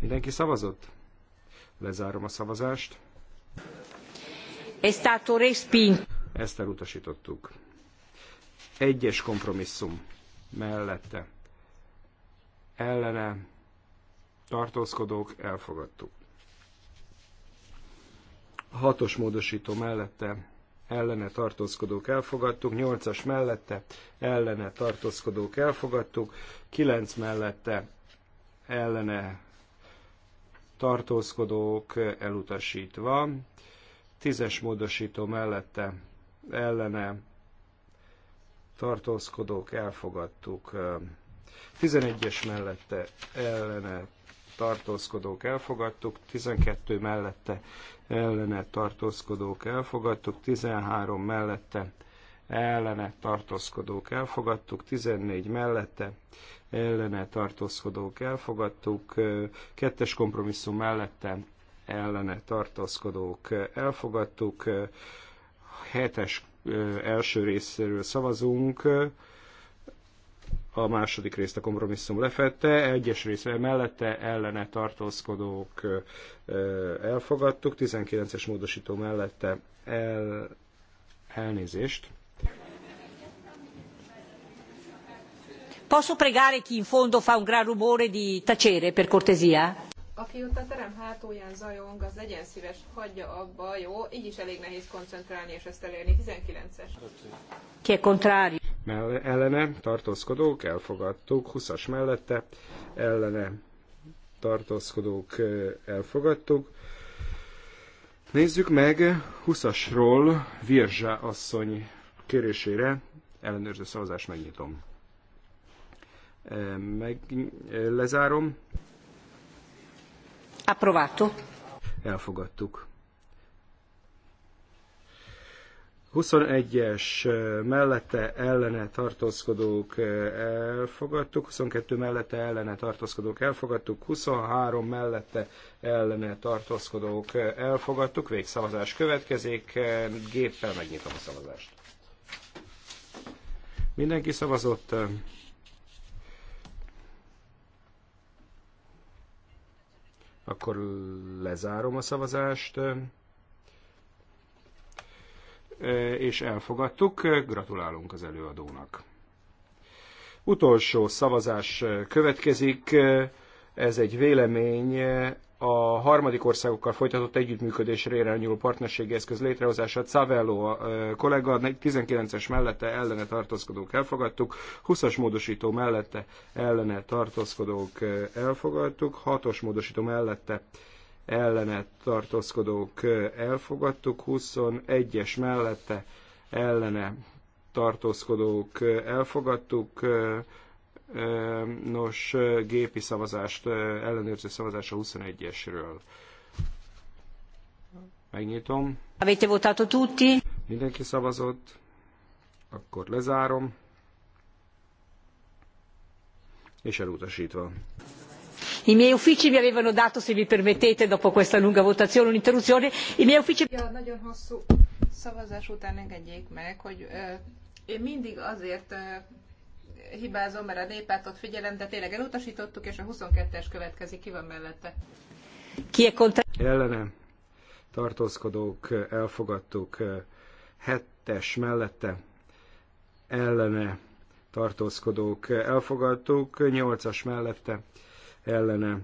D: Mindenki szavazott? Lezárom a szavazást. Ezt elutasítottuk. Egyes kompromisszum mellette ellene tartózkodók elfogadtuk. A hatos módosító mellette ellene tartózkodók elfogadtuk, Nyolcas mellette ellene tartózkodók elfogadtuk, Kilenc mellette ellene tartózkodók elutasítva, Tízes módosító mellette ellene tartózkodók elfogadtuk. 11-es mellette ellene tartózkodók elfogadtuk, 12 mellette ellene tartózkodók elfogadtuk, 13 mellette ellene tartózkodók elfogadtuk, 14 mellette ellene tartózkodók elfogadtuk, kettes kompromisszum mellette ellene tartózkodók elfogadtuk, hetes első részéről szavazunk, a második részt a kompromisszum lefette, egyes része mellette ellene tartózkodók elfogadtuk, 19-es módosító mellette el, elnézést.
A: Posso pregare chi in fondo fa un gran rumore di tacere, per cortesia?
C: Aki ott a terem hátulján zajong, az legyen szíves, hagyja abba, jó? Így is elég nehéz koncentrálni és ezt elérni. 19-es.
A: Ki kontrári?
D: ellene tartózkodók, elfogadtuk. 20-as mellette, ellene tartózkodók, elfogadtuk. Nézzük meg 20-asról Virzsa asszony kérésére ellenőrző szavazást megnyitom. Meg lezárom.
A: Approvato.
D: Elfogadtuk. 21-es eh, eh, mellette ellene tartózkodók elfogadtuk, 22 mellette ellene tartózkodók elfogadtuk, eh, 23 mellette ellene tartózkodók elfogadtuk, végszavazás következik, géppel megnyitom a szavazást. Mindenki szavazott. Akkor lezárom a szavazást. És elfogadtuk. Gratulálunk az előadónak. Utolsó szavazás következik. Ez egy vélemény a harmadik országokkal folytatott együttműködésre irányuló partnerségi eszköz létrehozását Savello a kollega 19-es mellette ellene tartózkodók elfogadtuk, 20-as módosító mellette ellene tartózkodók elfogadtuk, 6-os módosító mellette ellene tartózkodók elfogadtuk, 21-es mellette ellene tartózkodók elfogadtuk, Nos, gépi szavazást, ellenőrző szavazás a 21-esről. Megnyitom.
A: Avete votato tutti?
D: Mindenki szavazott. Akkor lezárom. És elutasítva.
A: I miei uffici mi avevano dato, se vi permettete, dopo questa lunga votazione, un'interruzione. I miei
C: uffici... Ja, nagyon hosszú szavazás után engedjék meg, hogy ö, én mindig azért ö, hibázom, mert a néppártot figyelem, de tényleg elutasítottuk, és a 22-es következik, ki van mellette?
D: Ki Ellenem. Tartózkodók, elfogadtuk. Hettes mellette. Ellene. Tartózkodók, elfogadtuk. Nyolcas mellette. Ellene.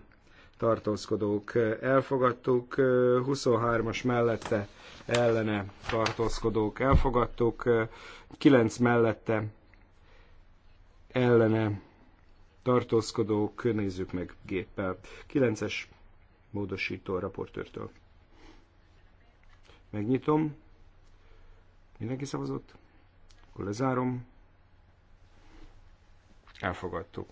D: Tartózkodók, elfogadtuk. 23-as mellette. Ellene. Tartózkodók, elfogadtuk. 9 mellette ellene tartózkodó nézzük meg géppel. 9-es módosító raportőrtől. Megnyitom. Mindenki szavazott? Akkor lezárom. Elfogadtuk.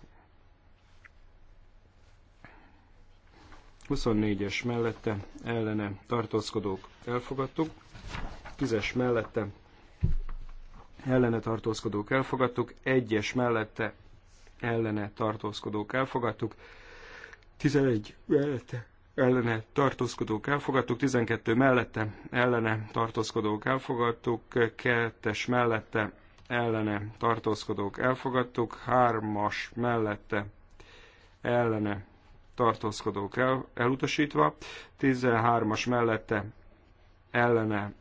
D: 24-es mellette ellene tartózkodók elfogadtuk. 10-es mellette ellene tartózkodók elfogadtuk, egyes mellette ellene tartózkodók elfogadtuk, 11 mellette ellene tartózkodók elfogadtuk, 12 mellette ellene tartózkodók elfogadtuk, kettes mellette ellene tartózkodók elfogadtuk, hármas mellette ellene tartózkodók el, elutasítva, 13-as mellette ellene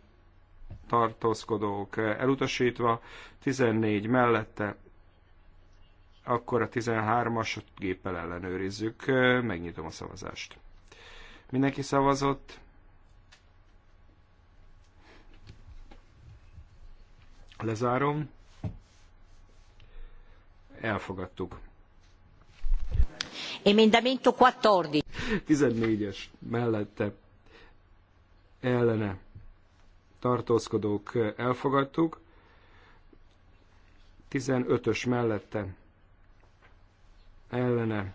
D: tartózkodók elutasítva, 14 mellette, akkor a 13-as géppel ellenőrizzük, megnyitom a szavazást. Mindenki szavazott, lezárom, elfogadtuk.
A: Emendamento 14.
D: 14-es mellette ellene tartózkodók elfogadtuk, 15-ös mellette ellene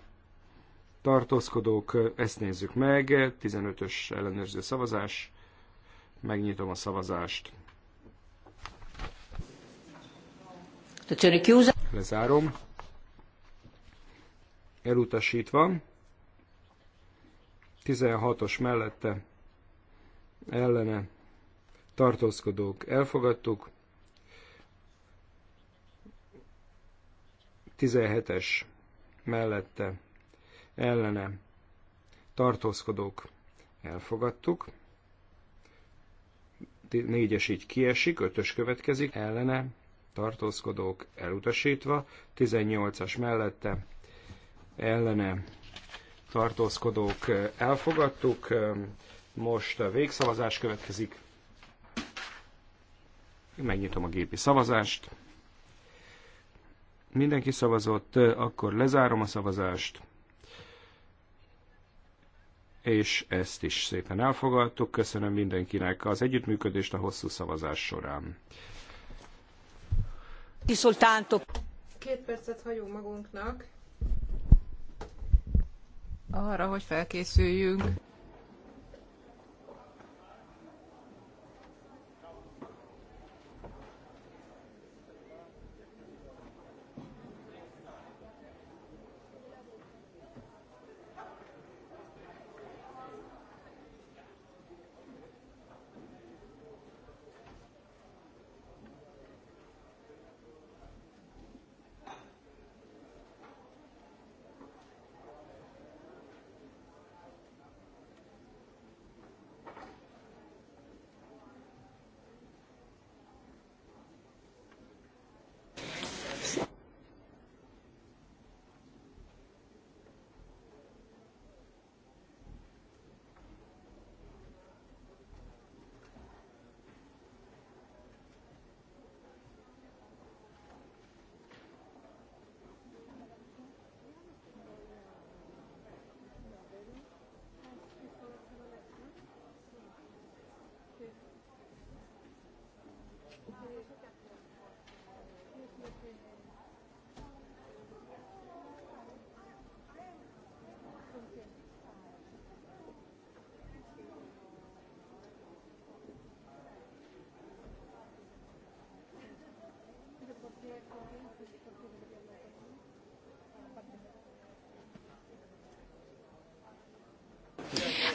D: tartózkodók, ezt nézzük meg, 15-ös ellenőrző szavazás, megnyitom a szavazást. Lezárom. Elutasítva. 16-os mellette ellene tartózkodók elfogadtuk. 17-es mellette ellene tartózkodók elfogadtuk. 4-es így kiesik, 5-ös következik, ellene tartózkodók elutasítva, 18-as mellette ellene tartózkodók elfogadtuk. Most a végszavazás következik. Megnyitom a gépi szavazást. Mindenki szavazott, akkor lezárom a szavazást. És ezt is szépen elfogadtuk. Köszönöm mindenkinek az együttműködést a hosszú szavazás során.
C: Két percet hagyunk magunknak arra, hogy felkészüljünk.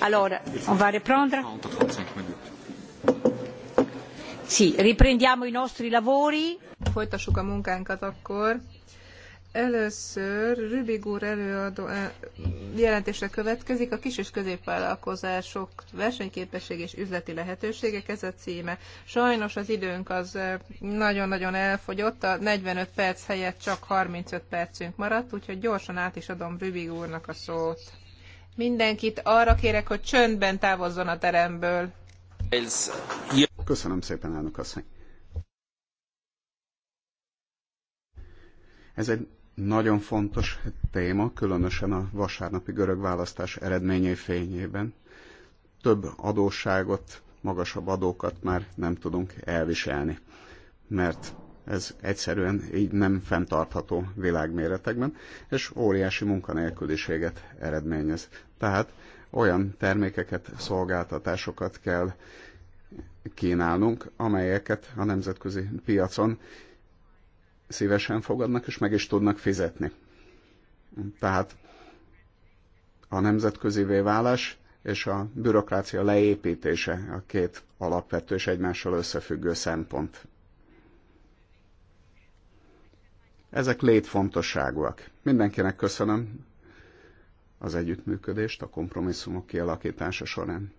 A: Alors, on va
C: Sì, riprendiamo i nostri lavori. Folytassuk a munkánkat akkor. Először Rübig úr előadó eh, jelentése következik a kis és középvállalkozások versenyképesség és üzleti lehetőségek, ez a címe. Sajnos az időnk az eh, nagyon-nagyon elfogyott, a 45 perc helyett csak 35 percünk maradt, úgyhogy gyorsan át is adom Rübig úrnak a szót. Mindenkit arra kérek, hogy csöndben távozzon a teremből.
B: Köszönöm szépen, elnök asszony. Ez egy nagyon fontos téma, különösen a vasárnapi görög választás eredményei fényében. Több adósságot, magasabb adókat már nem tudunk elviselni, mert ez egyszerűen így nem fenntartható világméretekben, és óriási munkanélküliséget eredményez. Tehát olyan termékeket, szolgáltatásokat kell kínálnunk, amelyeket a nemzetközi piacon szívesen fogadnak, és meg is tudnak fizetni. Tehát a nemzetközi válás és a bürokrácia leépítése a két alapvető és egymással összefüggő szempont. Ezek létfontosságúak. Mindenkinek köszönöm az együttműködést a kompromisszumok kialakítása során.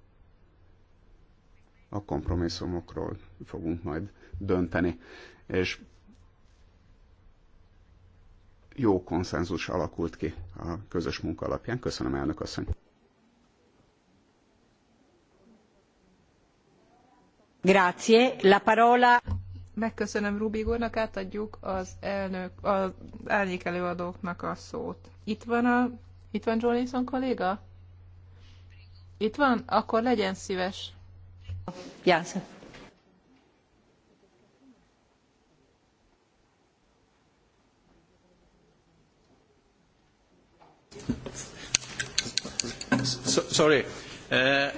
B: A kompromisszumokról fogunk majd dönteni, és jó konszenzus alakult ki a közös munka alapján. Köszönöm, elnök asszony!
C: Grazie. La parola... Megköszönöm Rubik úrnak, átadjuk az elnök, az árnyék előadóknak a szót. Itt van a, itt van Johnson kolléga? Itt van? Akkor legyen szíves. Jász.
E: sorry. Uh,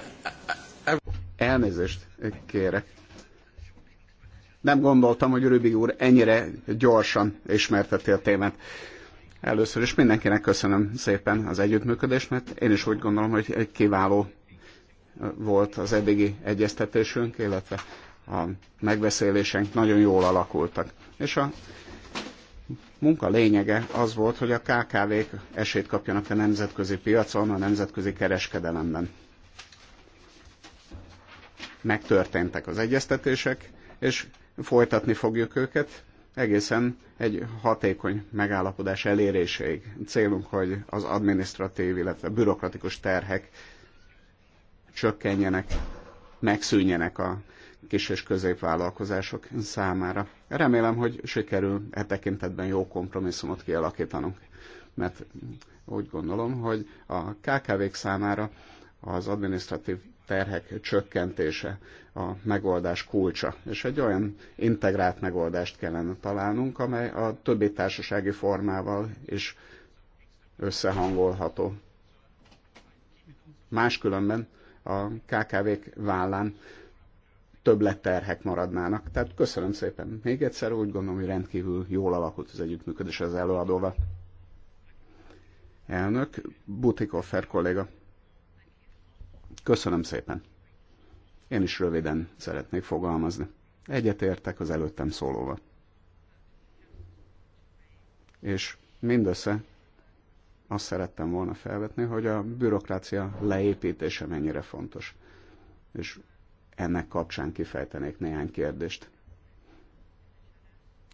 E: I...
B: Elnézést kérek nem gondoltam, hogy Rübig úr ennyire gyorsan ismerteti a témát. Először is mindenkinek köszönöm szépen az együttműködést, mert én is úgy gondolom, hogy egy kiváló volt az eddigi egyeztetésünk, illetve a megbeszélésünk nagyon jól alakultak. És a munka lényege az volt, hogy a KKV-k esélyt kapjanak a nemzetközi piacon, a nemzetközi kereskedelemben. Megtörténtek az egyeztetések, és folytatni fogjuk őket egészen egy hatékony megállapodás eléréséig. Célunk, hogy az administratív, illetve bürokratikus terhek csökkenjenek, megszűnjenek a kis és középvállalkozások számára. Remélem, hogy sikerül e tekintetben jó kompromisszumot kialakítanunk, mert úgy gondolom, hogy a KKV-k számára az administratív terhek csökkentése a megoldás kulcsa. És egy olyan integrált megoldást kellene találnunk, amely a többi társasági formával is összehangolható. Máskülönben a KKV-k vállán többletterhek maradnának. Tehát köszönöm szépen. Még egyszer úgy gondolom, hogy rendkívül jól alakult az együttműködés az előadóval. Elnök, Butikoffer kolléga. Köszönöm szépen. Én is röviden szeretnék fogalmazni. Egyetértek az előttem szólóval. És mindössze azt szerettem volna felvetni, hogy a bürokrácia leépítése mennyire fontos. És ennek kapcsán kifejtenék néhány kérdést.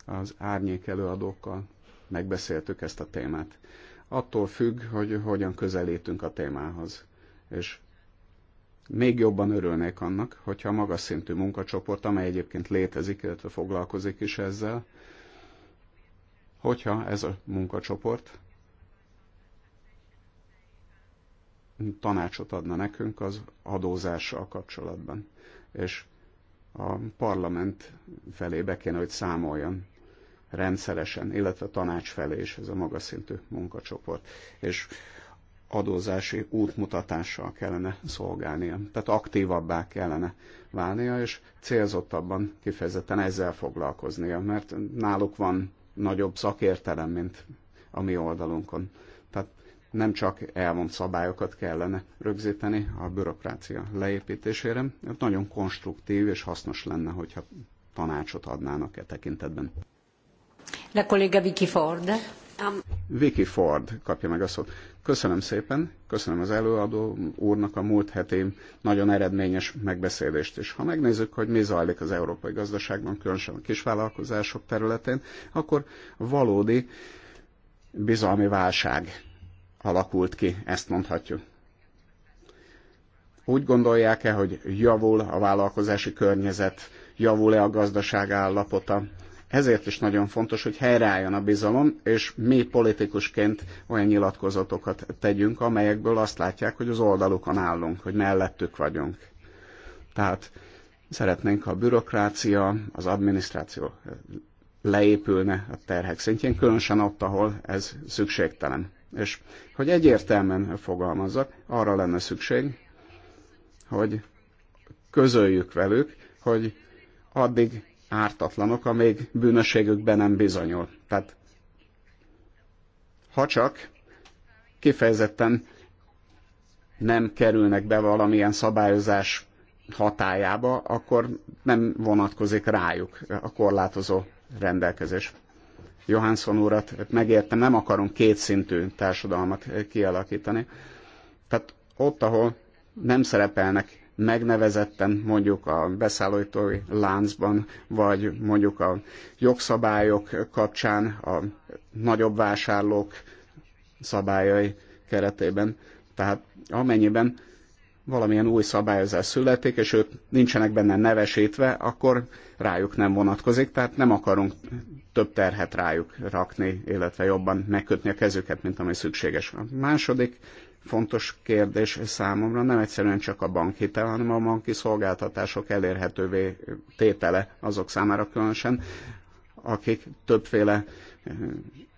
B: Az árnyék előadókkal megbeszéltük ezt a témát. Attól függ, hogy hogyan közelítünk a témához, és még jobban örülnék annak, hogyha a magas szintű munkacsoport, amely egyébként létezik, illetve foglalkozik is ezzel, hogyha ez a munkacsoport tanácsot adna nekünk az adózással kapcsolatban. És a parlament felé be kéne, hogy számoljon rendszeresen, illetve a tanács felé is ez a magas szintű munkacsoport. És adózási útmutatással kellene szolgálnia. Tehát aktívabbá kellene válnia, és célzottabban kifejezetten ezzel foglalkoznia, mert náluk van nagyobb szakértelem, mint a mi oldalunkon. Tehát nem csak elvont szabályokat kellene rögzíteni a bürokrácia leépítésére, nagyon konstruktív és hasznos lenne, hogyha tanácsot adnának e tekintetben.
A: La collega Vicky Ford. Um,
B: Vicky Ford kapja meg a szót. Köszönöm szépen, köszönöm az előadó úrnak a múlt heti nagyon eredményes megbeszélést is. Ha megnézzük, hogy mi zajlik az európai gazdaságban, különösen a kisvállalkozások területén, akkor valódi bizalmi válság alakult ki, ezt mondhatjuk. Úgy gondolják-e, hogy javul a vállalkozási környezet, javul-e a gazdaság állapota, ezért is nagyon fontos, hogy helyreálljon a bizalom, és mi politikusként olyan nyilatkozatokat tegyünk, amelyekből azt látják, hogy az oldalukon állunk, hogy mellettük vagyunk. Tehát szeretnénk, ha a bürokrácia, az adminisztráció leépülne a terhek szintjén, különösen ott, ahol ez szükségtelen. És hogy egyértelműen fogalmazzak, arra lenne szükség, hogy közöljük velük, hogy addig ártatlanok, amíg bűnösségükben nem bizonyul. Tehát ha csak kifejezetten nem kerülnek be valamilyen szabályozás hatájába, akkor nem vonatkozik rájuk a korlátozó rendelkezés. Johansson úrat hát megértem, nem akarunk kétszintű társadalmat kialakítani. Tehát ott, ahol nem szerepelnek megnevezetten mondjuk a beszállítói láncban, vagy mondjuk a jogszabályok kapcsán, a nagyobb vásárlók szabályai keretében. Tehát amennyiben valamilyen új szabályozás születik, és ők nincsenek benne nevesítve, akkor rájuk nem vonatkozik, tehát nem akarunk több terhet rájuk rakni, illetve jobban megkötni a kezüket, mint ami szükséges. A második fontos kérdés számomra nem egyszerűen csak a bankhitel, hanem a banki szolgáltatások elérhetővé tétele azok számára különösen, akik többféle eh,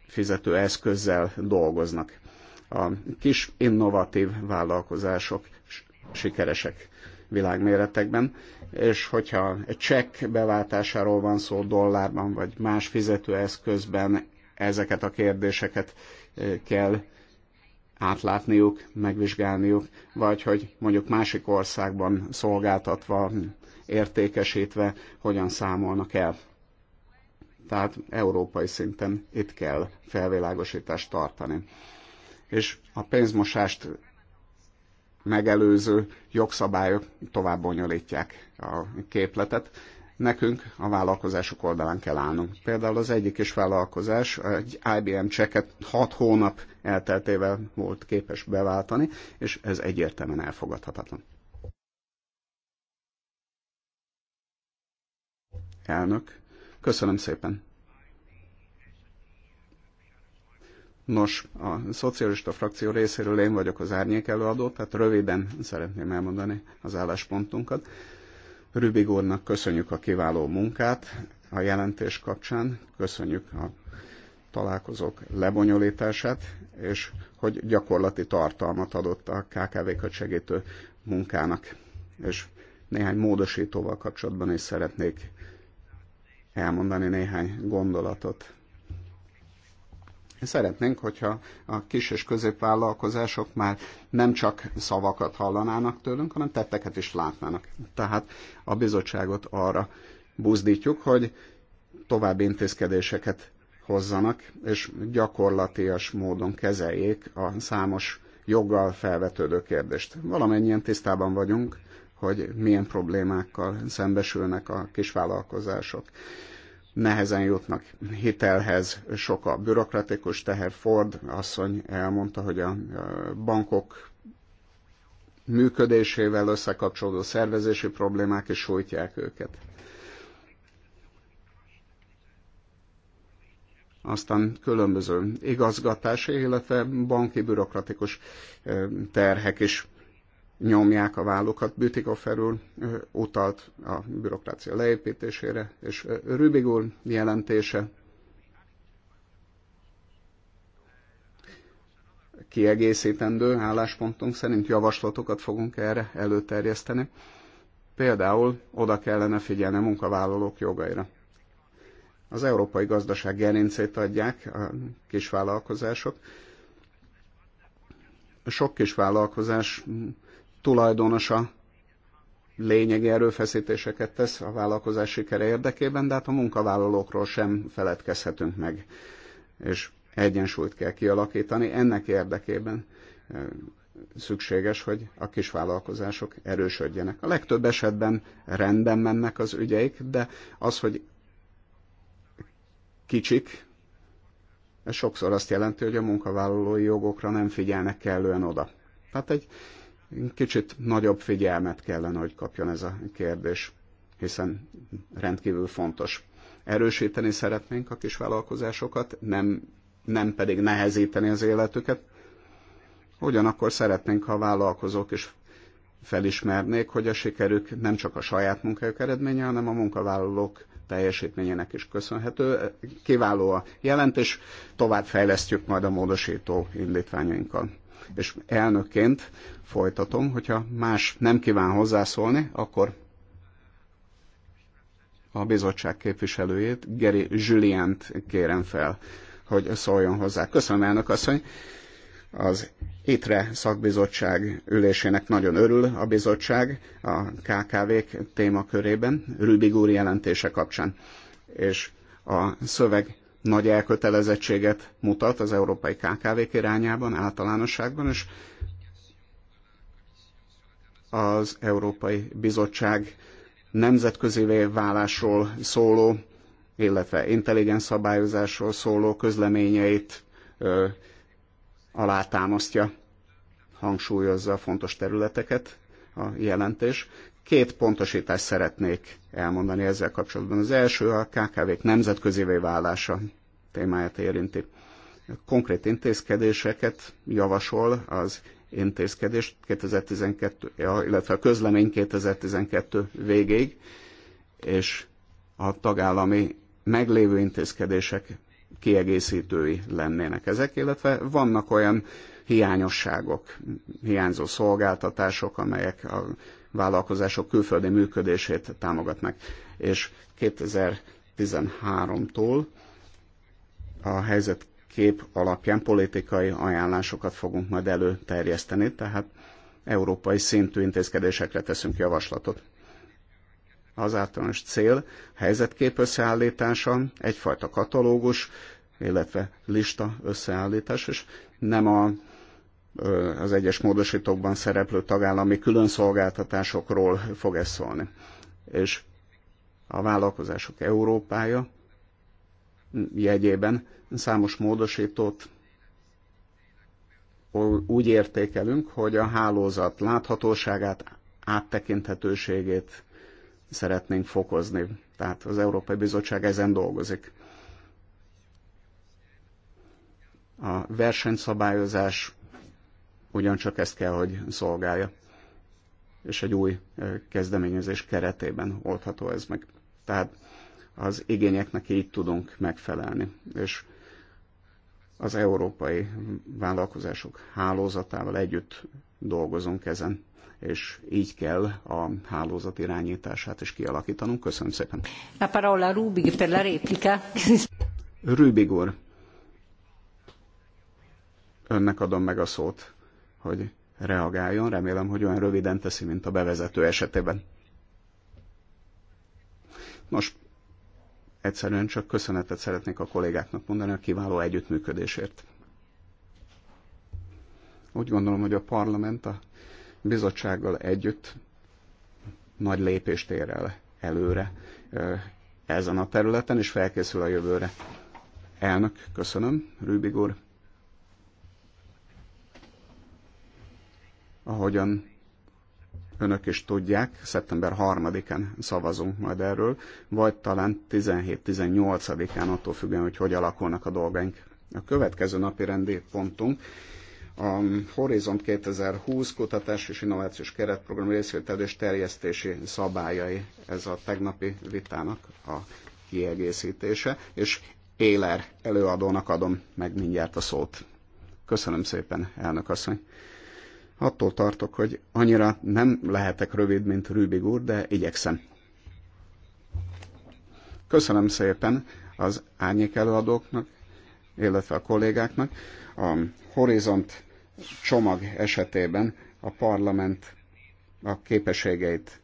B: fizetőeszközzel dolgoznak. A kis innovatív vállalkozások sikeresek világméretekben, és hogyha egy csekk beváltásáról van szó dollárban, vagy más fizetőeszközben, ezeket a kérdéseket eh, kell átlátniuk, megvizsgálniuk, vagy hogy mondjuk másik országban szolgáltatva, értékesítve hogyan számolnak el. Tehát európai szinten itt kell felvilágosítást tartani. És a pénzmosást megelőző jogszabályok tovább bonyolítják a képletet, nekünk a vállalkozások oldalán kell állnunk. Például az egyik is vállalkozás egy IBM cseket 6 hónap elteltével volt képes beváltani, és ez egyértelműen elfogadhatatlan. Elnök, köszönöm szépen. Nos, a szocialista frakció részéről én vagyok az árnyék előadó, tehát röviden szeretném elmondani az álláspontunkat. Rübig úrnak köszönjük a kiváló munkát a jelentés kapcsán, köszönjük a találkozók lebonyolítását, és hogy gyakorlati tartalmat adott a KKV-kat segítő munkának. És néhány módosítóval kapcsolatban is szeretnék elmondani néhány gondolatot Szeretnénk, hogyha a kis és középvállalkozások már nem csak szavakat hallanának tőlünk, hanem tetteket is látnának. Tehát a bizottságot arra buzdítjuk, hogy további intézkedéseket hozzanak, és gyakorlatias módon kezeljék a számos joggal felvetődő kérdést. Valamennyien tisztában vagyunk, hogy milyen problémákkal szembesülnek a kisvállalkozások nehezen jutnak hitelhez, sok a bürokratikus teher. Ford asszony elmondta, hogy a bankok működésével összekapcsolódó szervezési problémák is sújtják őket. Aztán különböző igazgatási, illetve banki bürokratikus eh, terhek is nyomják a vállukat. Bütikó felül utalt a bürokrácia leépítésére, és Rübig jelentése kiegészítendő álláspontunk szerint javaslatokat fogunk erre előterjeszteni. Például oda kellene figyelni a munkavállalók jogaira. Az európai gazdaság gerincét adják a kisvállalkozások. Sok kisvállalkozás tulajdonosa lényegi erőfeszítéseket tesz a vállalkozás sikere érdekében, de hát a munkavállalókról sem feledkezhetünk meg, és egyensúlyt kell kialakítani. Ennek érdekében szükséges, hogy a kisvállalkozások erősödjenek. A legtöbb esetben rendben mennek az ügyeik, de az, hogy kicsik, ez sokszor azt jelenti, hogy a munkavállalói jogokra nem figyelnek kellően oda. Tehát egy kicsit nagyobb figyelmet kellene, hogy kapjon ez a kérdés, hiszen rendkívül fontos. Erősíteni szeretnénk a kis vállalkozásokat, nem, nem pedig nehezíteni az életüket. Ugyanakkor szeretnénk, ha a vállalkozók is felismernék, hogy a sikerük nem csak a saját munkájuk eredménye, hanem a munkavállalók teljesítményének is köszönhető. Kiváló a jelentés, tovább fejlesztjük majd a módosító indítványainkkal és elnökként folytatom, hogyha más nem kíván hozzászólni, akkor a bizottság képviselőjét, Geri Julien kérem fel, hogy szóljon hozzá. Köszönöm, elnök asszony! Az ITRE szakbizottság ülésének nagyon örül a bizottság a KKV-k témakörében, Rübig úr jelentése kapcsán. És a szöveg nagy elkötelezettséget mutat az európai KKV-k irányában általánosságban, és az Európai Bizottság nemzetközi válásról szóló, illetve intelligens szabályozásról szóló közleményeit ö, alátámasztja, hangsúlyozza a fontos területeket a jelentés, Két pontosítást szeretnék elmondani ezzel kapcsolatban. Az első a KKV-k nemzetközévé válása témáját érinti. Konkrét intézkedéseket javasol az intézkedést 2012, illetve a közlemény 2012 végéig, és a tagállami meglévő intézkedések kiegészítői lennének ezek, illetve vannak olyan hiányosságok, hiányzó szolgáltatások, amelyek a vállalkozások külföldi működését támogatnak. És 2013-tól a helyzet kép alapján politikai ajánlásokat fogunk majd előterjeszteni, tehát európai szintű intézkedésekre teszünk javaslatot. Az általános cél helyzetkép összeállítása, egyfajta katalógus, illetve lista összeállítás, és nem a az egyes módosítókban szereplő tagállami külön szolgáltatásokról fog ez szólni. És a vállalkozások Európája jegyében számos módosítót úgy értékelünk, hogy a hálózat láthatóságát, áttekinthetőségét szeretnénk fokozni. Tehát az Európai Bizottság ezen dolgozik. A versenyszabályozás ugyancsak ezt kell, hogy szolgálja. És egy új kezdeményezés keretében oldható ez meg. Tehát az igényeknek így tudunk megfelelni. És az európai vállalkozások hálózatával együtt dolgozunk ezen, és így kell a hálózat irányítását is kialakítanunk. Köszönöm szépen.
A: La parola Rubig per la replica.
B: Rubig úr, önnek adom meg a szót hogy reagáljon. Remélem, hogy olyan röviden teszi, mint a bevezető esetében. Nos, egyszerűen csak köszönetet szeretnék a kollégáknak mondani a kiváló együttműködésért. Úgy gondolom, hogy a parlament a bizottsággal együtt nagy lépést ér el előre ezen a területen, és felkészül a jövőre. Elnök, köszönöm, Rübig úr. Ahogyan önök is tudják, szeptember 3-án szavazunk majd erről, vagy talán 17-18-án, attól függően, hogy hogy alakulnak a dolgaink. A következő napi rendi pontunk a Horizont 2020 kutatás és innovációs keretprogram részvétel és terjesztési szabályai. Ez a tegnapi vitának a kiegészítése, és Éler előadónak adom meg mindjárt a szót. Köszönöm szépen, elnök asszony. Attól tartok, hogy annyira nem lehetek rövid, mint Rübig úr, de igyekszem. Köszönöm szépen az árnyék előadóknak, illetve a kollégáknak. A Horizont csomag esetében a parlament a képességeit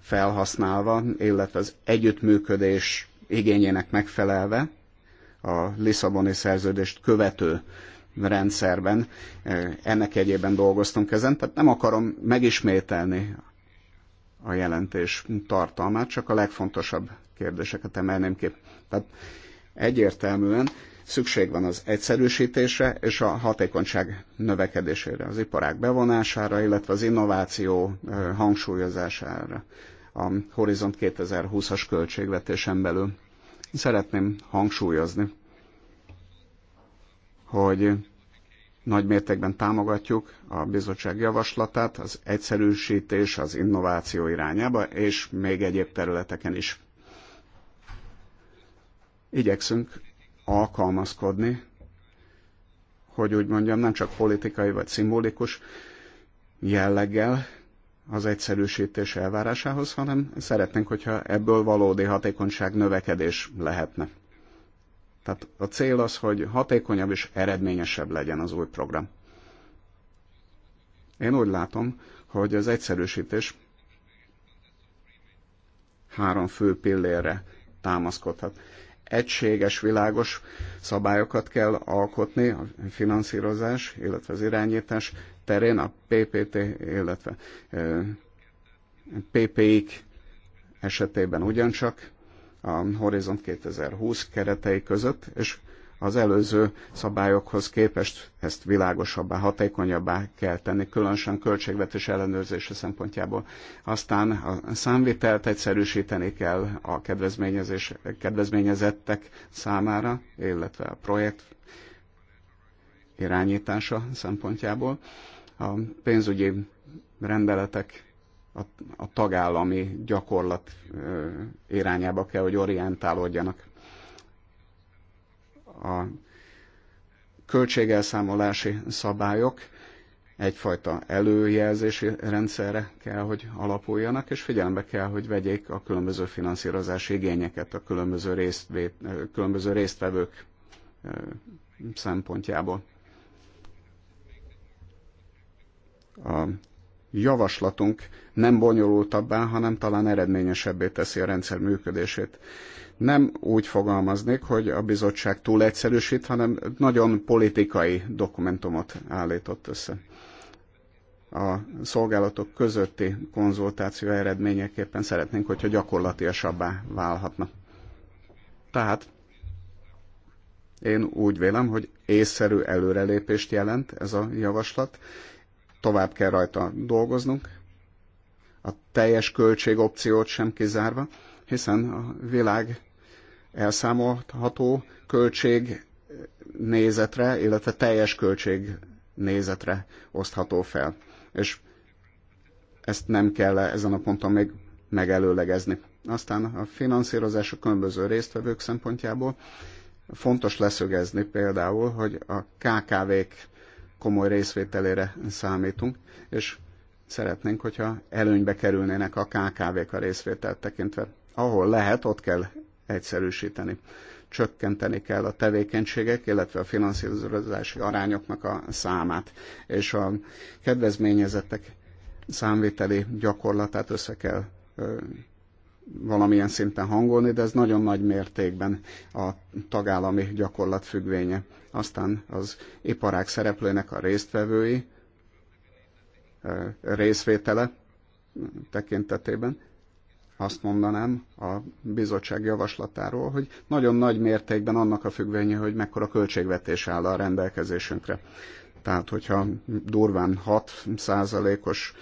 B: felhasználva, illetve az együttműködés igényének megfelelve a Lisszaboni szerződést követő rendszerben, ennek egyében dolgoztunk ezen, tehát nem akarom megismételni a jelentés tartalmát, csak a legfontosabb kérdéseket emelném ki. Tehát egyértelműen szükség van az egyszerűsítésre és a hatékonyság növekedésére, az iparák bevonására, illetve az innováció hangsúlyozására a Horizont 2020-as költségvetésen belül. Szeretném hangsúlyozni, hogy nagy mértékben támogatjuk a bizottság javaslatát az egyszerűsítés, az innováció irányába, és még egyéb területeken is. Igyekszünk alkalmazkodni, hogy úgy mondjam, nem csak politikai vagy szimbolikus jelleggel az egyszerűsítés elvárásához, hanem szeretnénk, hogyha ebből valódi hatékonyság növekedés lehetne. Tehát a cél az, hogy hatékonyabb és eredményesebb legyen az új program. Én úgy látom, hogy az egyszerűsítés három fő pillérre támaszkodhat. Egységes, világos szabályokat kell alkotni a finanszírozás, illetve az irányítás terén a PPT, illetve PPI-k esetében ugyancsak a Horizont 2020 keretei között, és az előző szabályokhoz képest ezt világosabbá, hatékonyabbá kell tenni, különösen költségvetés ellenőrzése szempontjából. Aztán a számvitelt egyszerűsíteni kell a kedvezményezés, kedvezményezettek számára, illetve a projekt irányítása szempontjából. A pénzügyi rendeletek a, a tagállami gyakorlat irányába kell, hogy orientálódjanak. A költségelszámolási szabályok egyfajta előjelzési rendszerre kell, hogy alapuljanak, és figyelembe kell, hogy vegyék a különböző finanszírozási igényeket a különböző, résztvét, különböző résztvevők szempontjából. A javaslatunk nem bonyolultabbá, hanem talán eredményesebbé teszi a rendszer működését. Nem úgy fogalmaznék, hogy a bizottság túl egyszerűsít, hanem nagyon politikai dokumentumot állított össze. A szolgálatok közötti konzultáció eredményeképpen szeretnénk, hogyha gyakorlatiasabbá válhatna. Tehát én úgy vélem, hogy észszerű előrelépést jelent ez a javaslat, tovább kell rajta dolgoznunk, a teljes költségopciót sem kizárva, hiszen a világ elszámolható költség nézetre, illetve teljes költség nézetre osztható fel. És ezt nem kell ezen a ponton még megelőlegezni. Aztán a finanszírozás a különböző résztvevők szempontjából fontos leszögezni például, hogy a KKV-k komoly részvételére számítunk, és szeretnénk, hogyha előnybe kerülnének a KKV-k a részvételt tekintve. Ahol lehet, ott kell egyszerűsíteni. Csökkenteni kell a tevékenységek, illetve a finanszírozási arányoknak a számát, és a kedvezményezettek számviteli gyakorlatát össze kell valamilyen szinten hangolni, de ez nagyon nagy mértékben a tagállami gyakorlat függvénye. Aztán az iparák szereplőinek a résztvevői részvétele tekintetében azt mondanám a bizottság javaslatáról, hogy nagyon nagy mértékben annak a függvénye, hogy mekkora költségvetés áll a rendelkezésünkre. Tehát, hogyha durván 6 százalékos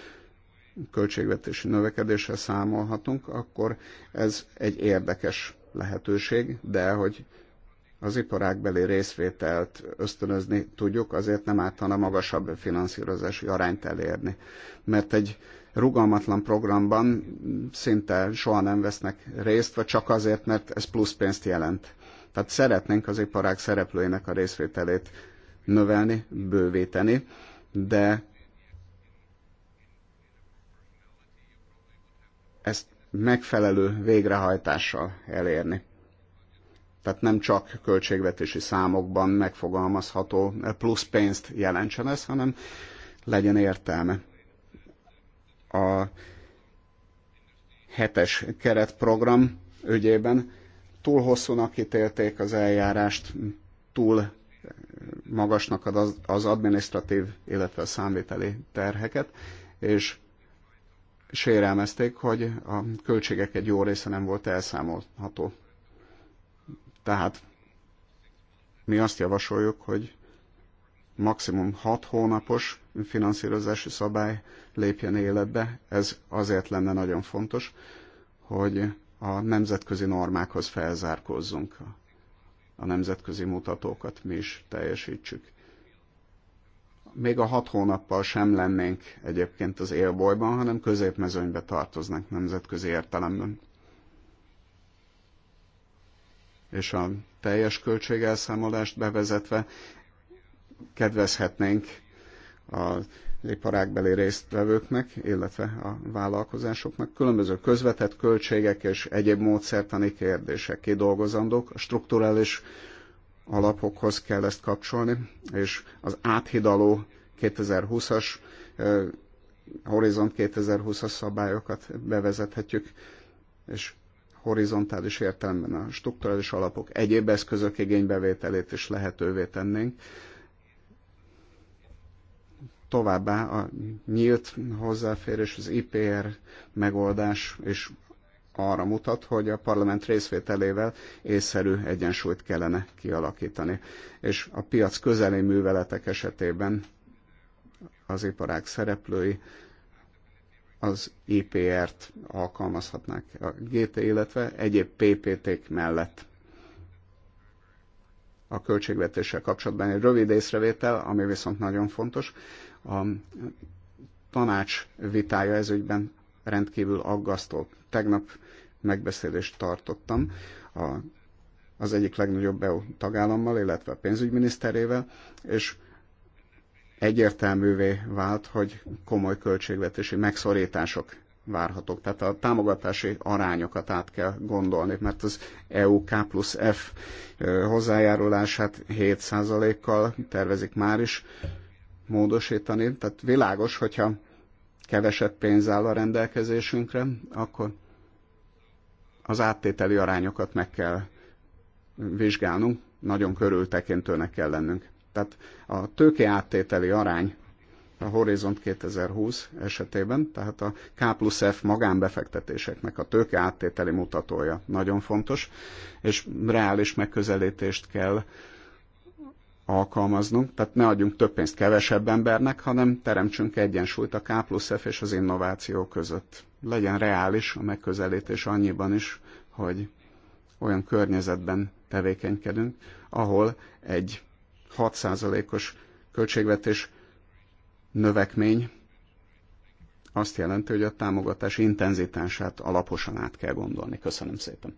B: költségvetési növekedésre számolhatunk, akkor ez egy érdekes lehetőség, de hogy az iparákbeli részvételt ösztönözni tudjuk, azért nem ártana magasabb finanszírozási arányt elérni. Mert egy rugalmatlan programban szinte soha nem vesznek részt, vagy csak azért, mert ez plusz pénzt jelent. Tehát szeretnénk az iparág szereplőinek a részvételét növelni, bővíteni, de ezt megfelelő végrehajtással elérni. Tehát nem csak költségvetési számokban megfogalmazható plusz pénzt jelentsen ez, hanem legyen értelme. A hetes keretprogram ügyében túl hosszúnak ítélték az eljárást, túl magasnak az, az administratív, illetve a számviteli terheket, és sérelmezték, hogy a költségek egy jó része nem volt elszámolható. Tehát mi azt javasoljuk, hogy maximum 6 hónapos finanszírozási szabály lépjen életbe. Ez azért lenne nagyon fontos, hogy a nemzetközi normákhoz felzárkózzunk, a nemzetközi mutatókat mi is teljesítsük még a hat hónappal sem lennénk egyébként az élbolyban, hanem középmezőnybe tartoznak nemzetközi értelemben. És a teljes költségelszámolást bevezetve kedvezhetnénk az iparákbeli résztvevőknek, illetve a vállalkozásoknak. Különböző közvetett költségek és egyéb módszertani kérdések kidolgozandók, a strukturális alapokhoz kell ezt kapcsolni, és az áthidaló 2020-as Horizont 2020-as szabályokat bevezethetjük, és horizontális értelemben a strukturális alapok egyéb eszközök igénybevételét is lehetővé tennénk. Továbbá a nyílt hozzáférés, az IPR megoldás és arra mutat, hogy a parlament részvételével észszerű egyensúlyt kellene kialakítani. És a piac közeli műveletek esetében az iparág szereplői az IPR-t alkalmazhatnák a GT, illetve egyéb PPT-k mellett. A költségvetéssel kapcsolatban egy rövid észrevétel, ami viszont nagyon fontos. A tanács vitája ezügyben rendkívül aggasztott. Tegnap megbeszélést tartottam a, az egyik legnagyobb EU tagállammal, illetve a pénzügyminiszterével, és egyértelművé vált, hogy komoly költségvetési megszorítások várhatók. Tehát a támogatási arányokat át kell gondolni, mert az EU K plusz F hozzájárulását 7%-kal tervezik már is módosítani. Tehát világos, hogyha kevesebb pénz áll a rendelkezésünkre, akkor az áttételi arányokat meg kell vizsgálnunk, nagyon körültekintőnek kell lennünk. Tehát a tőke áttételi arány a Horizont 2020 esetében, tehát a K plusz F magánbefektetéseknek a tőke áttételi mutatója nagyon fontos, és reális megközelítést kell alkalmaznunk, tehát ne adjunk több pénzt kevesebb embernek, hanem teremtsünk egyensúlyt a K plusz F és az innováció között. Legyen reális a megközelítés annyiban is, hogy olyan környezetben tevékenykedünk, ahol egy 6%-os költségvetés növekmény azt jelenti, hogy a támogatás intenzitását alaposan át kell gondolni. Köszönöm szépen.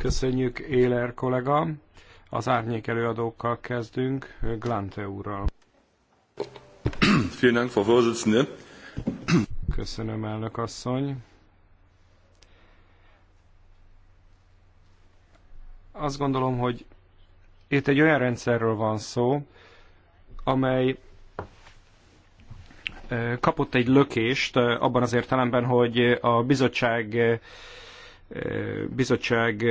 D: Köszönjük, Éler kollega. Az árnyék előadókkal kezdünk, Glante úrral.
A: Vielen Dank, Frau Vorsitzende.
D: Köszönöm, elnök asszony. Azt gondolom, hogy itt egy olyan rendszerről van szó, amely kapott egy lökést abban az értelemben, hogy a bizottság bizottság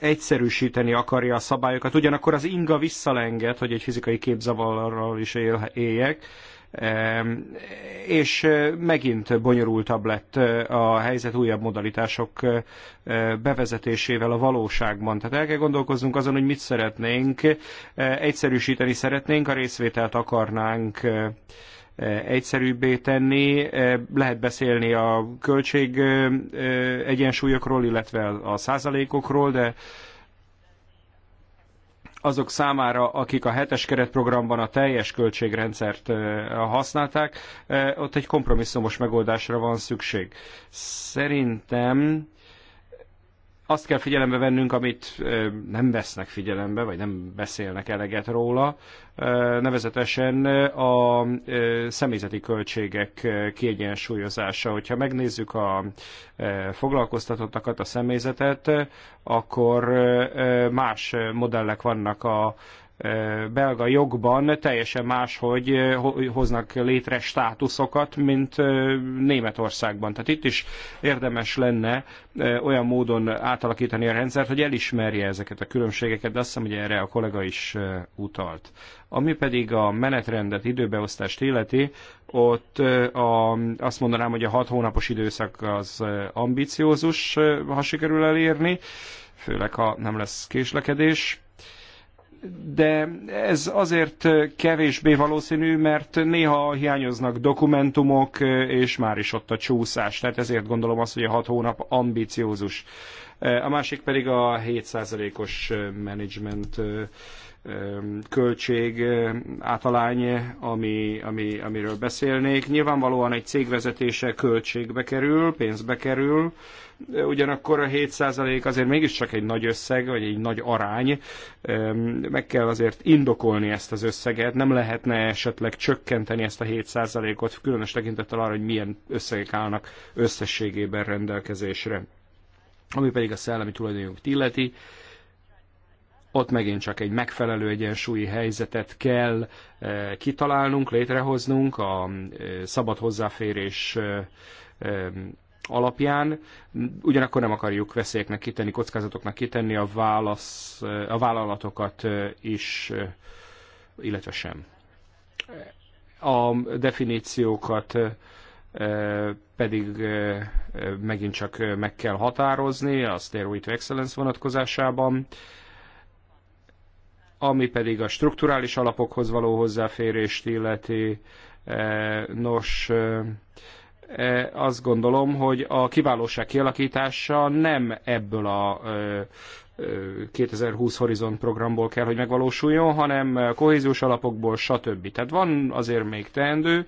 D: egyszerűsíteni akarja a szabályokat, ugyanakkor az inga visszalenget, hogy egy fizikai képzavarral is éljek, és megint bonyolultabb lett a helyzet újabb modalitások bevezetésével a valóságban. Tehát el kell gondolkoznunk azon, hogy mit szeretnénk, egyszerűsíteni szeretnénk, a részvételt akarnánk Eh, egyszerűbbé tenni. Eh, lehet beszélni a költség eh, egyensúlyokról, illetve a százalékokról, de azok számára, akik a hetes keretprogramban a teljes költségrendszert használták, ott egy kompromisszumos megoldásra van szükség. Szerintem azt kell figyelembe vennünk, amit nem vesznek figyelembe, vagy nem beszélnek eleget róla, nevezetesen a személyzeti költségek kiegyensúlyozása. Hogyha megnézzük a foglalkoztatottakat, a személyzetet, akkor más modellek vannak a belga jogban teljesen máshogy hoznak létre státuszokat, mint Németországban. Tehát itt is érdemes lenne olyan módon átalakítani a rendszert, hogy elismerje ezeket a különbségeket, de azt hiszem, hogy erre a kollega is utalt. Ami pedig a menetrendet, időbeosztást illeti, ott a, azt mondanám, hogy a hat hónapos időszak az ambiciózus, ha sikerül elérni, főleg ha nem lesz késlekedés de ez azért kevésbé valószínű, mert néha hiányoznak dokumentumok, és már is ott a csúszás. Tehát ezért gondolom azt, hogy a hat hónap ambiciózus. A másik pedig a 7%-os menedzsment költség átalány, ami, ami, amiről beszélnék. Nyilvánvalóan egy cégvezetése költségbe kerül, pénzbe kerül, ugyanakkor a 7% azért mégiscsak egy nagy összeg, vagy egy nagy arány. Meg kell azért indokolni ezt az összeget, nem lehetne esetleg csökkenteni ezt a 7%-ot, különös tekintettel arra, hogy milyen összegek állnak összességében rendelkezésre. Ami pedig a szellemi tulajdonjogot illeti, ott megint csak egy megfelelő egyensúlyi helyzetet kell eh, kitalálnunk, létrehoznunk a eh, szabad hozzáférés eh, alapján, ugyanakkor nem akarjuk veszélyeknek kitenni, kockázatoknak kitenni a, válasz, a vállalatokat is, illetve sem. A definíciókat pedig megint csak meg kell határozni a Steroid Excellence vonatkozásában, ami pedig a strukturális alapokhoz való hozzáférést illeti, eh, nos, eh, eh, azt gondolom, hogy a kiválóság kialakítása nem ebből a 2020 Horizont programból kell, hogy megvalósuljon, hanem kohéziós alapokból, stb. Tehát van azért még teendő.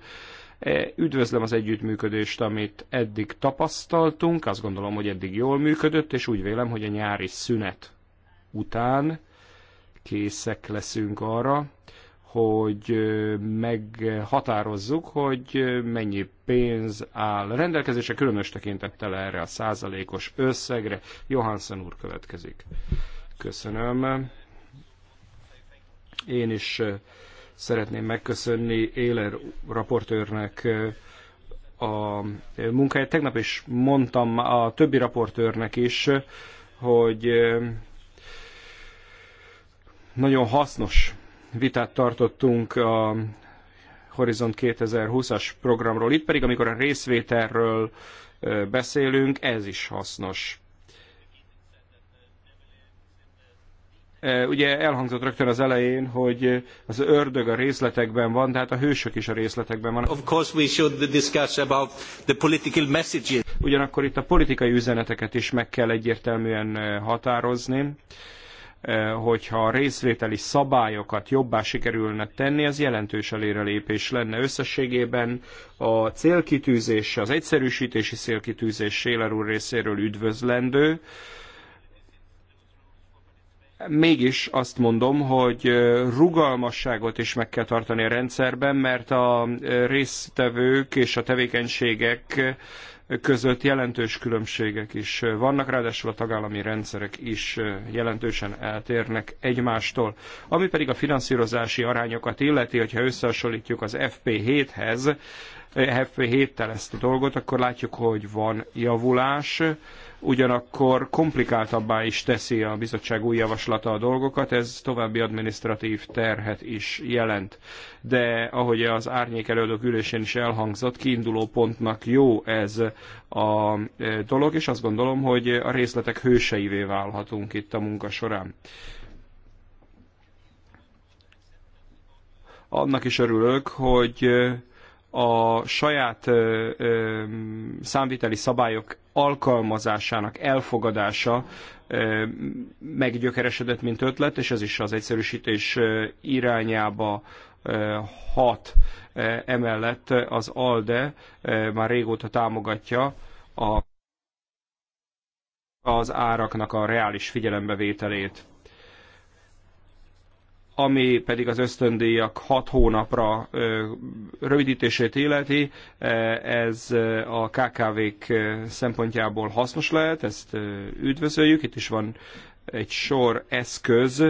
D: Üdvözlöm az együttműködést, amit eddig tapasztaltunk, azt gondolom, hogy eddig jól működött, és úgy vélem, hogy a nyári szünet után készek leszünk arra, hogy meghatározzuk, hogy mennyi pénz áll rendelkezésre, különös tekintettel erre a százalékos összegre. Johansen úr következik. Köszönöm. Én is szeretném megköszönni Éler raportőrnek a munkáját. Tegnap is mondtam a többi raportőrnek is, hogy nagyon hasznos vitát tartottunk a Horizont 2020-as programról. Itt pedig, amikor a részvételről beszélünk, ez is hasznos. Ugye elhangzott rögtön az elején, hogy az ördög a részletekben van, tehát a hősök is a részletekben van. Of course we should discuss about the political messages. Ugyanakkor itt a politikai üzeneteket is meg kell egyértelműen határozni. Eh, hogyha a részvételi szabályokat jobbá sikerülne tenni, az jelentős előrelépés lenne összességében. A célkitűzés, az egyszerűsítési célkitűzés Séler úr részéről üdvözlendő, mégis azt mondom, hogy eh, rugalmasságot is meg kell tartani a rendszerben, mert a eh, résztvevők és a tevékenységek között jelentős különbségek is vannak, ráadásul a tagállami rendszerek is jelentősen eltérnek egymástól. Ami pedig a finanszírozási arányokat illeti, hogyha összehasonlítjuk az FP7-hez, FP7-tel ezt a dolgot, akkor látjuk, hogy van javulás, ugyanakkor komplikáltabbá is teszi a bizottság új javaslata a dolgokat, ez további administratív terhet is jelent. De ahogy az árnyék előadók ülésén is elhangzott, kiinduló pontnak jó ez a e, dolog, és azt gondolom, hogy a részletek hőseivé válhatunk itt a munka során. Annak is örülök, hogy e, a saját e, számviteli szabályok alkalmazásának elfogadása meggyökeresedett, mint ötlet, és ez is az egyszerűsítés irányába hat. Emellett az ALDE már régóta támogatja a, az áraknak a reális figyelembevételét ami pedig az ösztöndíjak 6 hónapra rövidítését illeti, ez a KKV-k szempontjából hasznos lehet, ezt üdvözöljük. Itt is van egy sor eszköz,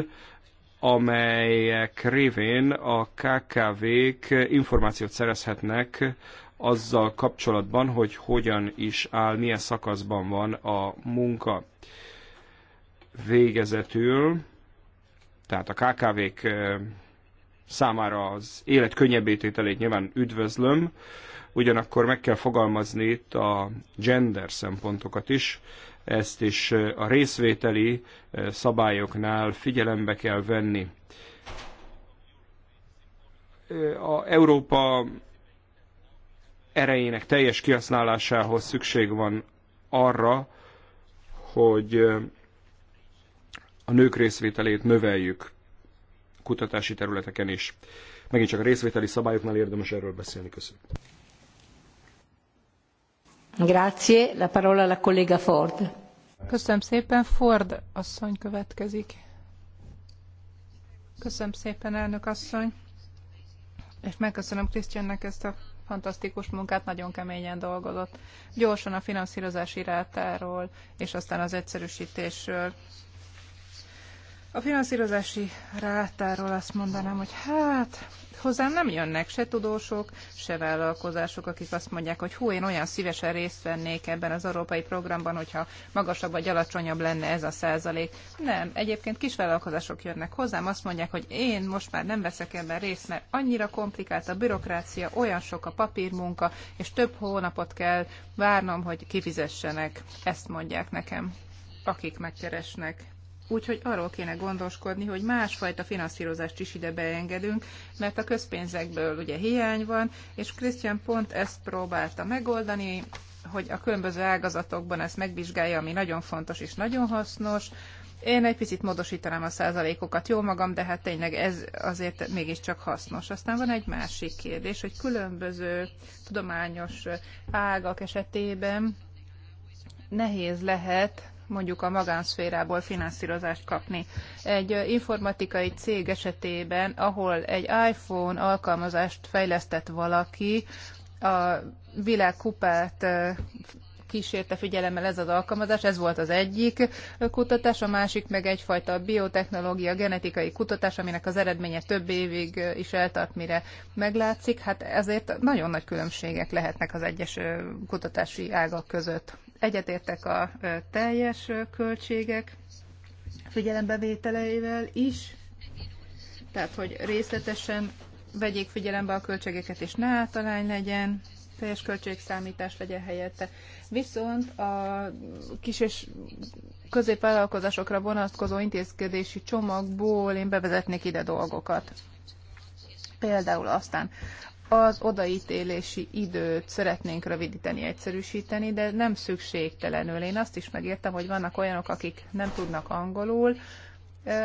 D: amelyek révén a KKV-k információt szerezhetnek azzal kapcsolatban, hogy hogyan is áll, milyen szakaszban van a munka végezetül tehát a KKV-k számára az élet könnyebbétételét nyilván üdvözlöm, ugyanakkor meg kell fogalmazni itt a gender szempontokat is, ezt is a részvételi szabályoknál figyelembe kell venni. A Európa erejének teljes kihasználásához szükség van arra, hogy a nők részvételét növeljük kutatási területeken is. Megint csak a részvételi szabályoknál érdemes erről beszélni. Köszönöm.
A: Grazie. La parola alla collega Ford.
C: Köszönöm szépen. Ford asszony következik. Köszönöm szépen, elnök asszony. És megköszönöm Krisztiánnek ezt a fantasztikus munkát, nagyon keményen dolgozott. Gyorsan a finanszírozási rátáról, és aztán az egyszerűsítésről a finanszírozási rátáról azt mondanám, hogy hát hozzám nem jönnek se tudósok, se vállalkozások, akik azt mondják, hogy hú, én olyan szívesen részt vennék ebben az európai programban, hogyha magasabb vagy alacsonyabb lenne ez a százalék. Nem, egyébként vállalkozások jönnek hozzám, azt mondják, hogy én most már nem veszek ebben részt, mert annyira komplikált a bürokrácia, olyan sok a papírmunka, és több hónapot kell várnom, hogy kifizessenek. Ezt mondják nekem, akik megkeresnek. Úgyhogy arról kéne gondoskodni, hogy másfajta finanszírozást is ide beengedünk, mert a közpénzekből ugye hiány van, és Krisztián pont ezt próbálta megoldani, hogy a különböző ágazatokban ezt megvizsgálja, ami nagyon fontos és nagyon hasznos. Én egy picit módosítanám a százalékokat, jó magam, de hát tényleg ez azért mégiscsak hasznos. Aztán van egy másik kérdés, hogy különböző tudományos ágak esetében nehéz lehet mondjuk a magánszférából finanszírozást kapni. Egy informatikai cég esetében, ahol egy iPhone alkalmazást fejlesztett valaki, a világkupát kísérte figyelemmel ez az alkalmazás, ez volt az egyik kutatás, a másik meg egyfajta biotechnológia, genetikai kutatás, aminek az eredménye több évig is eltart, mire meglátszik. Hát ezért nagyon nagy különbségek lehetnek az egyes kutatási ágak között. Egyetértek a teljes költségek figyelembevételeivel is, tehát hogy részletesen vegyék figyelembe a költségeket, és ne általány legyen teljes költségszámítás legyen helyette. Viszont a kis és középvállalkozásokra vonatkozó intézkedési csomagból én bevezetnék ide dolgokat. Például aztán az odaítélési időt szeretnénk rövidíteni, egyszerűsíteni, de nem szükségtelenül. Én azt is megértem, hogy vannak olyanok, akik nem tudnak angolul,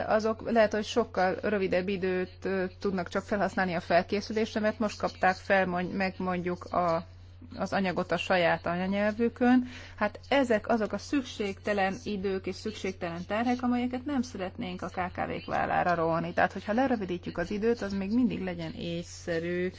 C: azok lehet, hogy sokkal rövidebb időt tudnak csak felhasználni a felkészülésre, mert most kapták fel meg mondjuk a, az anyagot a saját anyanyelvükön. Hát ezek azok a szükségtelen idők és szükségtelen terhek, amelyeket nem szeretnénk a KKV-k vállára rolni. Tehát, hogyha lerövidítjük az időt, az még mindig legyen észszerű,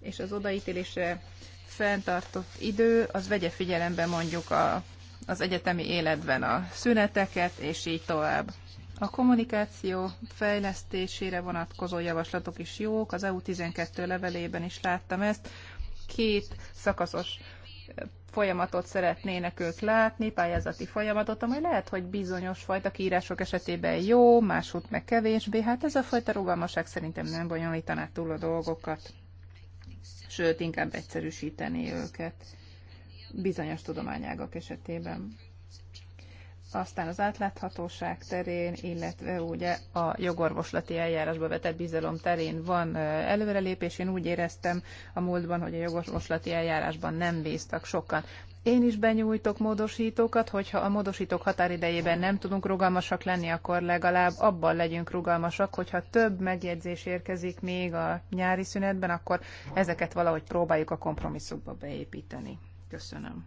C: és az odaítélésre fenntartott idő, az vegye figyelembe mondjuk a, az egyetemi életben a szüneteket, és így tovább. A kommunikáció fejlesztésére vonatkozó javaslatok is jók, az EU12 levelében is láttam ezt. Két szakaszos folyamatot szeretnének ők látni, pályázati folyamatot, amely lehet, hogy bizonyos fajta kiírások esetében jó, máshogy meg kevésbé. Hát ez a fajta rugalmaság szerintem nem bonyolítaná túl a dolgokat, sőt, inkább egyszerűsíteni őket bizonyos tudományágak esetében aztán az átláthatóság terén, illetve ugye a jogorvoslati eljárásba vetett bizalom terén van előrelépés. Én úgy éreztem a múltban, hogy a jogorvoslati eljárásban nem bíztak sokan. Én is benyújtok módosítókat, hogyha a módosítók határidejében nem tudunk rugalmasak lenni, akkor legalább abban legyünk rugalmasak, hogyha több megjegyzés érkezik még a nyári szünetben, akkor ezeket valahogy próbáljuk a kompromisszumba beépíteni. Köszönöm.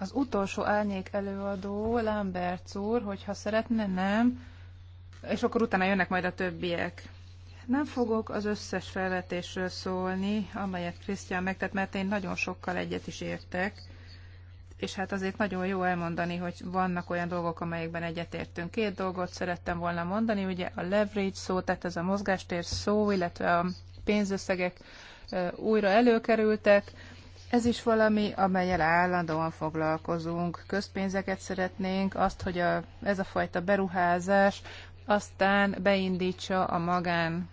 C: Az utolsó árnyék előadó, Lambert úr, hogyha szeretne, nem. És akkor utána jönnek majd a többiek. Nem fogok az összes felvetésről szólni, amelyet Krisztián megtett, mert én nagyon sokkal egyet is értek. És hát azért nagyon jó elmondani, hogy vannak olyan dolgok, amelyekben egyetértünk. Két dolgot szerettem volna mondani, ugye a leverage szó, tehát ez a mozgástér szó, illetve a pénzösszegek újra előkerültek ez is valami, amelyel állandóan foglalkozunk. Közpénzeket szeretnénk, azt, hogy a, ez a fajta beruházás aztán beindítsa a magán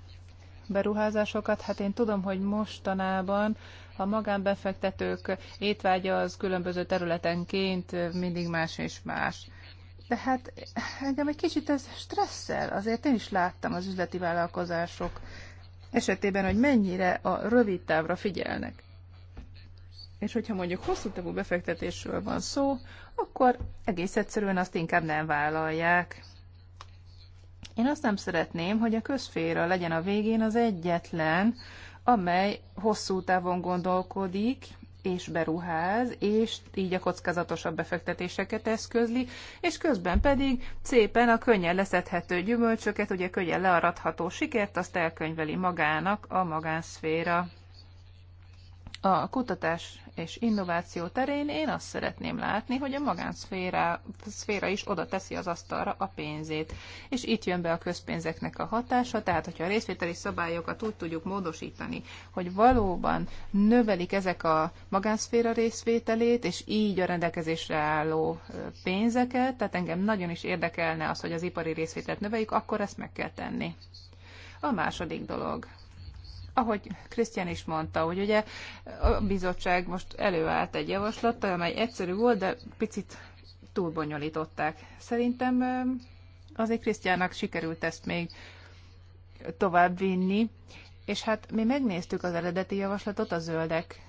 C: beruházásokat. Hát én tudom, hogy mostanában a magánbefektetők étvágya az különböző területenként mindig más és más. De hát engem egy kicsit ez stresszel. Azért én is láttam az üzleti vállalkozások esetében, hogy mennyire a rövid távra figyelnek. És hogyha mondjuk hosszú távú befektetésről van szó, akkor egész egyszerűen azt inkább nem vállalják. Én azt nem szeretném, hogy a közféra legyen a végén az egyetlen, amely hosszú távon gondolkodik, és beruház, és így a kockázatosabb befektetéseket eszközli, és közben pedig szépen a könnyen leszedhető gyümölcsöket, ugye könnyen learadható sikert, azt elkönyveli magának a magánszféra a kutatás és innováció terén én azt szeretném látni, hogy a magánszféra szféra is oda teszi az asztalra a pénzét. És itt jön be a közpénzeknek a hatása, tehát hogyha a részvételi szabályokat úgy tudjuk módosítani, hogy valóban növelik ezek a magánszféra részvételét, és így a rendelkezésre álló pénzeket, tehát engem nagyon is érdekelne az, hogy az ipari részvételt növeljük, akkor ezt meg kell tenni. A második dolog ahogy Krisztián is mondta, hogy ugye a bizottság most előállt egy javaslattal, amely egyszerű volt, de picit túlbonyolították. Szerintem azért Krisztiának sikerült ezt még tovább vinni, és hát mi megnéztük az eredeti javaslatot a zöldek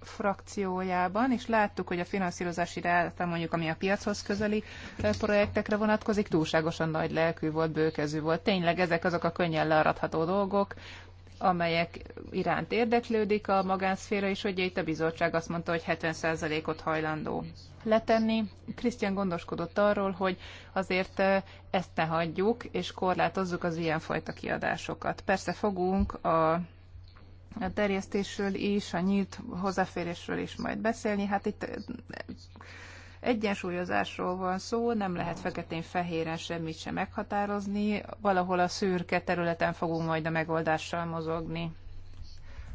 C: frakciójában, és láttuk, hogy a finanszírozási ráta mondjuk, ami a piachoz közeli projektekre vonatkozik, túlságosan nagy lelkű volt, bőkezű volt. Tényleg ezek azok a könnyen learatható dolgok, amelyek iránt érdeklődik a magánszféra is, ugye itt a bizottság azt mondta, hogy 70%-ot hajlandó letenni. Krisztián gondoskodott arról, hogy azért eh, ezt ne hagyjuk, és korlátozzuk az ilyenfajta kiadásokat. Persze fogunk a a terjesztésről is, a nyílt hozzáférésről is majd beszélni. Hát itt eh, Egyensúlyozásról van szó, nem lehet feketén-fehéren semmit sem meghatározni, valahol a szürke területen fogunk majd a megoldással mozogni.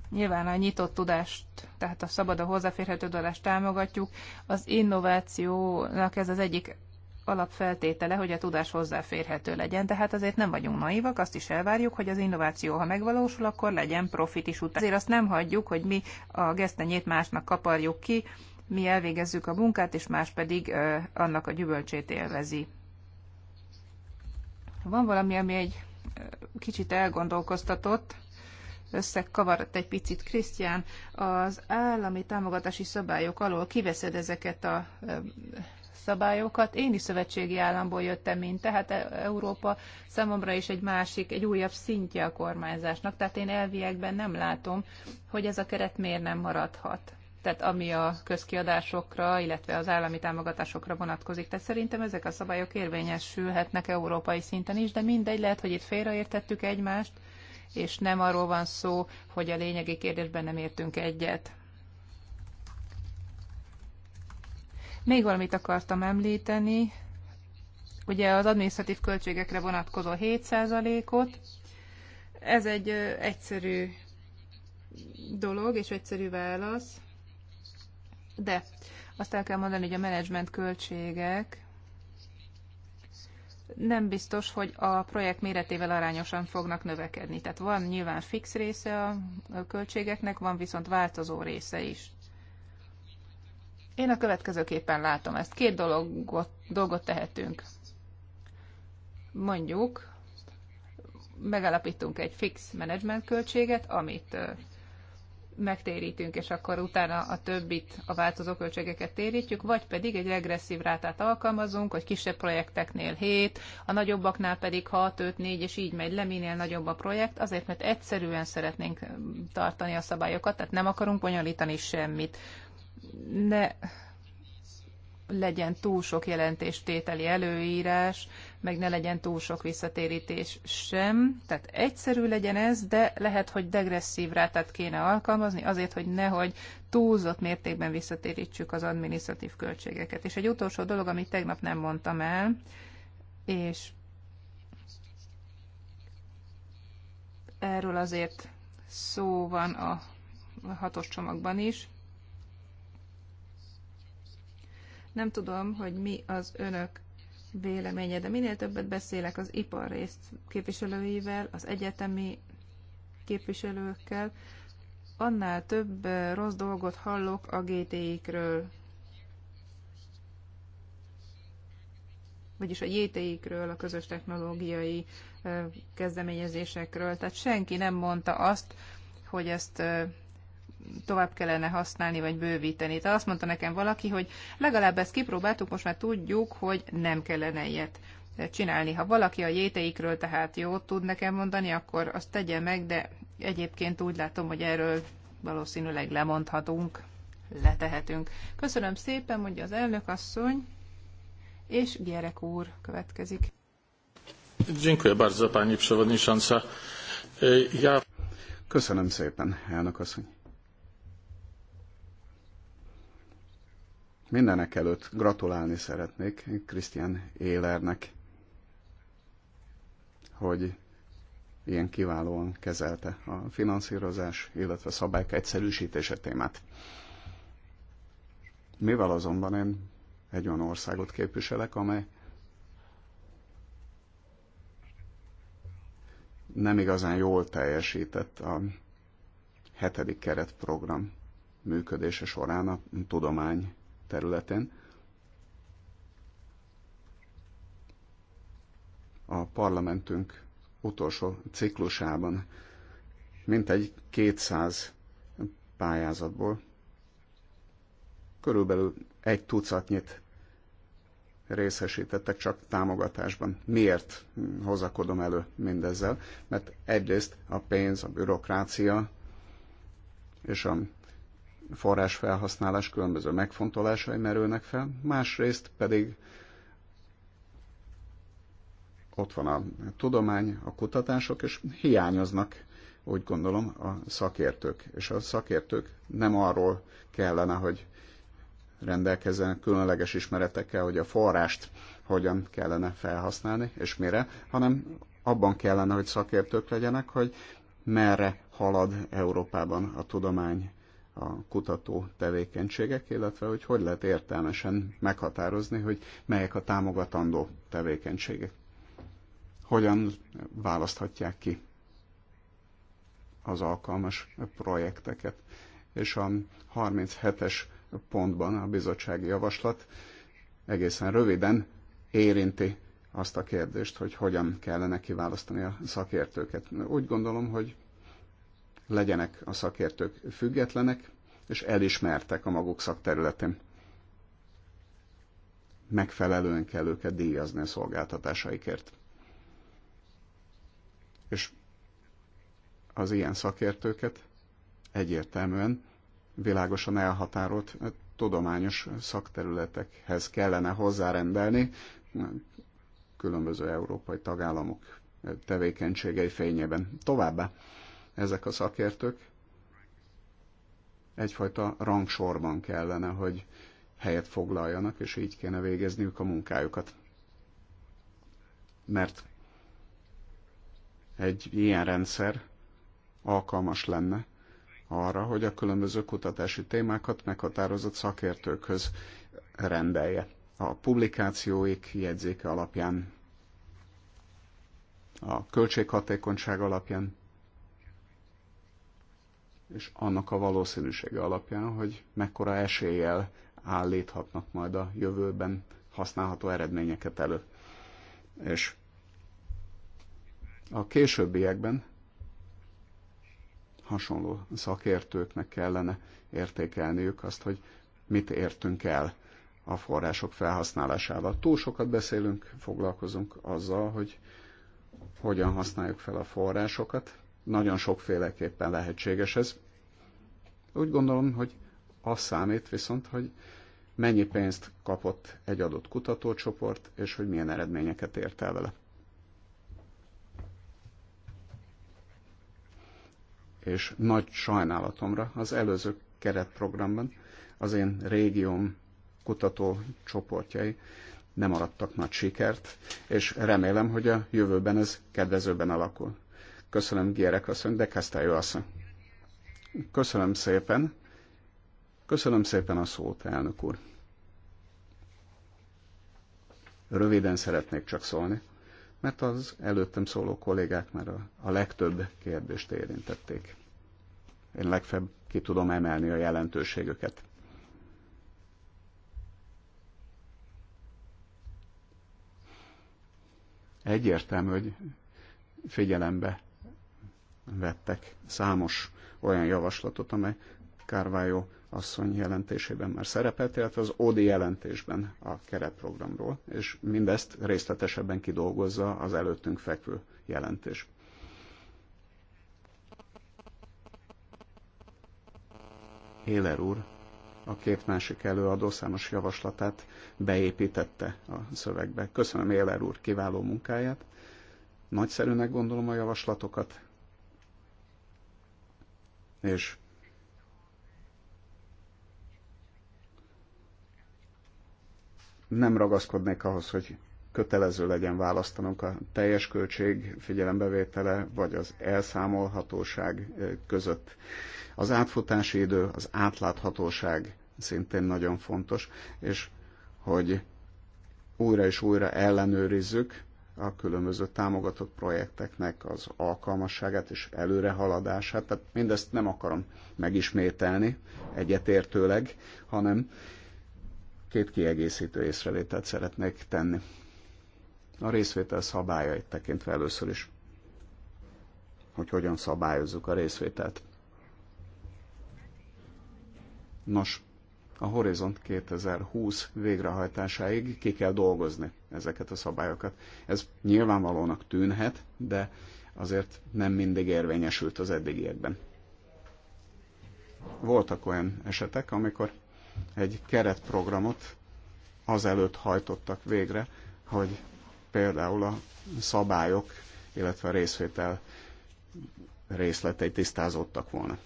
C: Nyilván a nyitott tudást, tehát a szabad, a hozzáférhető tudást támogatjuk. Az innovációnak ez az egyik alapfeltétele, hogy a tudás hozzáférhető legyen, tehát azért nem vagyunk naivak, azt is elvárjuk, hogy az innováció, ha megvalósul, akkor legyen profit is után. Azért azt nem hagyjuk, hogy mi a gesztenyét másnak kaparjuk ki, mi elvégezzük a munkát, és más pedig annak a gyümölcsét élvezi. Van valami, ami egy kicsit elgondolkoztatott, összekavart egy picit Krisztián, az állami támogatási szabályok alól kiveszed ezeket a szabályokat. Én is szövetségi államból jöttem, mint tehát Európa számomra is egy másik, egy újabb szintje a kormányzásnak, tehát én elviekben nem látom, hogy ez a keret miért nem maradhat tehát ami a közkiadásokra, illetve az állami támogatásokra vonatkozik. Tehát szerintem ezek a szabályok érvényesülhetnek európai szinten is, de mindegy, lehet, hogy itt félreértettük egymást, és nem arról van szó, hogy a lényegi kérdésben nem értünk egyet. Még valamit akartam említeni, ugye az adminisztratív költségekre vonatkozó 7%-ot. Ez egy egyszerű dolog és egyszerű válasz. De azt el kell mondani, hogy a menedzsment költségek nem biztos, hogy a projekt méretével arányosan fognak növekedni. Tehát van nyilván fix része a költségeknek, van viszont változó része is. Én a következőképpen látom ezt. Két dologot, dolgot tehetünk. Mondjuk, megalapítunk egy fix menedzsment költséget, amit megtérítünk, és akkor utána a többit, a változó költségeket térítjük, vagy pedig egy regresszív rátát alkalmazunk, hogy kisebb projekteknél 7, a nagyobbaknál pedig 6, 5, 4, és így megy le, minél nagyobb a projekt, azért, mert egyszerűen szeretnénk tartani a szabályokat, tehát nem akarunk bonyolítani semmit. Ne legyen túl sok jelentéstételi előírás, meg ne legyen túl sok visszatérítés sem. Tehát egyszerű legyen ez, de lehet, hogy degresszív rátát kéne alkalmazni azért, hogy nehogy túlzott mértékben visszatérítsük az administratív költségeket. És egy utolsó dolog, amit tegnap nem mondtam el, és erről azért szó van a hatos csomagban is. Nem tudom, hogy mi az önök véleménye, de minél többet beszélek az ipar részt képviselőivel, az egyetemi képviselőkkel, annál több rossz dolgot hallok a GTI-kről, vagyis a JTI-kről, a közös technológiai kezdeményezésekről. Tehát senki nem mondta azt, hogy ezt tovább kellene használni, vagy bővíteni. Tehát azt mondta nekem valaki, hogy legalább ezt kipróbáltuk, most már tudjuk, hogy nem kellene ilyet csinálni. Ha valaki a jéteikről tehát jót tud nekem mondani, akkor azt tegye meg, de egyébként úgy látom, hogy erről valószínűleg lemondhatunk, letehetünk. Köszönöm szépen, mondja az elnök asszony, és Gyerek úr következik.
E: Dziękuję bardzo, pani przewodnicząca. Ja...
B: Köszönöm szépen, elnök asszony. Mindenek előtt gratulálni szeretnék Krisztián Élernek, hogy ilyen kiválóan kezelte a finanszírozás, illetve szabályk egyszerűsítése témát. Mivel azonban én egy olyan országot képviselek, amely nem igazán jól teljesített a hetedik keretprogram működése során a tudomány területen A parlamentünk utolsó ciklusában mintegy 200 pályázatból körülbelül egy tucatnyit részesítettek csak támogatásban. Miért hozakodom elő mindezzel? Mert egyrészt a pénz, a bürokrácia és a forrásfelhasználás különböző megfontolásai merülnek fel, másrészt pedig ott van a tudomány, a kutatások, és hiányoznak, úgy gondolom, a szakértők. És a szakértők nem arról kellene, hogy rendelkezzenek különleges ismeretekkel, hogy a forrást hogyan kellene felhasználni, és mire, hanem abban kellene, hogy szakértők legyenek, hogy merre halad Európában a tudomány, a kutató tevékenységek, illetve hogy hogy lehet értelmesen meghatározni, hogy melyek a támogatandó tevékenységek. Hogyan választhatják ki az alkalmas projekteket. És a 37-es pontban a bizottsági javaslat egészen röviden érinti azt a kérdést, hogy hogyan kellene kiválasztani a szakértőket. Úgy gondolom, hogy legyenek a szakértők függetlenek, és elismertek a maguk szakterületén. Megfelelően kell őket díjazni a szolgáltatásaikért. És az ilyen szakértőket egyértelműen világosan elhatárolt tudományos szakterületekhez kellene hozzárendelni különböző európai tagállamok tevékenységei fényében. Továbbá ezek a szakértők egyfajta rangsorban kellene, hogy helyet foglaljanak, és így kéne végezniük a munkájukat. Mert egy ilyen rendszer alkalmas lenne arra, hogy a különböző kutatási témákat meghatározott szakértőkhöz rendelje. A publikációik jegyzéke alapján, a költséghatékonyság alapján, és annak a valószínűsége alapján, hogy mekkora eséllyel állíthatnak majd a jövőben használható eredményeket elő. És a későbbiekben hasonló szakértőknek kellene értékelniük azt, hogy mit értünk el a források felhasználásával. Túl sokat beszélünk, foglalkozunk azzal, hogy hogyan használjuk fel a forrásokat, nagyon sokféleképpen lehetséges ez. Úgy gondolom, hogy az számít viszont, hogy mennyi pénzt kapott egy adott kutatócsoport, és hogy milyen eredményeket ért el vele. És nagy sajnálatomra az előző keretprogramban az én régióm kutatócsoportjai nem maradtak nagy sikert, és remélem, hogy a jövőben ez kedvezőben alakul. Köszönöm, Gyerek asszony, de Kesztályó asszony. Köszönöm szépen. Köszönöm szépen a szót, elnök úr. Röviden szeretnék csak szólni, mert az előttem szóló kollégák már a, a legtöbb kérdést érintették. Én legfebb, ki tudom emelni a jelentőségüket. Egyértelmű, hogy figyelembe vettek számos olyan javaslatot, amely Carvalho asszony jelentésében már szerepelt, illetve az ODI jelentésben a keretprogramról, és mindezt részletesebben kidolgozza az előttünk fekvő jelentés. Héler úr a két másik előadó számos javaslatát beépítette a szövegbe. Köszönöm Héler úr kiváló munkáját. Nagyszerűnek gondolom a javaslatokat, és nem ragaszkodnék ahhoz, hogy kötelező legyen választanunk a teljes költség figyelembevétele, vagy az elszámolhatóság között. Az átfutási idő, az átláthatóság szintén nagyon fontos, és hogy újra és újra ellenőrizzük a különböző támogatott projekteknek az alkalmasságát és előrehaladását. Tehát mindezt nem akarom megismételni egyetértőleg, hanem két kiegészítő észrevételt szeretnék tenni. A részvétel szabályait tekintve először is, hogy hogyan szabályozzuk a részvételt. Nos, a Horizont 2020 végrehajtásáig ki kell dolgozni ezeket a szabályokat. Ez nyilvánvalónak tűnhet, de azért nem mindig érvényesült az eddigiekben. Voltak olyan esetek, amikor egy keretprogramot azelőtt hajtottak végre, hogy például a szabályok, illetve a részvétel részletei tisztázottak volna.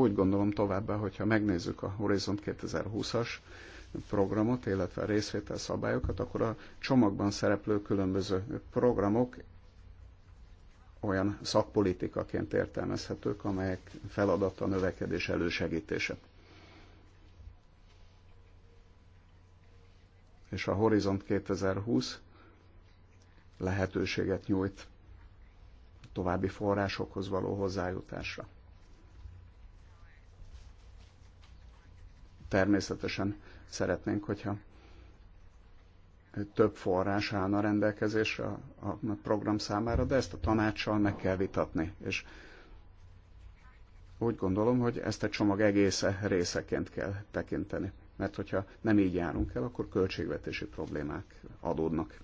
B: Úgy gondolom továbbá, hogyha megnézzük a Horizont 2020-as programot, illetve a részvétel szabályokat, akkor a csomagban szereplő különböző programok olyan szakpolitikaként értelmezhetők, amelyek feladata a növekedés elősegítése. És a Horizont 2020 lehetőséget nyújt további forrásokhoz való hozzájutásra. természetesen szeretnénk, hogyha több forrás állna rendelkezésre a, a program számára, de ezt a tanácssal meg kell vitatni. És úgy gondolom, hogy ezt a csomag egésze részeként kell tekinteni. Mert hogyha nem így járunk el, akkor költségvetési problémák adódnak.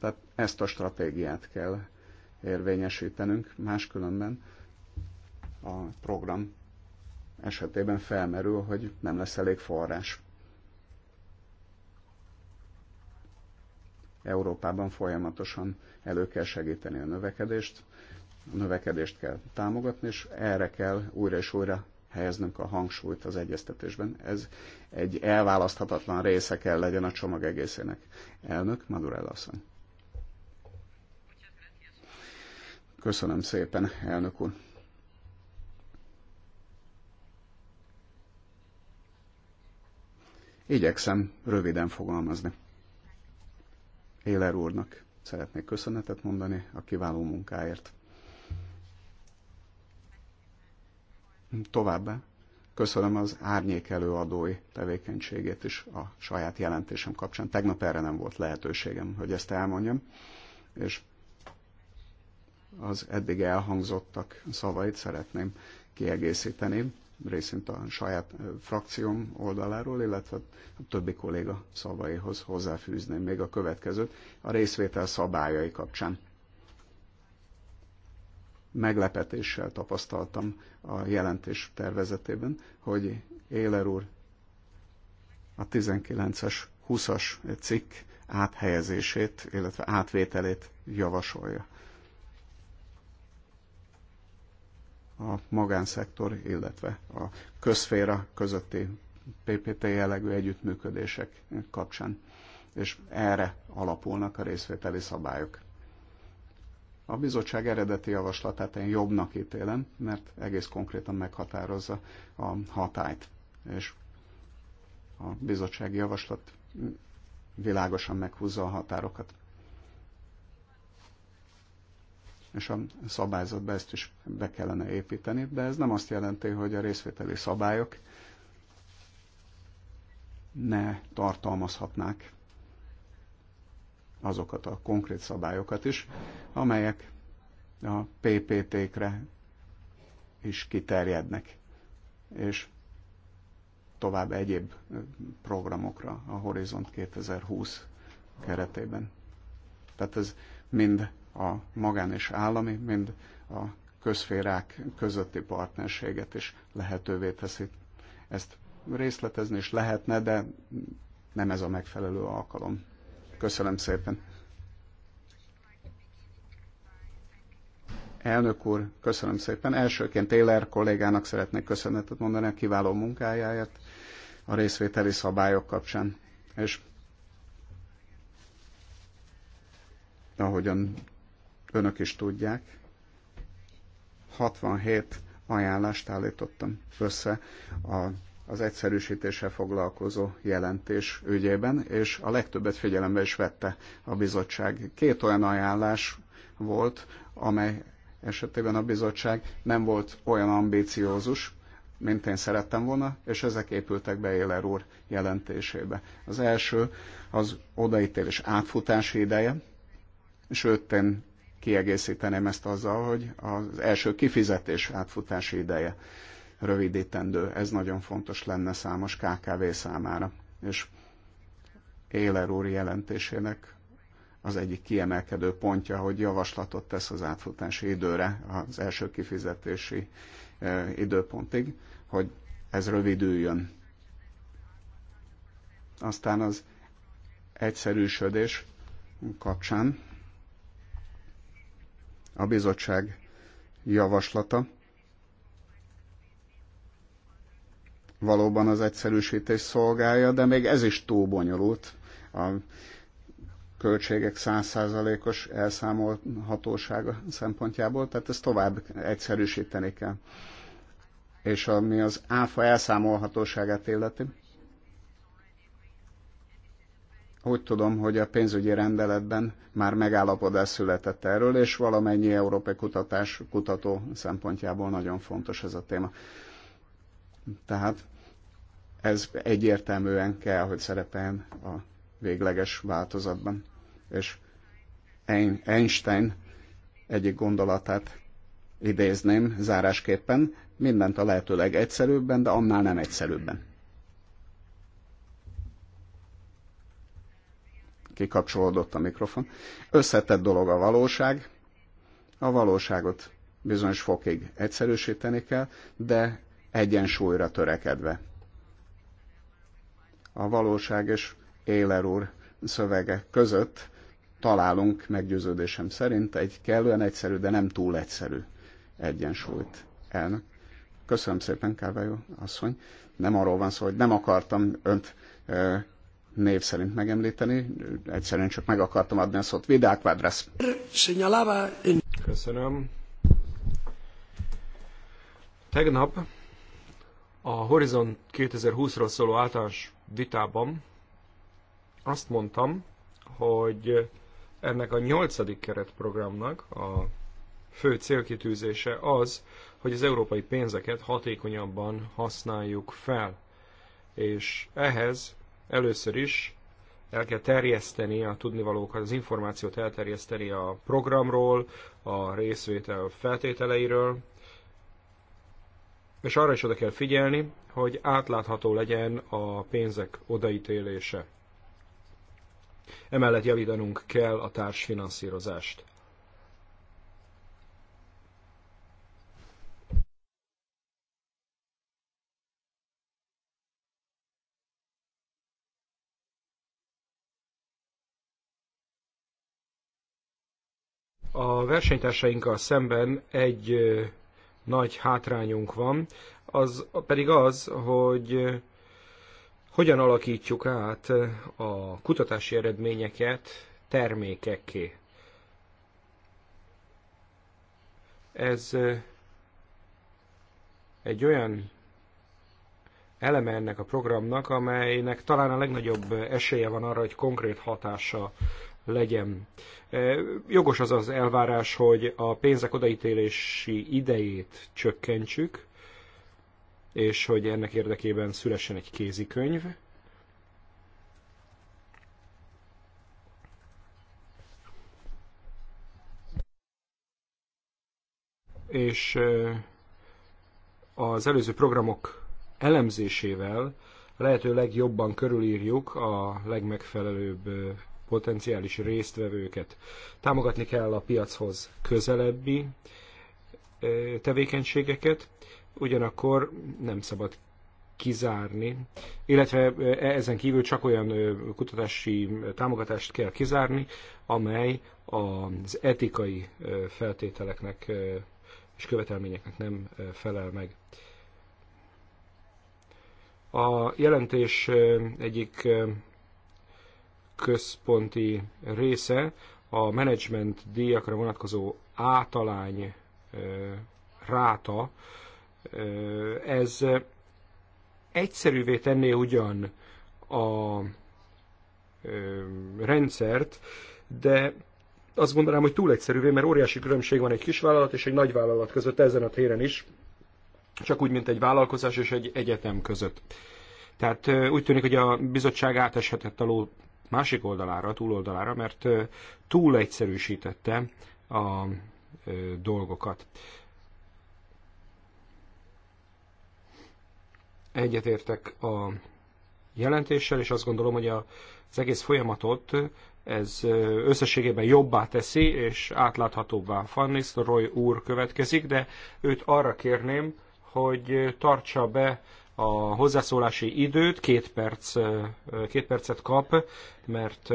B: Tehát ezt a stratégiát kell érvényesítenünk, máskülönben a program esetében felmerül, hogy nem lesz elég forrás. Európában folyamatosan elő kell segíteni a növekedést, a növekedést kell támogatni, és erre kell újra és újra helyeznünk a hangsúlyt az egyeztetésben. Ez egy elválaszthatatlan része kell legyen a csomag egészének. Elnök Madurell asszony. Köszönöm szépen, elnök úr. Igyekszem röviden fogalmazni. Éler úrnak szeretnék köszönetet mondani a kiváló munkáért. Továbbá köszönöm az árnyék előadói tevékenységét is a saját jelentésem kapcsán. Tegnap erre nem volt lehetőségem, hogy ezt elmondjam, és az eddig elhangzottak szavait szeretném kiegészíteni részint a saját frakcióm oldaláról, illetve a többi kolléga szavaihoz hozzáfűzném még a következőt a részvétel szabályai kapcsán. Meglepetéssel tapasztaltam a jelentés tervezetében, hogy Éler úr a 19-es, 20-as cikk áthelyezését, illetve átvételét javasolja. a magánszektor, illetve a közféra közötti PPT jellegű együttműködések kapcsán, és erre alapulnak a részvételi szabályok. A bizottság eredeti javaslatát én jobbnak ítélem, mert egész konkrétan meghatározza a hatályt, és a bizottsági javaslat világosan meghúzza a határokat. és a szabályzatba ezt is be kellene építeni, de ez nem azt jelenti, hogy a részvételi szabályok ne tartalmazhatnák azokat a konkrét szabályokat is, amelyek a PPT-kre is kiterjednek, és tovább egyéb programokra a Horizont 2020 keretében. Tehát ez mind a magán és állami, mind a közférák közötti partnerséget is lehetővé teszi. Ezt részletezni is lehetne, de nem ez a megfelelő alkalom. Köszönöm szépen. Elnök úr, köszönöm szépen. Elsőként Taylor kollégának szeretnék köszönetet mondani a kiváló munkájáért a részvételi szabályok kapcsán. És ahogyan önök is tudják, 67 ajánlást állítottam össze a, az egyszerűsítéssel foglalkozó jelentés ügyében, és a legtöbbet figyelembe is vette a bizottság. Két olyan ajánlás volt, amely esetében a bizottság nem volt olyan ambíciózus, mint én szerettem volna, és ezek épültek be Éler úr jelentésébe. Az első az odaítélés átfutási ideje, sőt, én kiegészíteném ezt azzal, hogy az első kifizetés átfutási ideje rövidítendő. Ez nagyon fontos lenne számos KKV számára. És Éler úr jelentésének az egyik kiemelkedő pontja, hogy javaslatot tesz az átfutási időre az első kifizetési e, időpontig, hogy ez rövidüljön. Aztán az egyszerűsödés kapcsán a bizottság javaslata valóban az egyszerűsítés szolgálja, de még ez is túl bonyolult. A költségek százszázalékos elszámolhatósága szempontjából, tehát ezt tovább egyszerűsíteni kell. És ami az áfa elszámolhatóságát illeti, úgy tudom, hogy a pénzügyi rendeletben már megállapodás született erről, és valamennyi európai kutatás kutató szempontjából nagyon fontos ez a téma. Tehát ez egyértelműen kell, hogy szerepeljen a végleges változatban. És Einstein egyik gondolatát idézném zárásképpen, mindent a lehető legegyszerűbben, de annál nem egyszerűbben. kikapcsolódott a mikrofon. Összetett dolog a valóság, a valóságot bizonyos fokig egyszerűsíteni kell, de egyensúlyra törekedve. A valóság és Éler úr szövege között találunk meggyőződésem szerint egy kellően egyszerű, de nem túl egyszerű egyensúlyt. Elnök. Köszönöm szépen, Kávályó asszony. Nem arról van szó, hogy nem akartam önt név szerint megemlíteni, egyszerűen csak meg akartam adni a szót. Vidal Quadras.
D: Köszönöm. Tegnap a Horizon 2020-ról szóló általános vitában azt mondtam, hogy ennek a nyolcadik keretprogramnak a fő célkitűzése az, hogy az európai pénzeket hatékonyabban használjuk fel. És ehhez Először is el kell terjeszteni a tudnivalókat, az információt elterjeszteni a programról, a részvétel feltételeiről, és arra is oda kell figyelni, hogy átlátható legyen a pénzek odaítélése. Emellett javítanunk kell a társfinanszírozást. A versenytársainkkal szemben egy nagy hátrányunk van, az pedig az, hogy hogyan alakítjuk át a kutatási eredményeket termékekké. Ez egy olyan eleme ennek a programnak, amelynek talán a legnagyobb esélye van arra, hogy konkrét hatása legyen. E, jogos az az elvárás, hogy a pénzek odaítélési idejét csökkentsük, és hogy ennek érdekében szülessen egy kézikönyv. És e, az előző programok elemzésével lehető legjobban körülírjuk a legmegfelelőbb e, potenciális résztvevőket. Támogatni kell a piachoz közelebbi tevékenységeket, ugyanakkor nem szabad kizárni, illetve e, ezen kívül csak olyan kutatási támogatást kell kizárni, amely az etikai feltételeknek és követelményeknek nem felel meg. A jelentés egyik központi része a menedzsment díjakra vonatkozó átalány ráta, ez egyszerűvé tenné ugyan a rendszert, de azt gondolom, hogy túl egyszerűvé, mert óriási különbség van egy kisvállalat és egy nagyvállalat között ezen a téren is, csak úgy, mint egy vállalkozás és egy egyetem között. Tehát úgy tűnik, hogy a bizottság áteshetett a ló másik oldalára, túloldalára, mert túl egyszerűsítette a dolgokat. Egyetértek a jelentéssel, és azt gondolom, hogy az egész folyamatot ez összességében jobbá teszi, és átláthatóbbá. Fannis Roy úr következik, de őt arra kérném, hogy tartsa be a hozzászólási időt, két, perc, két percet kap, mert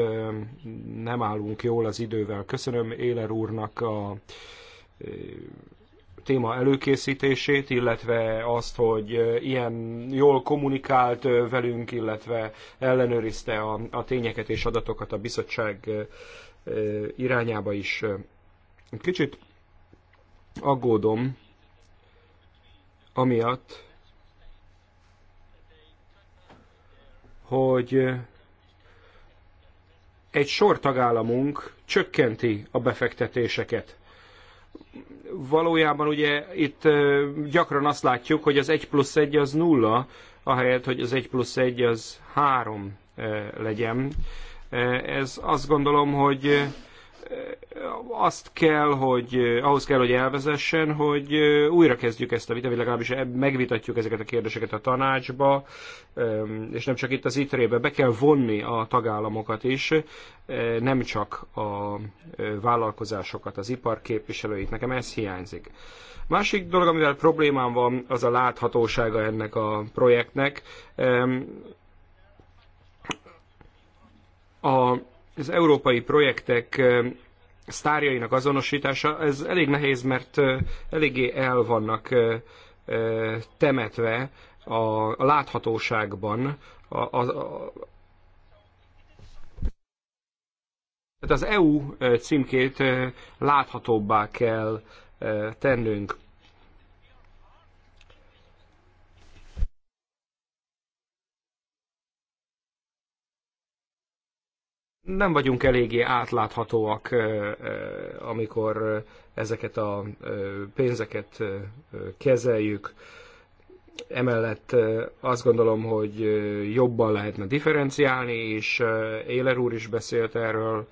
D: nem állunk jól az idővel. Köszönöm Éler úrnak a téma előkészítését, illetve azt, hogy ilyen jól kommunikált velünk, illetve ellenőrizte a, a tényeket és adatokat a bizottság irányába is. Kicsit aggódom, amiatt, hogy egy sor tagállamunk csökkenti a befektetéseket. Valójában ugye itt gyakran azt látjuk, hogy az 1 plusz 1 az nulla, ahelyett, hogy az 1 plusz 1 az 3 legyen. Ez azt gondolom, hogy azt kell, hogy, ahhoz kell, hogy elvezessen, hogy újra kezdjük ezt a vitát, vagy legalábbis megvitatjuk ezeket a kérdéseket a tanácsba, és nem csak itt az ITRE-be, be kell vonni a tagállamokat is, nem csak a vállalkozásokat, az ipar képviselőit, nekem ez hiányzik. Másik dolog, amivel problémám van, az a láthatósága ennek a projektnek. A az európai projektek sztárjainak azonosítása, ez elég nehéz, mert eléggé el vannak temetve a, láthatóságban. A, a, a, az EU címkét láthatóbbá kell tennünk. nem vagyunk eléggé átláthatóak, amikor ezeket a pénzeket kezeljük. Emellett azt gondolom, hogy jobban lehetne differenciálni, és Éler úr is beszélt erről.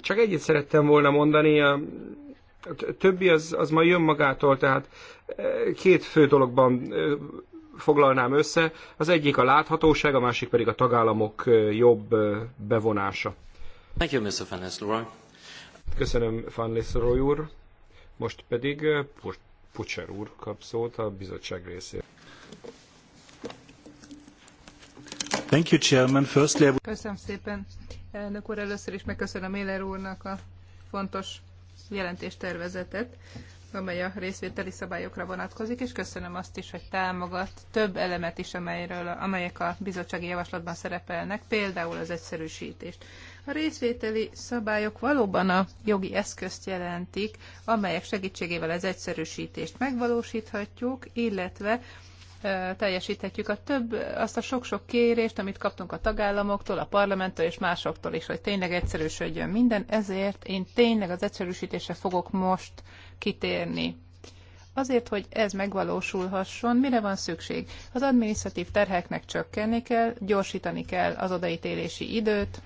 D: Csak egyet szerettem volna mondani, a többi az, az majd jön magától, tehát két fő dologban foglalnám össze. Az egyik a láthatóság, a másik pedig a tagállamok jobb bevonása. Thank you, Mr. Van Köszönöm, Van Nistelrooy úr. Most pedig Pucser úr kap szót a bizottság részéről.
C: Thank you, Chairman. Firstly, Köszönöm szépen, elnök úr. Először is megköszönöm Éler úrnak a fontos jelentéstervezetet amely a részvételi szabályokra vonatkozik, és köszönöm azt is, hogy támogat több elemet is, amelyről, amelyek a bizottsági javaslatban szerepelnek, például az egyszerűsítést. A részvételi szabályok valóban a jogi eszközt jelentik, amelyek segítségével az egyszerűsítést megvalósíthatjuk, illetve teljesíthetjük a több, azt a sok-sok kérést, amit kaptunk a tagállamoktól, a parlamenttől és másoktól is, hogy tényleg egyszerűsödjön minden. Ezért én tényleg az egyszerűsítésre fogok most kitérni. Azért, hogy ez megvalósulhasson, mire van szükség? Az adminisztratív terheknek csökkenni kell, gyorsítani kell az odaítélési időt,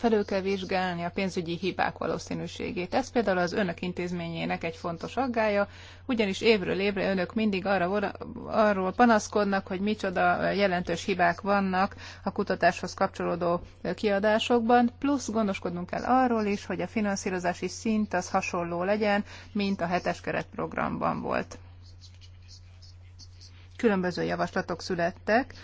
C: felül kell vizsgálni a pénzügyi hibák valószínűségét. Ez például az önök intézményének egy fontos aggája, ugyanis évről évre önök mindig arra, arról panaszkodnak, hogy micsoda jelentős hibák vannak a kutatáshoz kapcsolódó kiadásokban, plusz gondoskodnunk kell arról is, hogy a finanszírozási szint az hasonló legyen, mint a hetes keretprogramban volt. Különböző javaslatok születtek,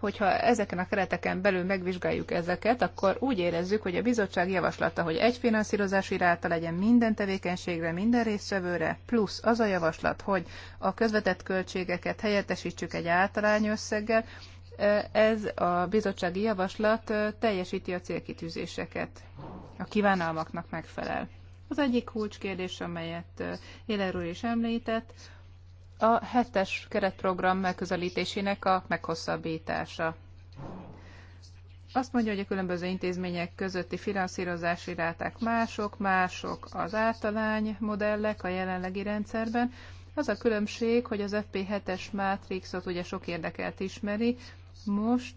C: hogyha ezeken a kereteken belül megvizsgáljuk ezeket, akkor úgy érezzük, hogy a bizottság javaslata, hogy egy finanszírozási ráta legyen minden tevékenységre, minden résztvevőre, plusz az a javaslat, hogy a közvetett költségeket helyettesítsük egy általány összeggel, e, ez a bizottsági javaslat e, teljesíti a célkitűzéseket, a kívánalmaknak megfelel. Az egyik kulcskérdés, amelyet e, Éler úr is említett, a hetes keretprogram megközelítésének a meghosszabbítása. Azt mondja, hogy a különböző intézmények közötti finanszírozási ráták mások, mások az általány modellek a jelenlegi rendszerben. Az a különbség, hogy az FP7-es mátrixot ugye sok érdekelt ismeri, most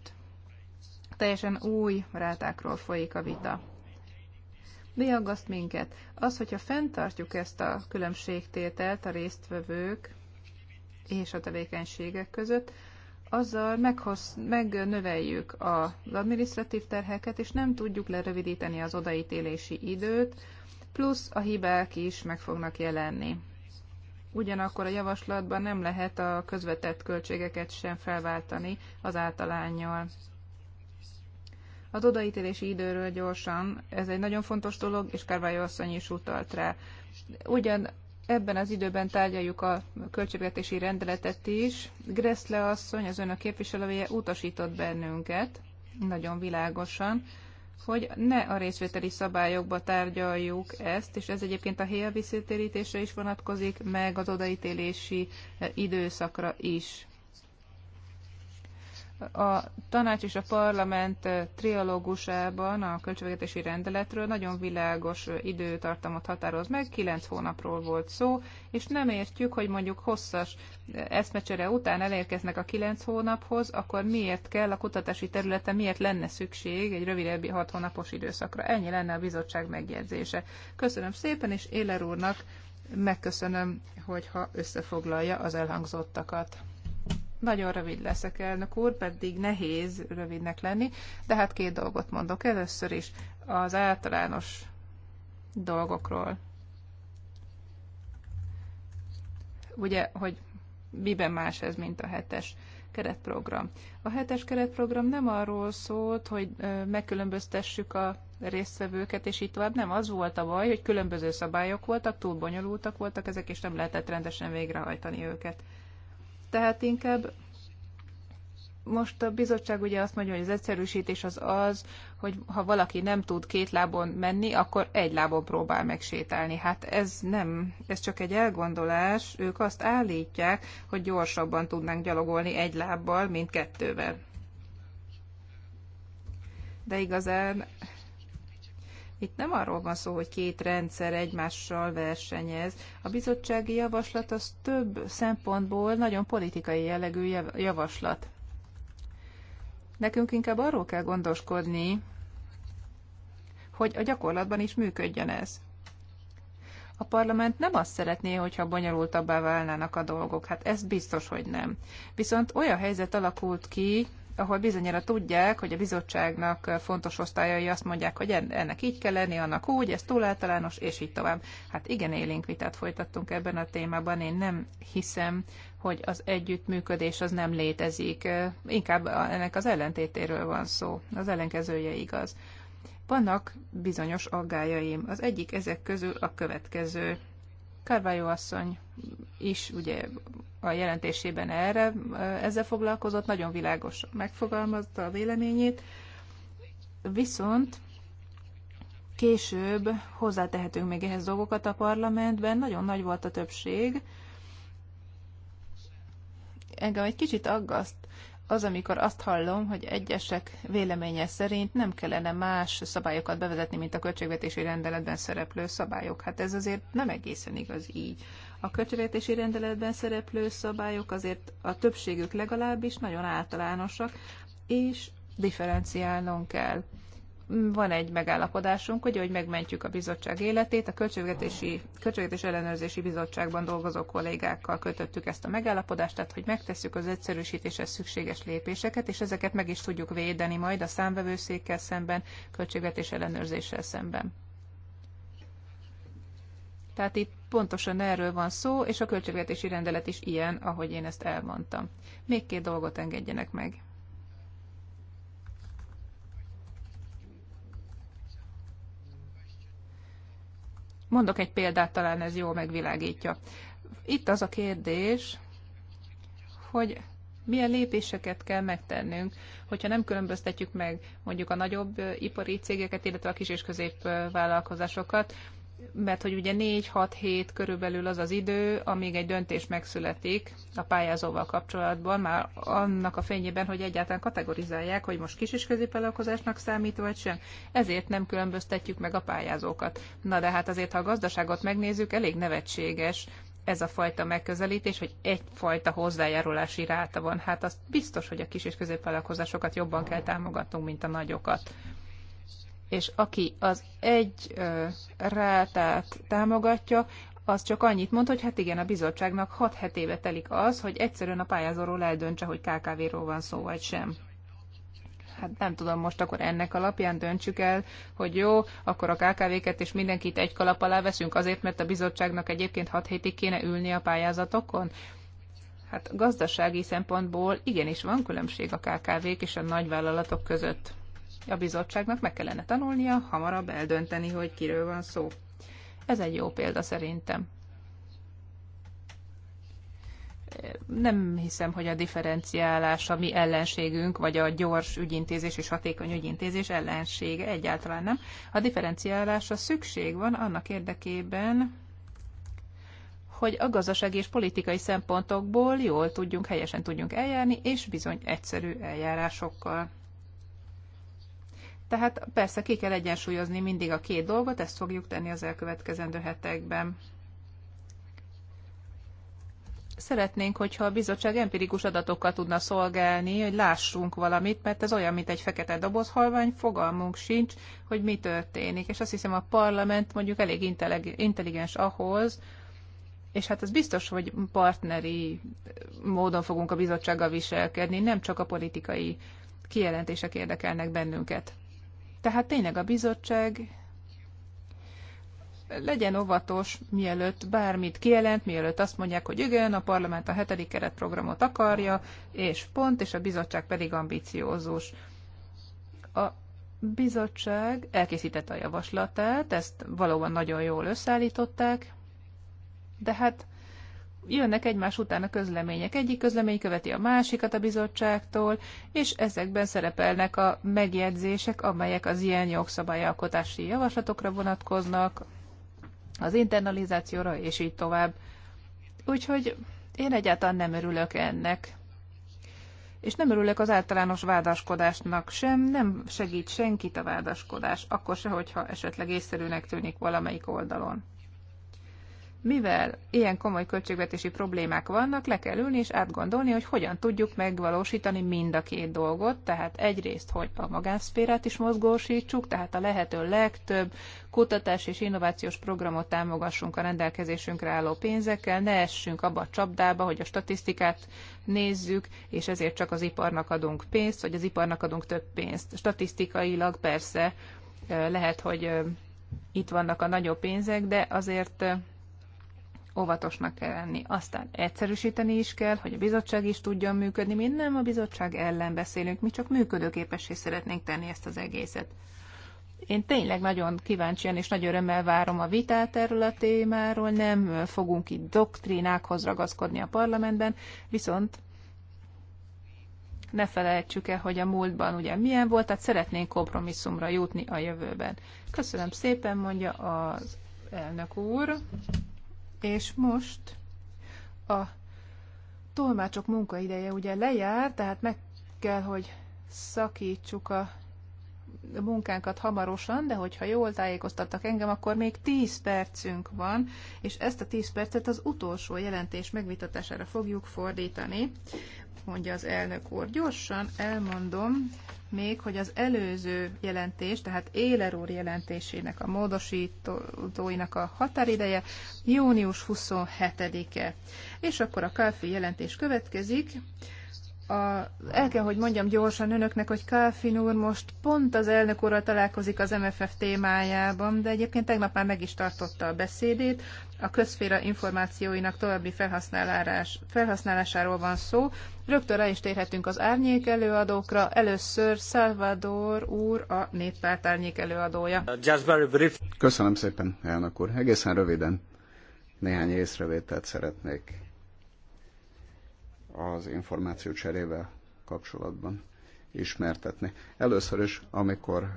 C: teljesen új rátákról folyik a vita. Mi aggaszt minket? Az, hogyha fenntartjuk ezt a különbségtételt a résztvevők és a tevékenységek között, azzal meghoz, megnöveljük az administratív terheket, és nem tudjuk lerövidíteni az odaítélési időt, plusz a hibák is meg fognak jelenni. Ugyanakkor a javaslatban nem lehet a közvetett költségeket sem felváltani az általányjal. Az odaítélési időről gyorsan, ez egy nagyon fontos dolog, és Kárvályó asszony is utalt rá. Ugyan ebben az időben tárgyaljuk a költségvetési rendeletet is. Gressle asszony, az önök képviselője utasított bennünket nagyon világosan, hogy ne a részvételi szabályokba tárgyaljuk ezt, és ez egyébként a helyelviszítérítésre is vonatkozik, meg az odaítélési eh, időszakra is. A tanács és a parlament eh, trialógusában a költségvetési rendeletről nagyon világos eh, időtartamot határoz meg, kilenc hónapról volt szó, és nem értjük, hogy mondjuk hosszas eh, eszmecsere után elérkeznek a kilenc hónaphoz, akkor miért kell a kutatási területen, miért lenne szükség egy rövidebb hat hónapos időszakra. Ennyi lenne a bizottság megjegyzése. Köszönöm szépen, és Éler úrnak megköszönöm, hogyha összefoglalja az elhangzottakat. Nagyon rövid leszek, elnök úr, pedig nehéz rövidnek lenni, de hát két dolgot mondok. Először is az általános dolgokról. Ugye, hogy miben más ez, mint a hetes keretprogram. A hetes keretprogram nem arról szólt, hogy megkülönböztessük a résztvevőket, és így tovább. Nem, az volt a baj, hogy különböző szabályok voltak, túl bonyolultak voltak ezek, és nem lehetett rendesen végrehajtani őket. Tehát inkább most a bizottság ugye azt mondja, hogy az egyszerűsítés az az, hogy ha valaki nem tud két lábon menni, akkor egy lábon próbál megsétálni. Hát ez nem, ez csak egy elgondolás. Ők azt állítják, hogy gyorsabban tudnánk gyalogolni egy lábbal, mint kettővel. De igazán itt nem arról van szó, hogy két rendszer egymással versenyez. A bizottsági javaslat az több szempontból nagyon politikai jellegű javaslat. Nekünk inkább arról kell gondoskodni, hogy a gyakorlatban is működjön ez. A parlament nem azt szeretné, hogyha bonyolultabbá válnának a dolgok, hát ez biztos, hogy nem. Viszont olyan helyzet alakult ki, ahol bizonyára tudják, hogy a bizottságnak fontos osztályai azt mondják, hogy ennek így kell lenni, annak úgy, ez túl általános, és így tovább. Hát igen, élénk vitát folytattunk ebben a témában. Én nem hiszem, hogy az együttműködés az nem létezik. Inkább ennek az ellentétéről van szó. Az ellenkezője igaz. Vannak bizonyos aggájaim. Az egyik ezek közül a következő. Carvalho asszony is ugye a jelentésében erre, eh, ezzel foglalkozott, nagyon világos megfogalmazta a véleményét, viszont később hozzátehetünk még ehhez dolgokat a parlamentben, nagyon nagy volt a többség. Engem egy kicsit aggaszt az, amikor azt hallom, hogy egyesek véleménye szerint nem kellene más szabályokat bevezetni, mint a költségvetési rendeletben szereplő szabályok. Hát ez azért nem egészen igaz így. A költségvetési rendeletben szereplő szabályok azért a többségük legalábbis nagyon általánosak, és differenciálnunk kell van egy megállapodásunk, ugye, hogy megmentjük a bizottság életét. A Költségvetési, Költségvetési Ellenőrzési Bizottságban dolgozó kollégákkal kötöttük ezt a megállapodást, tehát hogy megtesszük az egyszerűsítéshez szükséges lépéseket, és ezeket meg is tudjuk védeni majd a számvevőszékkel szemben, költségvetés ellenőrzéssel szemben. Tehát itt pontosan erről van szó, és a költségvetési rendelet is ilyen, ahogy én ezt elmondtam. Még két dolgot engedjenek meg. Mondok egy példát, talán ez jól megvilágítja. Itt az a kérdés, hogy milyen lépéseket kell megtennünk, hogyha nem különböztetjük meg mondjuk a nagyobb eh, ipari cégeket, illetve a kis és középvállalkozásokat, mert hogy ugye 4-6 hét körülbelül az az idő, amíg egy döntés megszületik a pályázóval kapcsolatban, már annak a fényében, hogy egyáltalán kategorizálják, hogy most kis és középvállalkozásnak számít vagy sem, ezért nem különböztetjük meg a pályázókat. Na de hát azért, ha a gazdaságot megnézzük, elég nevetséges ez a fajta megközelítés, hogy egyfajta hozzájárulási ráta van. Hát az biztos, hogy a kis és középvállalkozásokat jobban kell támogatnunk, mint a nagyokat és aki az egy rátát támogatja, az csak annyit mond, hogy hát igen, a bizottságnak 6 hetébe telik az, hogy egyszerűen a pályázóról eldöntse, hogy KKV-ról van szó vagy sem. Hát nem tudom, most akkor ennek alapján döntsük el, hogy jó, akkor a KKV-ket és mindenkit egy kalap alá veszünk azért, mert a bizottságnak egyébként 6 hétig kéne ülni a pályázatokon. Hát gazdasági szempontból igenis van különbség a KKV-k és a nagyvállalatok között a bizottságnak meg kellene tanulnia hamarabb eldönteni, hogy kiről van szó. Ez egy jó példa szerintem. Nem hiszem, hogy a differenciálás a mi ellenségünk, vagy a gyors ügyintézés és hatékony ügyintézés ellensége, egyáltalán nem. A differenciálásra szükség van annak érdekében, hogy a gazdasági és politikai szempontokból jól tudjunk, helyesen tudjunk eljárni, és bizony egyszerű eljárásokkal. Tehát persze ki kell egyensúlyozni mindig a két dolgot, ezt fogjuk tenni az elkövetkezendő hetekben. Szeretnénk, hogyha a bizottság empirikus adatokkal tudna szolgálni, hogy lássunk valamit, mert ez olyan, mint egy fekete doboz halvány, fogalmunk sincs, hogy mi történik. És azt hiszem a parlament mondjuk elég intelligens ahhoz, és hát ez biztos, hogy partneri módon fogunk a bizottsággal viselkedni, nem csak a politikai kijelentések érdekelnek bennünket. Tehát tényleg a bizottság legyen óvatos, mielőtt bármit kijelent, mielőtt azt mondják, hogy igen, a parlament a hetedik keretprogramot akarja, és pont, és a bizottság pedig ambiciózus. A bizottság elkészítette a javaslatát, ezt valóban nagyon jól összeállították, de hát jönnek egymás után a közlemények. Egyik közlemény követi a másikat a bizottságtól, és ezekben szerepelnek a megjegyzések, amelyek az ilyen jogszabályalkotási javaslatokra vonatkoznak, az internalizációra, és így tovább. Úgyhogy én egyáltalán nem örülök ennek. És nem örülök az általános vádaskodásnak sem, nem segít senkit a vádaskodás, akkor se, hogyha esetleg észszerűnek tűnik valamelyik oldalon mivel ilyen komoly költségvetési problémák vannak, le kell ülni és átgondolni, hogy hogyan tudjuk megvalósítani mind a két dolgot, tehát egyrészt, hogy a magánszférát is mozgósítsuk, tehát a lehető legtöbb kutatás és innovációs programot támogassunk a rendelkezésünkre álló pénzekkel, ne essünk abba a csapdába, hogy a statisztikát nézzük, és ezért csak az iparnak adunk pénzt, vagy az iparnak adunk több pénzt. Statisztikailag persze lehet, hogy itt vannak a nagyobb pénzek, de azért óvatosnak kell lenni. Aztán egyszerűsíteni is kell, hogy a bizottság is tudjon működni. Mi nem a bizottság ellen beszélünk, mi csak működőképessé szeretnénk tenni ezt az egészet. Én tényleg nagyon kíváncsian és nagy örömmel várom a vitát erről a témáról. Nem fogunk itt doktrinákhoz ragaszkodni a parlamentben, viszont ne felejtsük el, hogy a múltban ugye milyen volt, tehát szeretnénk kompromisszumra jutni a jövőben. Köszönöm szépen, mondja az elnök úr. És most a tolmácsok munkaideje ugye lejár, tehát meg kell, hogy szakítsuk a munkánkat hamarosan, de hogyha jól tájékoztattak engem, akkor még 10 percünk van, és ezt a 10 percet az utolsó jelentés megvitatására fogjuk fordítani mondja az elnök úr. Gyorsan elmondom még, hogy az előző jelentés, tehát Éler úr jelentésének, a módosítóinak a határideje június 27-e. És akkor a Kalfi jelentés következik a, el kell, hogy mondjam gyorsan önöknek, hogy Kálfin úr most pont az elnök úrral találkozik az MFF témájában, de egyébként tegnap már meg is tartotta a beszédét. A közféra információinak további felhasználás, felhasználásáról van szó. Rögtön rá is térhetünk az árnyék előadókra. Először Salvador úr a néppárt árnyék előadója.
B: Köszönöm szépen, elnök úr. Egészen röviden néhány észrevételt szeretnék az információ cserével kapcsolatban ismertetni. Először is, amikor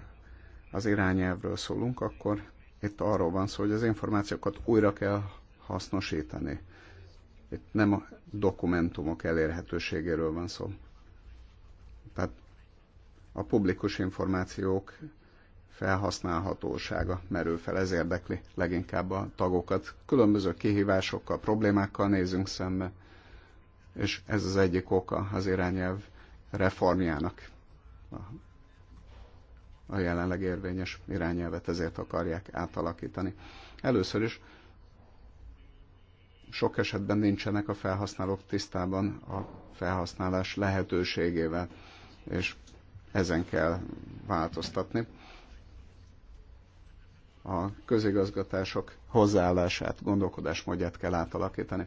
B: az irányelvről szólunk, akkor itt arról van szó, hogy az információkat újra kell hasznosítani. Itt nem a dokumentumok elérhetőségéről van szó. Tehát a publikus információk felhasználhatósága merül fel, ez érdekli leginkább a tagokat. Különböző kihívásokkal, problémákkal nézünk szembe és ez az egyik oka az irányelv reformjának. A jelenleg érvényes irányelvet ezért akarják átalakítani. Először is sok esetben nincsenek a felhasználók tisztában a felhasználás lehetőségével, és ezen kell változtatni. A közigazgatások hozzáállását, gondolkodásmódját kell átalakítani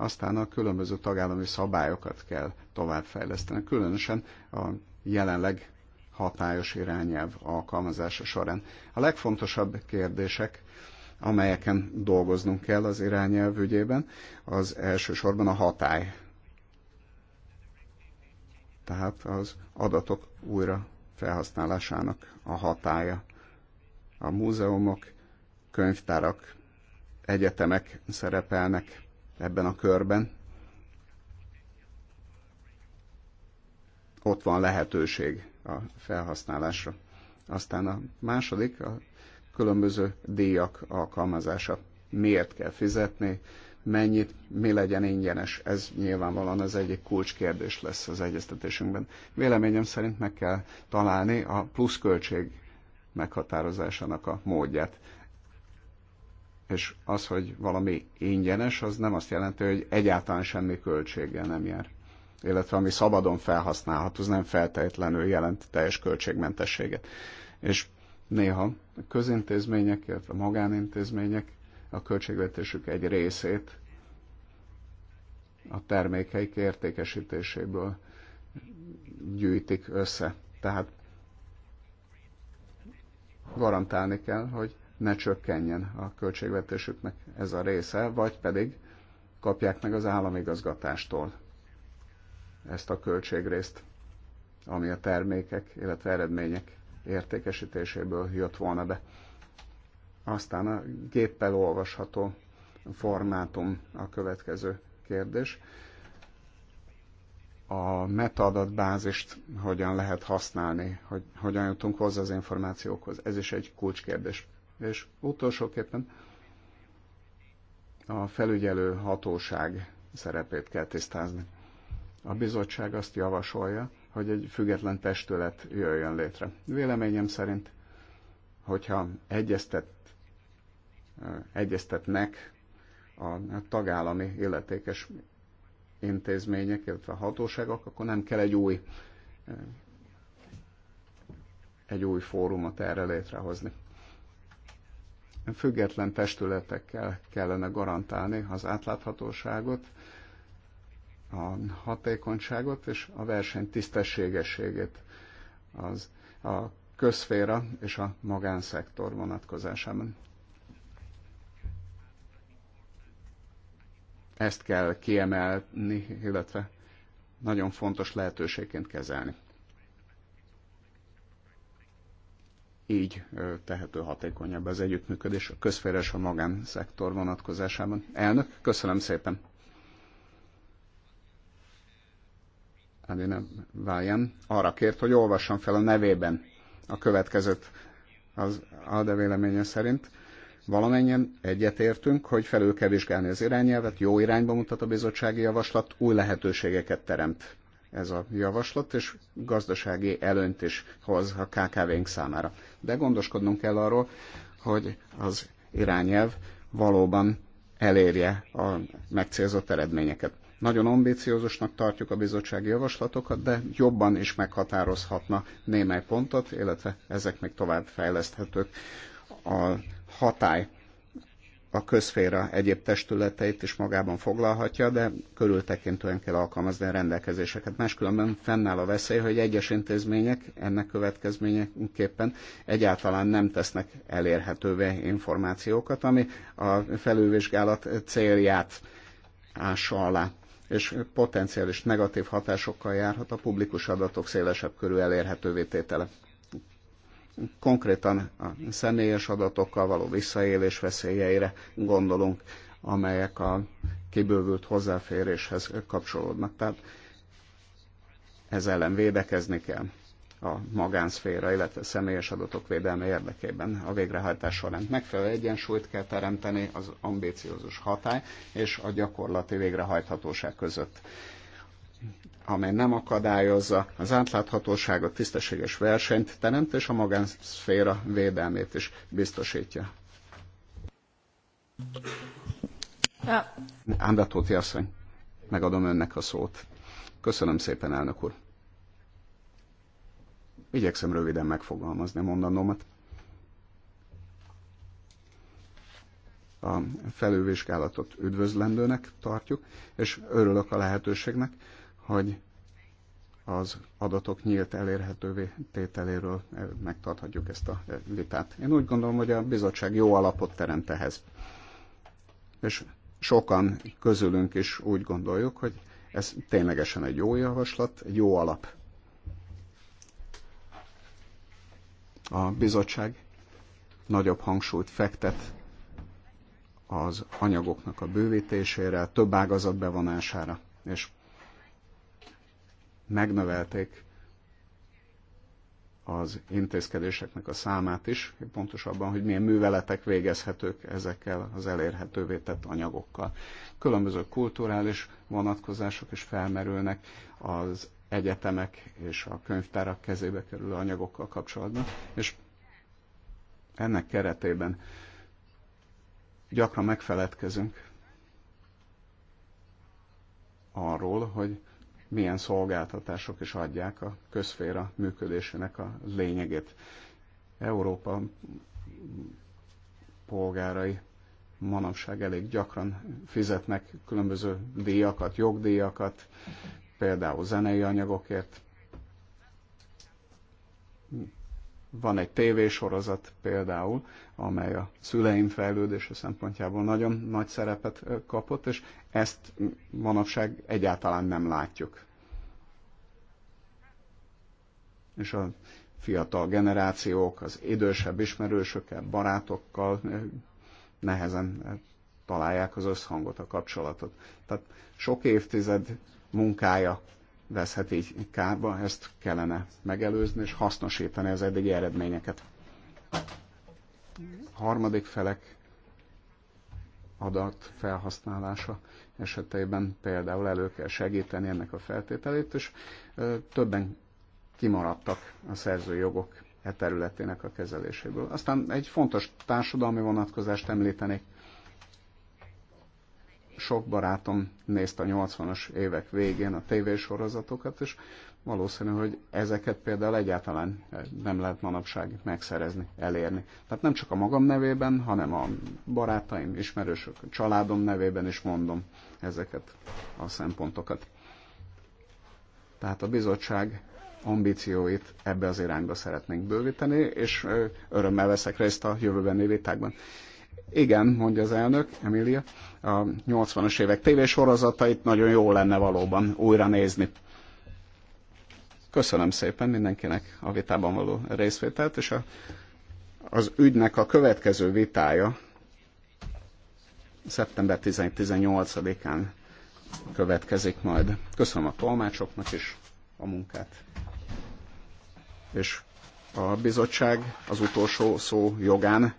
B: aztán a különböző tagállami szabályokat kell továbbfejleszteni, különösen a jelenleg hatályos irányelv alkalmazása során. A legfontosabb kérdések, amelyeken dolgoznunk kell az irányelv ügyében, az elsősorban a hatály. Tehát az adatok újra felhasználásának a hatája. A múzeumok, könyvtárak, egyetemek szerepelnek ebben a körben. Ott van lehetőség a felhasználásra. Aztán a második, a különböző díjak alkalmazása. Miért kell fizetni, mennyit, mi legyen ingyenes. Ez nyilvánvalóan az egyik kulcskérdés lesz az egyeztetésünkben. Véleményem szerint meg kell találni a pluszköltség meghatározásának a módját. És az, hogy valami ingyenes, az nem azt jelenti, hogy egyáltalán semmi költséggel nem jár. Illetve ami szabadon felhasználható, az nem feltétlenül jelent teljes költségmentességet. És néha a közintézmények, illetve a magánintézmények a költségvetésük egy részét a termékeik értékesítéséből gyűjtik össze. Tehát garantálni kell, hogy ne csökkenjen a költségvetésüknek ez a része, vagy pedig kapják meg az államigazgatástól ezt a költségrészt, ami a termékek, illetve eredmények értékesítéséből jött volna be. Aztán a géppel olvasható formátum a következő kérdés. A metadatbázist hogyan lehet használni, hogy hogyan jutunk hozzá az információkhoz? Ez is egy kulcskérdés. És utolsóképpen a felügyelő hatóság szerepét kell tisztázni. A bizottság azt javasolja, hogy egy független testület jöjjön létre. Véleményem szerint, hogyha egyeztet, egyeztetnek a tagállami illetékes intézmények, illetve hatóságok, akkor nem kell egy új egy új fórumot erre létrehozni független testületekkel kellene garantálni az átláthatóságot, a hatékonyságot és a verseny tisztességességét az, a közféra és a magánszektor vonatkozásában. Ezt kell kiemelni, illetve nagyon fontos lehetőségként kezelni. így tehető hatékonyabb az együttműködés a közfér és a magánszektor vonatkozásában. Elnök, köszönöm szépen! Adina Vájan arra kért, hogy olvassam fel a nevében a következőt az Alde véleménye szerint. Valamennyien egyetértünk, hogy felül kell vizsgálni az irányelvet, jó irányba mutat a bizottsági javaslat, új lehetőségeket teremt ez a javaslat, és gazdasági előnyt is hoz a KKV-nk számára. De gondoskodnunk kell arról, hogy az irányelv valóban elérje a megcélzott eredményeket. Nagyon ambiciózusnak tartjuk a bizottsági javaslatokat, de jobban is meghatározhatna némely pontot, illetve ezek még tovább fejleszthetők. A hatály a közféra egyéb testületeit is magában foglalhatja, de körültekintően kell alkalmazni a rendelkezéseket. Máskülönben fennáll a veszély, hogy egyes intézmények ennek következményeképpen egyáltalán nem tesznek elérhetővé információkat, ami a felülvizsgálat célját ássa alá és potenciális negatív hatásokkal járhat a publikus adatok szélesebb körű elérhetővé tétele konkrétan a személyes adatokkal való visszaélés veszélyeire gondolunk, amelyek a kibővült hozzáféréshez kapcsolódnak. Tehát ez ellen védekezni kell a magánszféra, illetve személyes adatok védelme érdekében a végrehajtás során. Megfelelő egyensúlyt kell teremteni az ambíciózus hatály és a gyakorlati végrehajthatóság között amely nem akadályozza az átláthatóságot, tisztességes versenyt teremt, és a magánszféra védelmét is biztosítja. Ja. Ándatóti asszony, megadom önnek a szót. Köszönöm szépen, elnök úr. Igyekszem röviden megfogalmazni mondanomat. A felülvizsgálatot üdvözlendőnek tartjuk, és örülök a lehetőségnek, hogy az adatok nyílt elérhetővé tételéről megtarthatjuk ezt a vitát. Én úgy gondolom, hogy a bizottság jó alapot teremt ehhez. És sokan közülünk is úgy gondoljuk, hogy ez ténylegesen egy jó javaslat, egy jó alap. A bizottság nagyobb hangsúlyt fektet az anyagoknak a bővítésére, több ágazat bevonására, és megnövelték az intézkedéseknek a számát is, pontosabban, hogy milyen műveletek végezhetők ezekkel az elérhetővé tett anyagokkal. Különböző kulturális vonatkozások is felmerülnek az egyetemek és a könyvtárak kezébe kerülő anyagokkal kapcsolatban, és ennek keretében gyakran megfeledkezünk arról, hogy milyen szolgáltatások is adják a közféra működésének a lényegét. Európa polgárai manapság elég gyakran fizetnek különböző díjakat, jogdíjakat, például zenei anyagokért. Van egy tévésorozat például, amely a szüleim fejlődése szempontjából nagyon nagy szerepet kapott, és ezt manapság egyáltalán nem látjuk. És a fiatal generációk, az idősebb ismerősökkel, barátokkal nehezen találják az összhangot, a kapcsolatot. Tehát sok évtized munkája veszhet így kárba, ezt kellene megelőzni és hasznosítani az eddigi eredményeket. A harmadik felek adat felhasználása esetében például elő kell segíteni ennek a feltételét, és többen kimaradtak a szerzői jogok e területének a kezeléséből. Aztán egy fontos társadalmi vonatkozást említenék, sok barátom nézte a 80-as évek végén a tévésorozatokat, és valószínű, hogy ezeket például egyáltalán eh, nem lehet manapság megszerezni, elérni. Tehát nem csak a magam nevében, hanem a barátaim, ismerősök, a családom nevében is mondom ezeket a szempontokat. Tehát a bizottság ambícióit ebbe az irányba szeretnénk bővíteni, és eh, örömmel veszek részt a jövőbeni vitákban. Igen, mondja az elnök, Emilia, a 80-as évek tévésorozatait nagyon jó lenne valóban újra nézni. Köszönöm szépen mindenkinek a vitában való részvételt, és a, az ügynek a következő vitája szeptember 18-án következik majd. Köszönöm a tolmácsoknak is a munkát. És a bizottság az utolsó szó jogán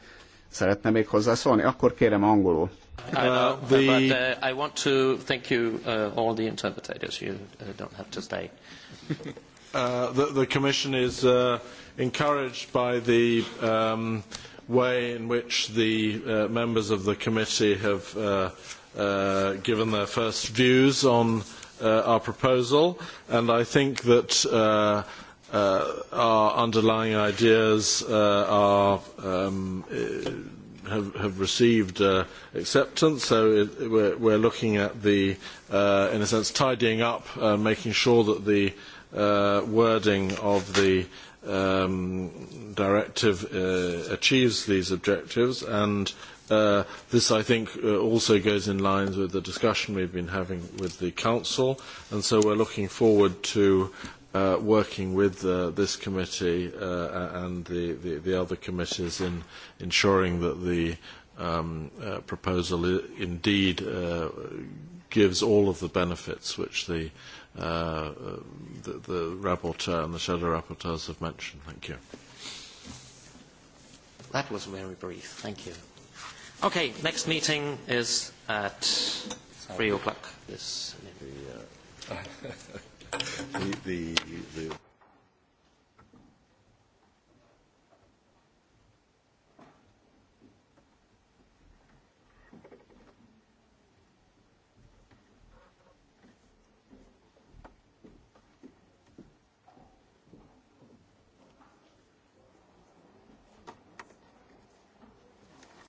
B: Szeretne még hozzászólni? Akkor kérem angolul.
E: Uh, I know, but uh, I want to thank you, uh, all the interpreters. You don't have to stay. Uh, the, the Commission is uh, encouraged by the um, way in which the uh, members of the committee have uh, uh, given their first views on uh, our proposal, and I think that. Uh, uh, our underlying ideas uh, are, um, uh, have, have received uh, acceptance. So it, we're, we're looking at the, uh, in a sense, tidying up, uh, making sure that the uh, wording of the um, directive uh, achieves these objectives and uh, this, I think, uh, also goes in line with the discussion we've been having with the Council, and so we're looking forward to uh, working with uh, this committee uh, and the, the, the other committees in ensuring that the um, uh, proposal indeed uh, gives all of the benefits which the, uh, uh, the, the rapporteur and the shadow rapporteurs have mentioned. Thank you. That was very brief. Thank you. Okay, next meeting is at 3 o'clock this. Yeah. the, the, the